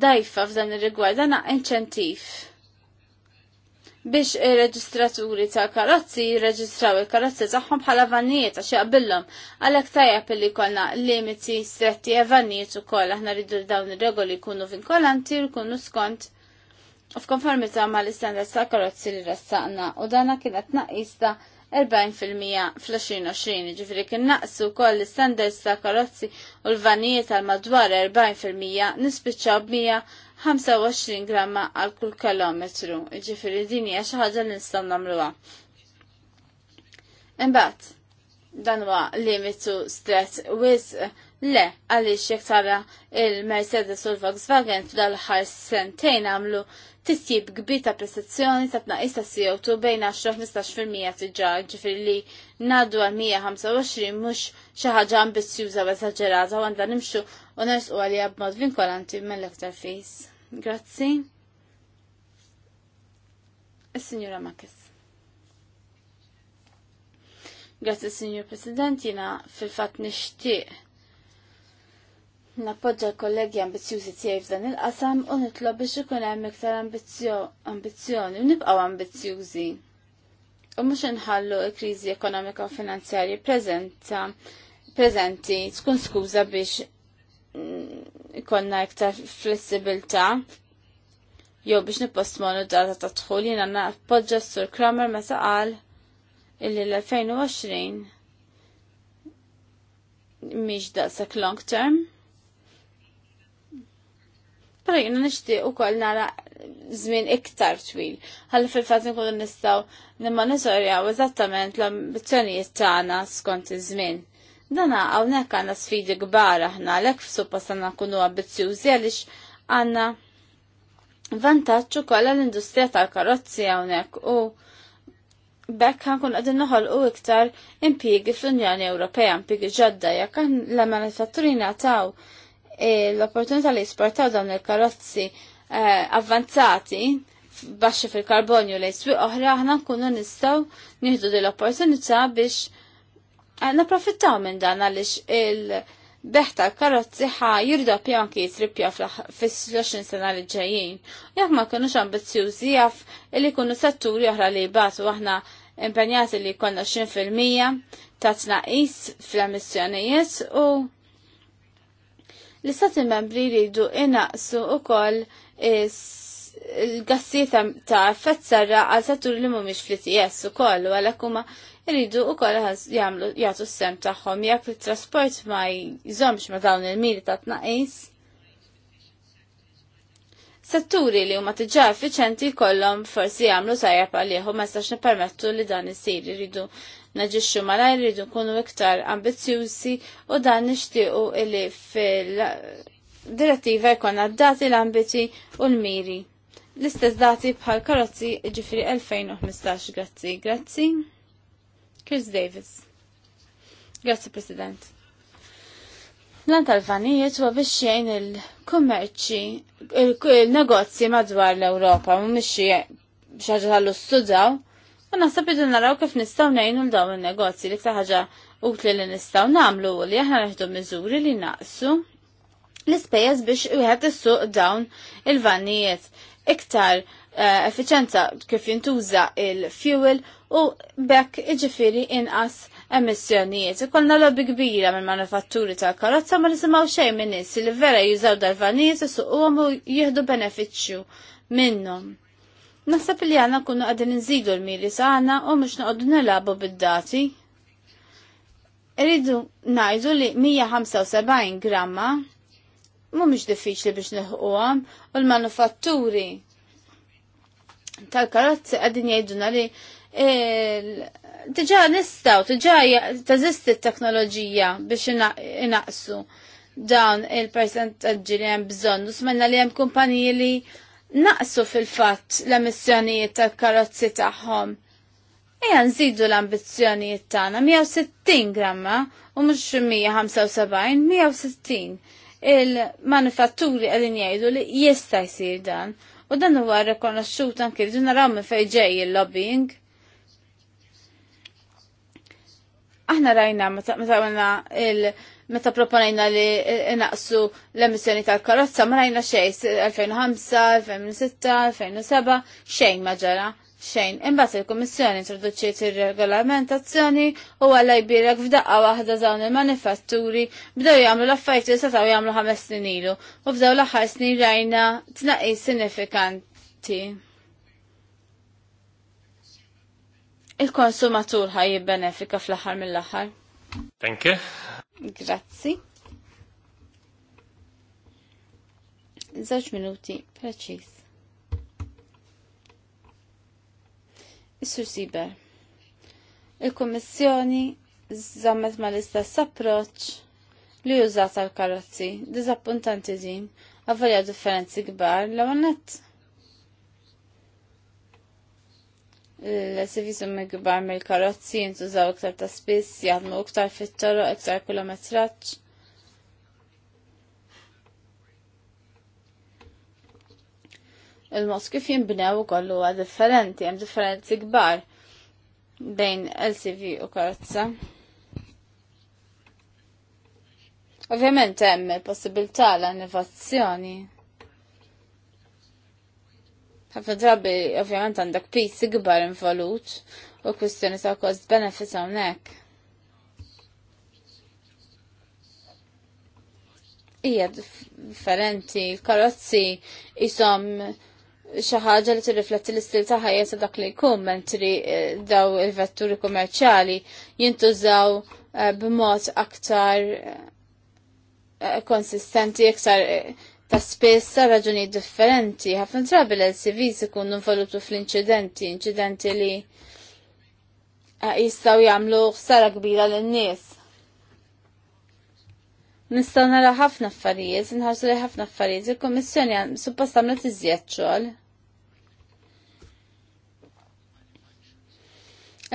dajfa f'dan ir-rigward għandna inċentiv biex il-reġistraturi ta' karozzi jirreġistraw il-karozzi tagħhom bħala vannijiet għax jaqbillhom. Għalhekk tajjeb li kollna limiti stretti e vannijiet ukoll aħna rridu dawn ir-regoli jkunu vinkolanti u jkunu skont f'konformità mal l-istandards ta' karozzi li rassaqna u dana kienet naqis ta' 40% fl-2020, ġifri kien naqsu kol l istandards ta' karozzi u l-vanijiet tal madwar 40% nispiċċaw b 25 gramma għal kull kilometru, ġifiri din hija xi ħaġa li nistgħu nagħmluha. Imbagħad, dan huwa limitu stress wisq Le, għaliex jekk tara il-Mercedes u l-Volkswagen fl-ħar sentejn għamlu tisjib gbita ta' prestazzjoni ta' tnaqis ta' CO2 bejn 10-15% tiġa ġifiri li naddu għal 125 mux xaħġa ambizjuża u eżaġerata u għandha nimxu u nersqu għalija b'mod vinkolanti mill-aktar fis. Grazzi. is signora Makis. Grazzi, Signor President, jina fil-fat nishtiq Nappoġġa l-kollegi ambizjużi tiegħi f'dan il-qasam u nitlob biex ikun hemm iktar ambizzjoni u nibqgħu ambizzjużi. U mhux inħallu l-kriżi ekonomika u finanzjarji preżenta preżenti tkun skuża biex ikonna iktar flessibilta jew biex nipostmonu data ta' tħul jiena nappoġġa sur Kramer meta qal illi l-2020 miex daqshekk long term. Però jiena nixtieq ukoll nara żmien iktar twil. Ħalli fil-fatt nkunu nistgħu nimma eżattament l-ambizzjonijiet tagħna skont iż-żmien. Dana hawnhekk għandna sfidi kbar aħna għalhekk f'suppost għandna nkunu ambizzjużi għaliex għandna vantaġġ ukoll l industrija tal-karozzi hawnhekk u bekk kun għadin noħol u iktar impiegi fl-Unjoni Ewropea, impiegi ġodda, jekk la manifatturina taw e, l-opportunità li jisportaw dawn il-karozzi e, avvanzati baxxi fil-karbonju li jiswi oħra, għan nkunu nistaw nieħdu dil opportunità biex Għanna profittaw minn dan għalix il-beħta karozzi ħa jirda pjanki jitrippja fl-20 sena li ġejjin. Jekk ma kienux ambizzjużi jaf li kunu setturi oħra li u aħna impenjati li konna 20% ta' tnaqis fl-emissjonijiet u l-istati membri jridu inaqsu u koll il gassi ta' effett serra għal settur li mumiex fl-ITS u koll, għalek huma iridu wkoll jagħmlu jagħtu s-sem tagħhom jekk it-trasport ma jżommx ma dawn il-miri ta' tnaqis. Setturi li huma tiġà effiċenti jkollhom forsi jagħmlu tajjeb għalieħu ma jistax nippermettu li dan isir iridu naġixxu malajr iridu nkunu iktar ambizzjużi u dan nixtiequ li fil direttiva jkollna għaddati dati l-ambiti u l-miri. L-istess dati bħal karozzi ġifri 2015, grazzi, grazzi. Chris Davis. Grazie, President. l Lan tal-vanijiet huwa biex xejn il-kummerċi, il-negozji madwar l-Ewropa, mhumiex xaġa tal-lussu daw, u naħseb idu naraw kif nistgħu ngħinu l dawn il-negozji li ħaġa utli li nistgħu nagħmlu li aħna neħdu miżuri li naqsu l-ispejjeż biex wieħed issuq dawn il-vanijiet iktar Eh, effiċenza kif jintuża il-fuel u bekk iġifiri inqas emissjonijiet. Kolna lobby kbira mill manufatturi tal karozza ma nisimaw xejn minn nies li vera jużaw dal-vanijiet isuquhom u jieħdu benefiċċju minnhom. Naħseb li għana kunu għadin nżidu l-miri saħna u mux naqdu nilabu bid-dati. Rridu najdu li 175 gramma mu mux diffiċli biex nħuqom u l-manufatturi tal-karozzi għadin jajdu li tġa nistaw, tġa tazist t-teknoloġija biex inaqsu dawn il-percentagġi li hemm bżonn. Smenna li hemm kumpanji li naqsu fil-fatt l-emissjonijiet tal-karozzi tagħhom. Ejja nżidu l-ambizzjonijiet tagħna 160 gramma u mhux 175, 160. Il-manifatturi qegħdin jgħidu li jista' jsir dan. U dan huwa rikonoxxut anke li naraw minn fejn ġej il-lobbying. Aħna rajna meta għamilna il- meta proponajna li naqsu l-emissjoni tal-karozza ma rajna xejn 2005, 2006, 2007, xejn ma ġara xejn. Imbagħad il-Kummissjoni introduċiet ir-regolamentazzjoni u għalla birek f'daqqa waħda dawn il-manifatturi bdew jagħmlu l-affarijiet li setgħu jagħmlu ħames snin ilu u f'daw l-aħħar snin rajna tnaqqis sinifikanti. Il-konsumatur ħaj jibbenefika fl-aħħar mill-aħħar. Danke. Grazzi. Żewġ minuti, preċiż. Is-Sur Siber. Il-Kummissjoni żammet ma l-istess approċċ li użat għal karozzi. Diżappuntanti din, għavarja differenzi kbar l għonet l gbar me mill-karozzi jintużaw iktar ta' spiss, jaħdmu iktar fit-toro, iktar kilometraċ il-mod kif jinbnew ukoll għad differenti, hemm differenti kbar bejn LCV u karozza. Ovvjament hemm il-possibilità l-innovazzjoni. Ħafna drabi ovvjament għandek pis gbar involut u kwistjoni ta' cost benefit hawnhekk. Ija differenti, karozzi jisom xi ħaġa li tirrifletti l-istil ta' ħajja ta' dak li jkun mentri eh, daw il-vetturi kummerċjali jintużaw eh, b'mod aktar eh, konsistenti, aktar ta' spessa raġuni differenti. Ħafna drabi l-LCVs ikunu involutu fl-inċidenti, incidenti li jistgħu jagħmlu ħsara kbira lin-nies. Nistaw nara ħafna affarijiet, nħarsu li ħafna affarijiet, il-Kommissjoni suppost għamlet iżjed xogħol.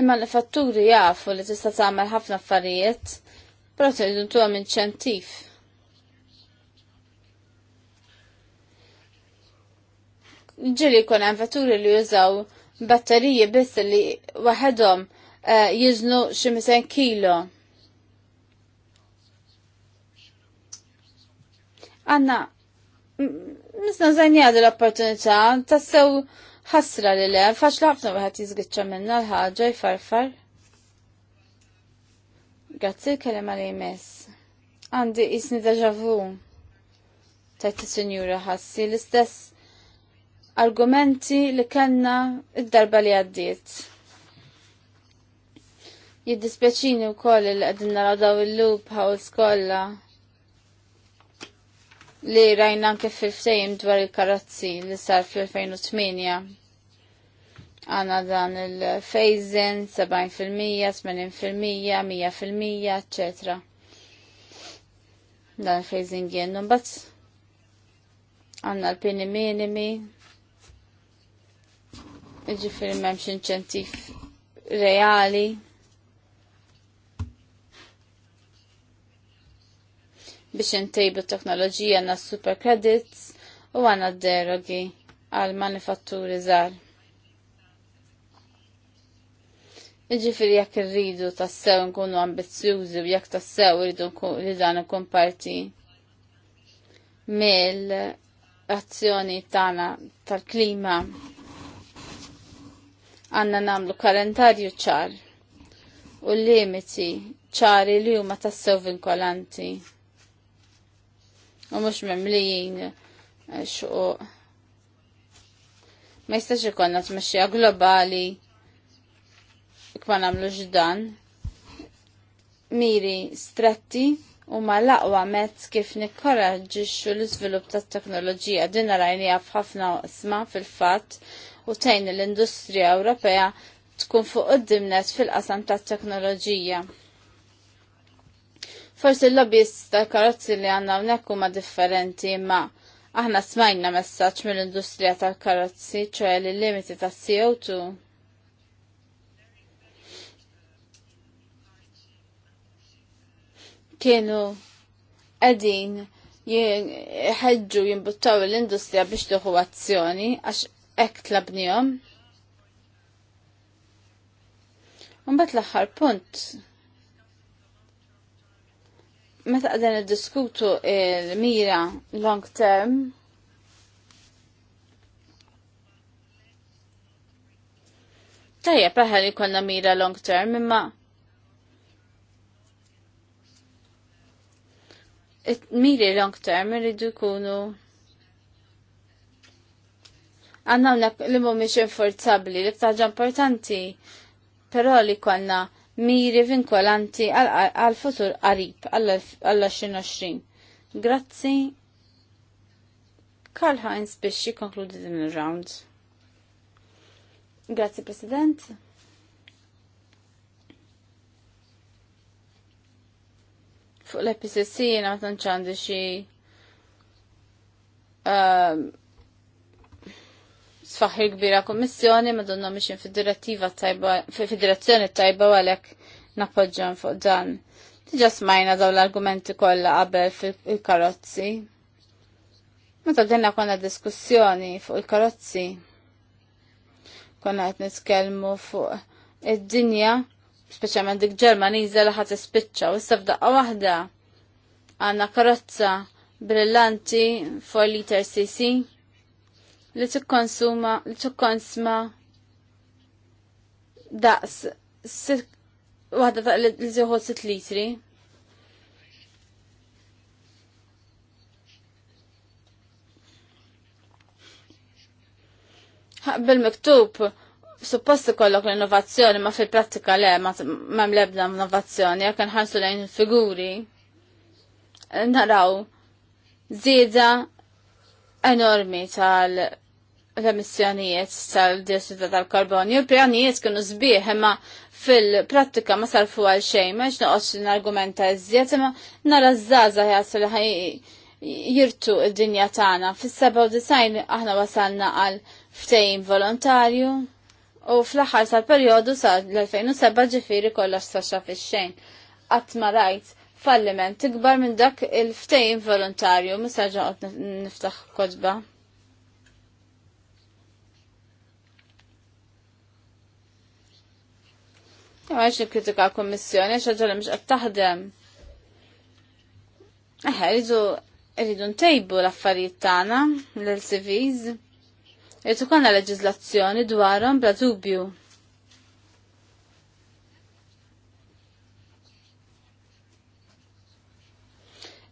Imma l-fatturi jafu li tista' tagħmel ħafna affarijiet, però tridu ntuhom inċentiv. Ġiri jkun hemm vetturi li jużaw batteriji biss li waħedhom eh, jiznu xi 200 kilo. Għanna, misna zajni għadu l-opportunità, tassew ħasra li le, faċ ħafna bħat jizgitċa minna l-ħagġa jfarfar. Grazzi l-kelema li jmess. Għandi jisni daġavu. Tajt il-senjura ħassi l-istess argumenti li kanna id-darba li għaddiet. Jiddispjaċini u koll li għadinna l-għadaw il lub għaw skolla li rajna anke fil-ftejim dwar il-karazzi li sar fl-2008. Għana dan il fejzen 70%, 80%, 100%, etc. Dan il-phasing jennu bat għanna l-pini minimi fil memx inċentif reali biex intejbu teknoloġija għanna super credits u għanna derogi għal manifatturi zar. Iġifiri jekk irridu tassew nkunu ambizzjużi u jekk tassew rridu li dan ikun parti mill azzjoni tagħna tal-klima għandna nagħmlu kalendarju ċar u limiti ċari li huma tassew vinkolanti u mhux memlijin eh, xuq. Ma jistax ikonna tmexxija globali kma nagħmlux dan. Miri stretti u ma laqwa mezz kif nikkoraġġixxu l-iżvilupp tat-teknoloġija din rajnija f'ħafna isma fil-fatt u tgħin l-industrija Ewropea tkun fuq qudimnet fil-qasam tat-teknoloġija. Forsi l-lobbies tal-karozzi li għanna unekku huma differenti ma aħna smajna messaċ mill-industrija tal-karozzi ċoħe li limiti ta' CO2 kienu għedin jħedġu jimbuttaw l-industrija biex tuħu azzjoni għax ek tlabnijom. Un bat l-axar punt meta għadden id-diskutu il-mira long term, tajja paħal li mira long term, imma miri long term rridu jkunu għanna li mumiex inforzabli li btaġa importanti, pero li konna miri vinkolanti għal-futur qarib għall-2020. Grazzi. Karl Heinz biex jikonkludi din il-round. Grazzi, President. Fuq l episessi jena ma tanċandi xie uh, sfaħħir kbira kummissjoni madonna mixin fid federattiva tajba, fid-direzzjoni tajba għalek napoġġan fuq dan. Tiġa smajna daw l-argumenti kollha qabel fil-karozzi. Meta dinna konna diskussjoni fuq il-karozzi. Konna qed nitkellmu fuq id-dinja, speċjalment dik Ġermaniża li ħadd ispiċċa u issa f'daqqa waħda għandna karozza brillanti 4 liter cc li tikkonsuma li t-konsma daqs waħda ta' li tieħu 6 litri. Bil-miktub, suppost ikollok l-innovazzjoni, ma fil-prattika le, ma lebda innovazzjoni, jek nħarsu lejn il-figuri, naraw, zida enormi tal l-emissjonijiet tal-dioxide tal-karbonju, l-pjanijiet kienu sbieħ imma fil-prattika ma sarfu għal xejn, ma x'noqgħodx n-argumenta iżjed, imma nara żżaża jaslu li ħaj jirtu d-dinja tagħna. Fis-97 aħna wasalna għal ftejn volontarju u fl-aħħar sal perjodu sa l-2007 ġifieri kollox saxa fix-xejn. Qatt ma rajt falliment tikbar minn dak il-ftejn volontarju, misaġa għot niftaħ kodba. għax nikritika l-Kommissjoni għax għadġa li mhux qed taħdem. Eħe, rridu rridu ntejbu l-affarijiet tagħna l-LCVs. Irid ikollna leġiżlazzjoni dwarhom bla dubju.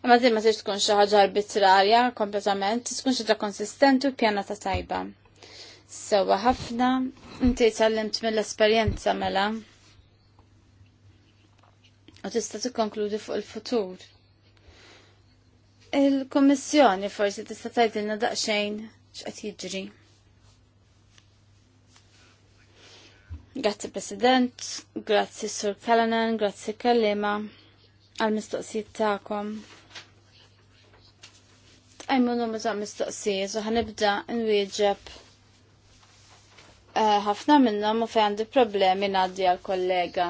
Ma din ma tkun xi ħaġa arbitrarja kompletament, tkun xi konsistenti u pjana ta' tajba. Sewa ħafna, inti tallimt mill-esperjenza mela. U tista' tikkonkludi fuq il-futur. Il-Kommissjoni forsi tista' tgħidilna daqsxejn x'qed jiġri. Grazzi President, grazzi Sur Kalanan, grazzi Kallima għal mistoqsijiet tagħkom tqajmu numru ta' mistoqsijiet u ħanibda nwieġeb eh, ħafna minnhom u fejn għandi problemi ngħaddi għal kollega.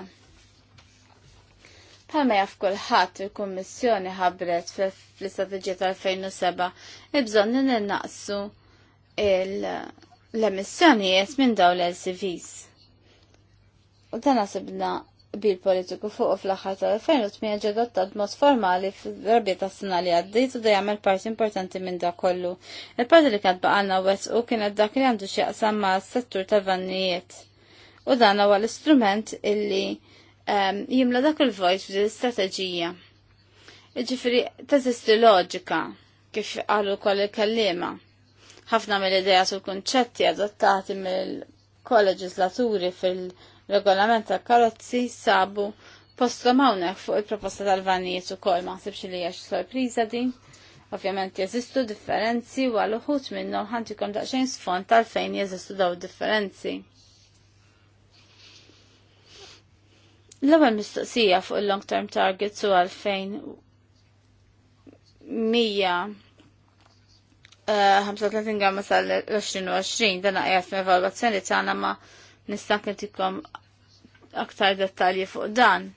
Palma jaf kulħadd il-Kummissjoni ħabbret fl-istrateġija tal-2007 il-bżonn li naqsu l-emissjonijiet minn dawn l-LCVs. U dan nasibna bil politiku fuq fl-aħħar tal-2008 ġie adottat mod formali fil-rabbi ta' sena li għaddi u jgħamil parti importanti minn dak kollu. Il-parti li kienet baqalna u kienet dak li għandu xieqsam ma' settur tal-vannijiet. U dan huwa l-istrument illi ehm, jimla dak il-vojt fil istrateġija Ġifiri, teżisti loġika kif qalu kol il-kallima. Ħafna mill-ideja sul kunċetti adottati mill-kolleġislaturi fil- regolament ta' karozzi sabu postom hawnhekk fuq il-proposta tal-vanijiet ukoll ma ħsibx li jax sorpriża din. Ovvjament jeżistu differenzi u għal uħut minnhom ħanti kom daqsxejn sfond tal-fejn jeżistu daw differenzi. L-ewwel mistoqsija fuq il-long term targets u għalfejn mija 35 eh, għamma sal-2020 dana għajat me evaluazzjoni tagħna ma' nistan kintikom aktar dettalji fuq dan.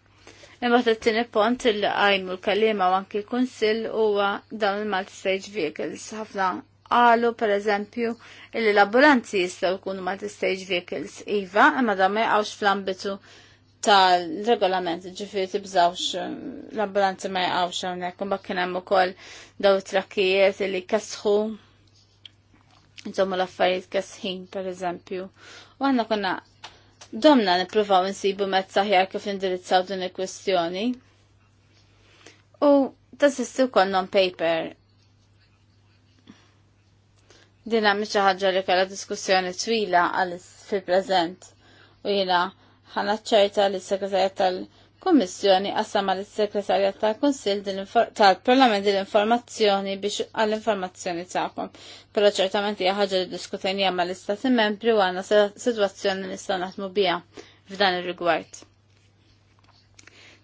Imbat it-tieni pont il għajmu l-kalima u anki l-kunsill huwa dawn il-multi-stage vehicles ħafna qalu per eżempju li l-ambulanzi jistgħu jkunu multi-stage vehicles iva, imma dan ma jgħawx fl-ambitu tal-regolament ġifiri tibżawx l-ambulanzi ma jgħawx hawnhekk imma kien hemm ukoll daw trakkijiet li kasħu Insomma l-affarijiet kesħin per eżempju. U għanna konna domna niprofaw nsibu mezza ħjar kif indirizzaw din il-kwestjoni. U ta' sistu kol non-paper. Dina miċa ħagġa li kalla diskussjoni twila għal fil-prezent. U jina ħana ċerta li s-sekretarja tal- Kommissjoni qassama l segretarjat tal-Kunsill tal-Parlament l-informazzjoni biex għall-informazzjoni tagħkom. Però ċertament hija ħaġa li diskutejnija mal-Istati Membri u għandna sitwazzjoni li nistgħu naħdmu biha f'dan ir-rigward.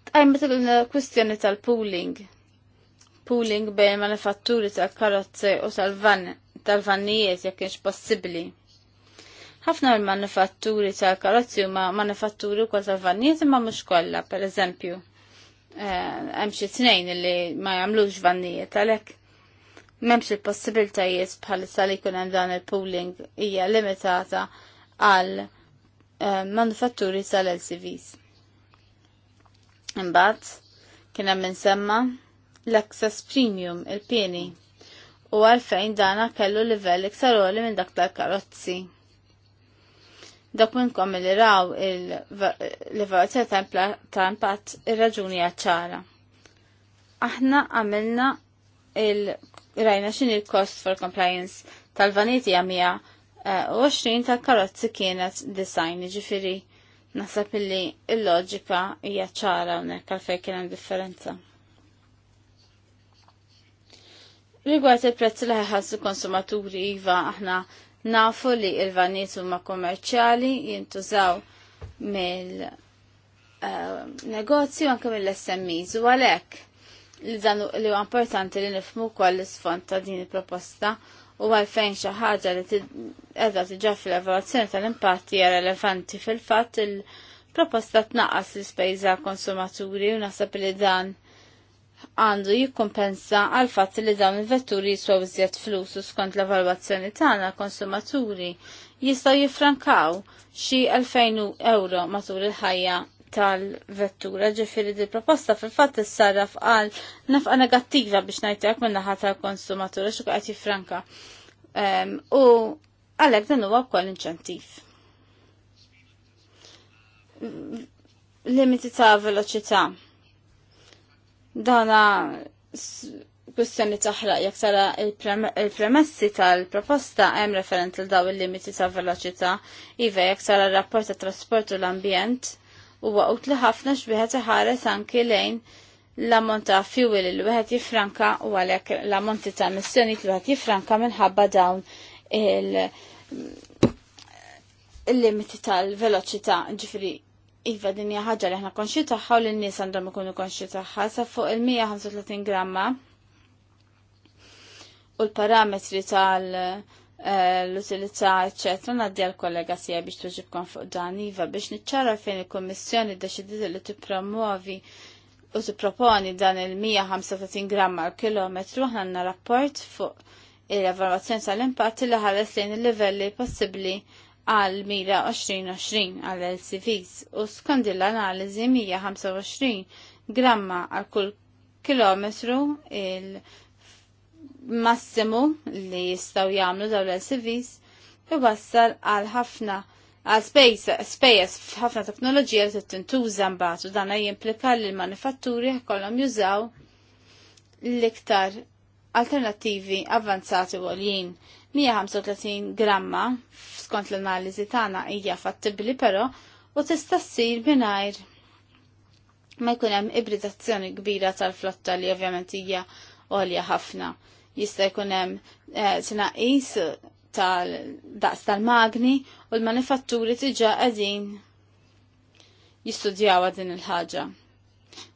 Tqajmet il-kwistjoni tal-pooling. Pooling bejn manifatturi tal-karozzi u tal-vannijiet jekk kienx possibbli ħafna l-manifatturi ta' karozzi huma manifatturi u ta' vannijiet imma mhux kollha, pereżempju. Eh, hemm xi tnejn li ma jagħmlux vannijiet għalhekk m'hemmx il-possibiltajiet bħalissa li jkun hemm dan il-pooling hija limitata għal eh, manifatturi tal-LCVs. Imbagħad kien hemm insemma l-access premium il-pieni u għalfejn dana kellu livell iktar għoli minn dak tal-karozzi dak minnkom li raw il evaluazzjoni ta' impatt ir-raġuni ċara. Aħna għamilna il-rajna xin il-cost for compliance tal-vaniti għamija eh, u 20 tal-karozzi kienet design ġifiri nasab illi il-loġika hija ċara unek għalfej kien differenza. Rigward il-prezzi li ħassu konsumaturi iva aħna Nafu li il-vanit huma kommerċjali jintużaw mill uh, negozju anke mill-SMEs u għalhekk li dan li huwa importanti li nifhmu wkoll l-isfond ta' din il-proposta u għalfejn xi ħaġa li qiegħda tiġa fil-evaluazzjoni tal-impatti hija relevanti fil-fatt il-proposta tnaqqas l-ispejża konsumaturi u naħseb li dan għandu jikkompensa għal fatt li dawn il-vetturi jiswaw iżjed flus u skont l-evalwazzjoni tagħna konsumaturi jistgħu jiffrankaw xi 2000 euro matul il-ħajja tal-vettura ġifiri di proposta fil-fatt issarraf għal nafqa negattiva biex ngħidlek minna naħa tal-konsumatura xi qed jiffranka. Um, u għalhekk dan huwa wkoll inċentiv. Limiti ta' veloċità Dana kwistjoni taħraq jekk tara il-premessi tal-proposta hemm referent il daw il-limiti ta' veloċità iva jekk tara r-rapport ta' trasport u l-ambjent huwa qut li ħafna x'wieħed iħares anki lejn l-ammont ta' fuel li wieħed jifranka u għalhekk l-ammonti ta' missjoni il wieħed jifranka minħabba dawn il- il-limiti tal-veloċità ġifri Iva din hija ħaġa li aħna konxi tagħha u lin-nies għandhom ikunu konxi tagħha sa fuq il-135 gramma u l-parametri tal eh, l utilizza eccetera ngħaddi għal kollega sija biex tuġibkom fuq dan iva biex niċċara fejn il-Kummissjoni ddeċidiet li tippromuovi u tipproponi dan il-135 gramma għal kilometru aħna rapport fuq il-evalwazzjoni tal-impatti li ħares lejn il-livelli possibbli għal 120 20 għal LCVs u skont l-analiżi 125 gramma għal kull kilometru il massimu li jistaw jagħmlu dawn l-LCVs wassal għal ħafna għal spejjeż f'ħafna teknoloġija li tintuża mbagħad u dan jimplika li l-manifatturi jkollhom jużaw l-iktar alternattivi avvanzati għoljien. 135 gramma skont l analizi tagħna hija fattibbli però u tista' ssir mingħajr ma jkun hemm ibridazzjoni kbira tal-flotta li ovvjament hija għolja ħafna. Jista' jkun hemm eh, tnaqis tal-daqs tal-magni u l-manifatturi tiġa qegħdin jistudjaw din il-ħaġa.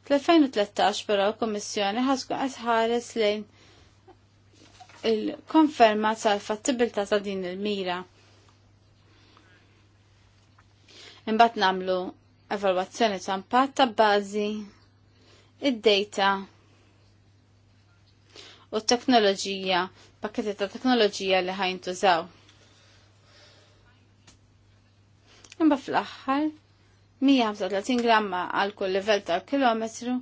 Fl-2013 però l-Kommissjoni ħaskun qed ħares lejn il-konferma tal fattibil ta' din il-mira. Imbagħad nagħmlu evalwazzjoni ta' impatt ta' bażi id-data u t-teknoloġija, pakketti ta' teknoloġija li ħajntużaw. Imba fl-aħħar 135 gramma għal kull livell tal-kilometru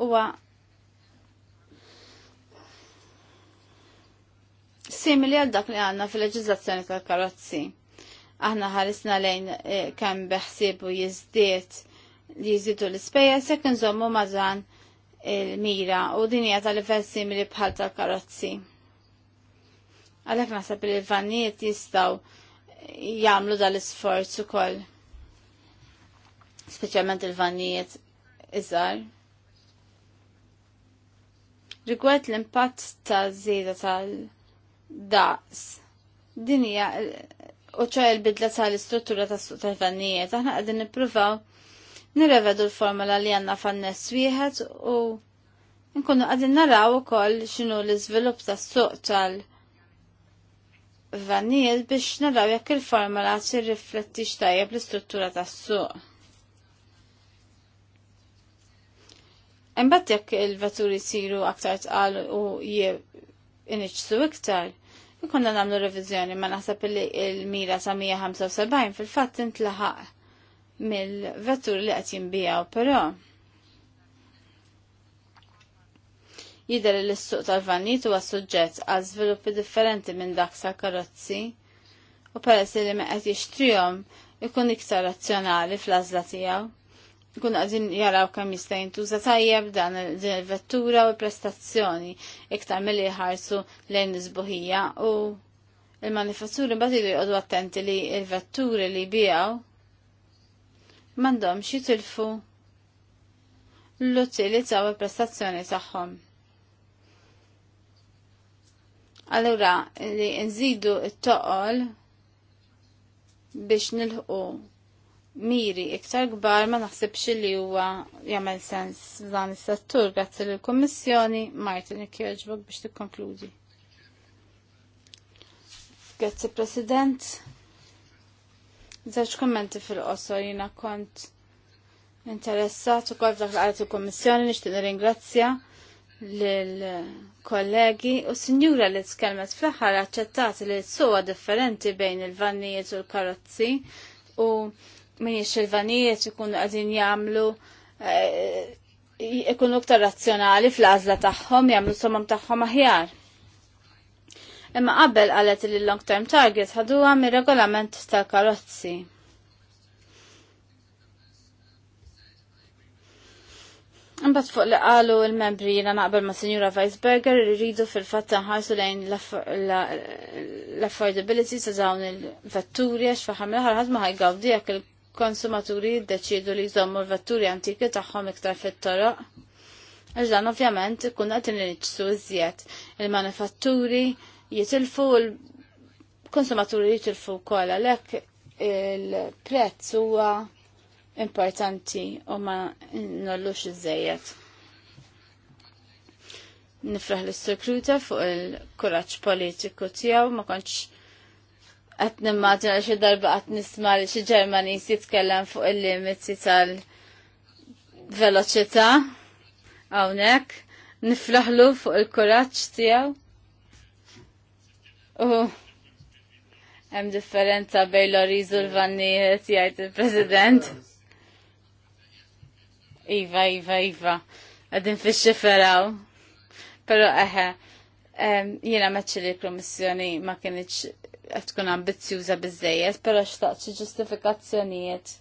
huwa simili għal dak li għanna fil-leġizzazzjoni tal-karozzi. Aħna ħarisna lejn eh, kemm beħsibu jizdiet li jizdietu l-ispejja sekk nżommu mażan il-mira u dinija tal-livell simili bħal tal-karozzi. Għalhekk naħseb li l-vannijiet jistgħu jagħmlu dal-isforz ukoll. Speċjalment il-vannijiet iżgħar. Rigward l-impatt ta' żieda tal daqs. Dinija eh, u ċaj il-bidla tal-istruttura ta' suq tal-fannijiet, aħna għadin nippruvaw nirrevedu l-formula li għanna fannes wieħed u nkunu għadin naraw ukoll x'inhu l-iżvilupp tas-suq tal fannijiet biex naraw jekk il-formula rifletti tajjeb l-istruttura tas-suq. Imbagħad jekk il-vetturi jsiru aktar tqal u iniċsu iktar, ikonna namlu revizjoni ma naħseb li il-mira sa' 175 fil-fatt intlaħaq mill-vettur li qed jinbijaw però. Jidher li s-suq tal-vanit huwa suġġett għal żviluppi differenti minn dak sa' karozzi u peress li ma qed jixtrihom ikun iktar razzjonali fl-għażla tiegħu kun għadin jaraw kam jista' jintuża tajjeb dan din il-vettura u prestazzjoni iktar mill-li ħarsu lejn nisbuħija u il-manifatturi bat jidu jgħodu attenti li il-vetturi li bijaw mandom tilfu l-utilizzaw il-prestazzjoni tagħhom. Allura li nżidu il toqol biex nilħu miri iktar gbar ma naħsibx li huwa jagħmel sens dan is-settur grazzi lill kummissjoni Martin jogħġbok biex tikkonkludi. Grazzi President. Żewġ kummenti fil-qosor jiena kont interessat ukoll f'dak li qalet il-Kummissjoni nixtieq nirringrazzja lill-kollegi u sinjura li tkellmet fl-aħħar aċċettat li s-suwa differenti bejn il-vannijiet u l-karozzi u minn xilvanijiet ikunu għadin jamlu eh, ikunu ktar razzjonali fl-għazla tagħhom jamlu somam tagħhom aħjar. Imma qabel qalet li long term target ħadu mir-regolament tal-karozzi. Imbagħad fuq li qalu l-membri jiena naqbel ma' Sinjura Weisberger rridu fil-fatt nħarsu lejn l-affordability ta' dawn il-vetturi għax faħam l-ħar ma ħajgawdi jekk il konsumaturi deċidu li jżommu l-vetturi antiki tagħhom iktar fit-toroq. Għax dan ovvjament ikun qed iniġsu iżjed il-manifatturi jitilfu l-konsumaturi jitilfu wkoll għalhekk il-prezz huwa importanti u ma nollux iżejjed. Nifraħ l-istrukuta fuq il-kuraċ politiku tiegħu ma kontx għat nimmaġna xi darba għat nisma li xi Ġermanis jitkellem fuq il-limiti tal-veloċità hawnhekk, niflaħlu fuq il-kuraġġ tiegħu. U hemm differenza bejn l-oriżu l vanni jgħid il-President. Iva, iva, iva. Għadin fi xiferaw. Pero eħe, jiena meċċi li l ma kienieċ qed tkun ambizjuża biżejjed, però xtaqt xi ġustifikazzjonijiet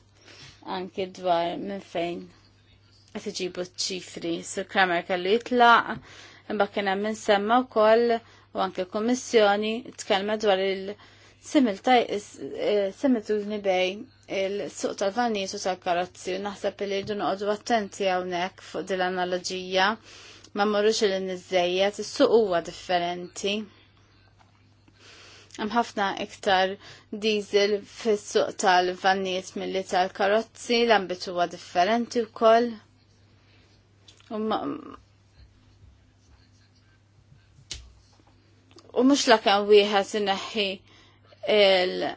anki dwar minn fejn qed iġibu ċifri. Sur Kramer kellu jitlaq, imma kien hemm semma wkoll u anke kummissjoni tkellma dwar il- eh, Similtuni bej il-suq tal-vanijiet u tal-karozzi u naħseb li jridu noqogħdu attenti hawnhekk fuq din l-analogija ma morrux il-niżejjed, is-suq huwa differenti. Hemm ħafna iktar diesel fis-suq tal-vanniet milli tal-karozzi, l-ambitu huwa differenti wkoll. U mhux lakan wieħed inneħħi il-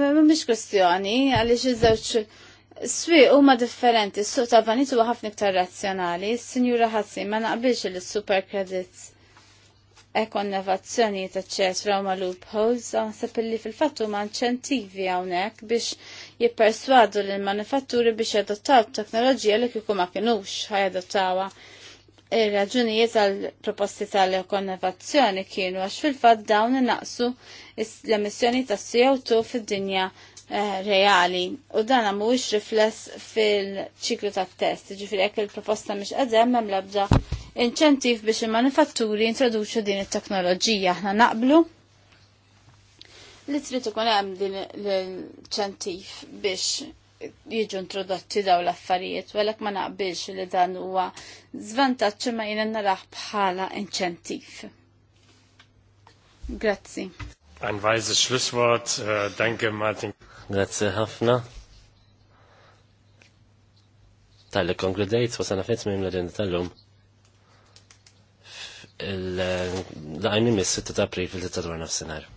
mhux kwestjoni għaliex iż-żewġ swieq huma differenti, s-suq tal-vanniet huwa ħafna iktar razzjonali, s-sinjura ħassi ma naqbilx il supercredits ekonnovazzjoni ta' ċetra u ma' loopholes, għan sepilli fil-fattu ma' inċentivi għawnek biex jipperswadu l-manifatturi biex jadottaw teknoloġija li kiku ma' kienux ħajadottawa. Ir-raġunijiet għal proposti tal-ekonnovazzjoni kienu għax fil-fat dawn naqsu l-emissjoni ta' CO2 fid-dinja Eh, reali u dan mhuwiex rifless fil-ċiklu ta' test, ġifieri jekk il-proposta mhix qedem hemm l-ebda inċentiv biex il-manifatturi introduċu din it-teknoloġija aħna naqblu li trid ikun hemm din l-inċentiv biex jiġu introdotti daw l-affarijiet, u ma naqbilx li dan huwa zvantaġġ ma jien naraħ bħala inċentiv. Grazzi. Ein weises Schlusswort. Äh, danke, Martin. Grazie ħafna. Tal-li konkludejt, wasana fit mim l-ġenda tal-lum. il għajni mis-6 ta' april fil-6 ta' dwar nafsinar.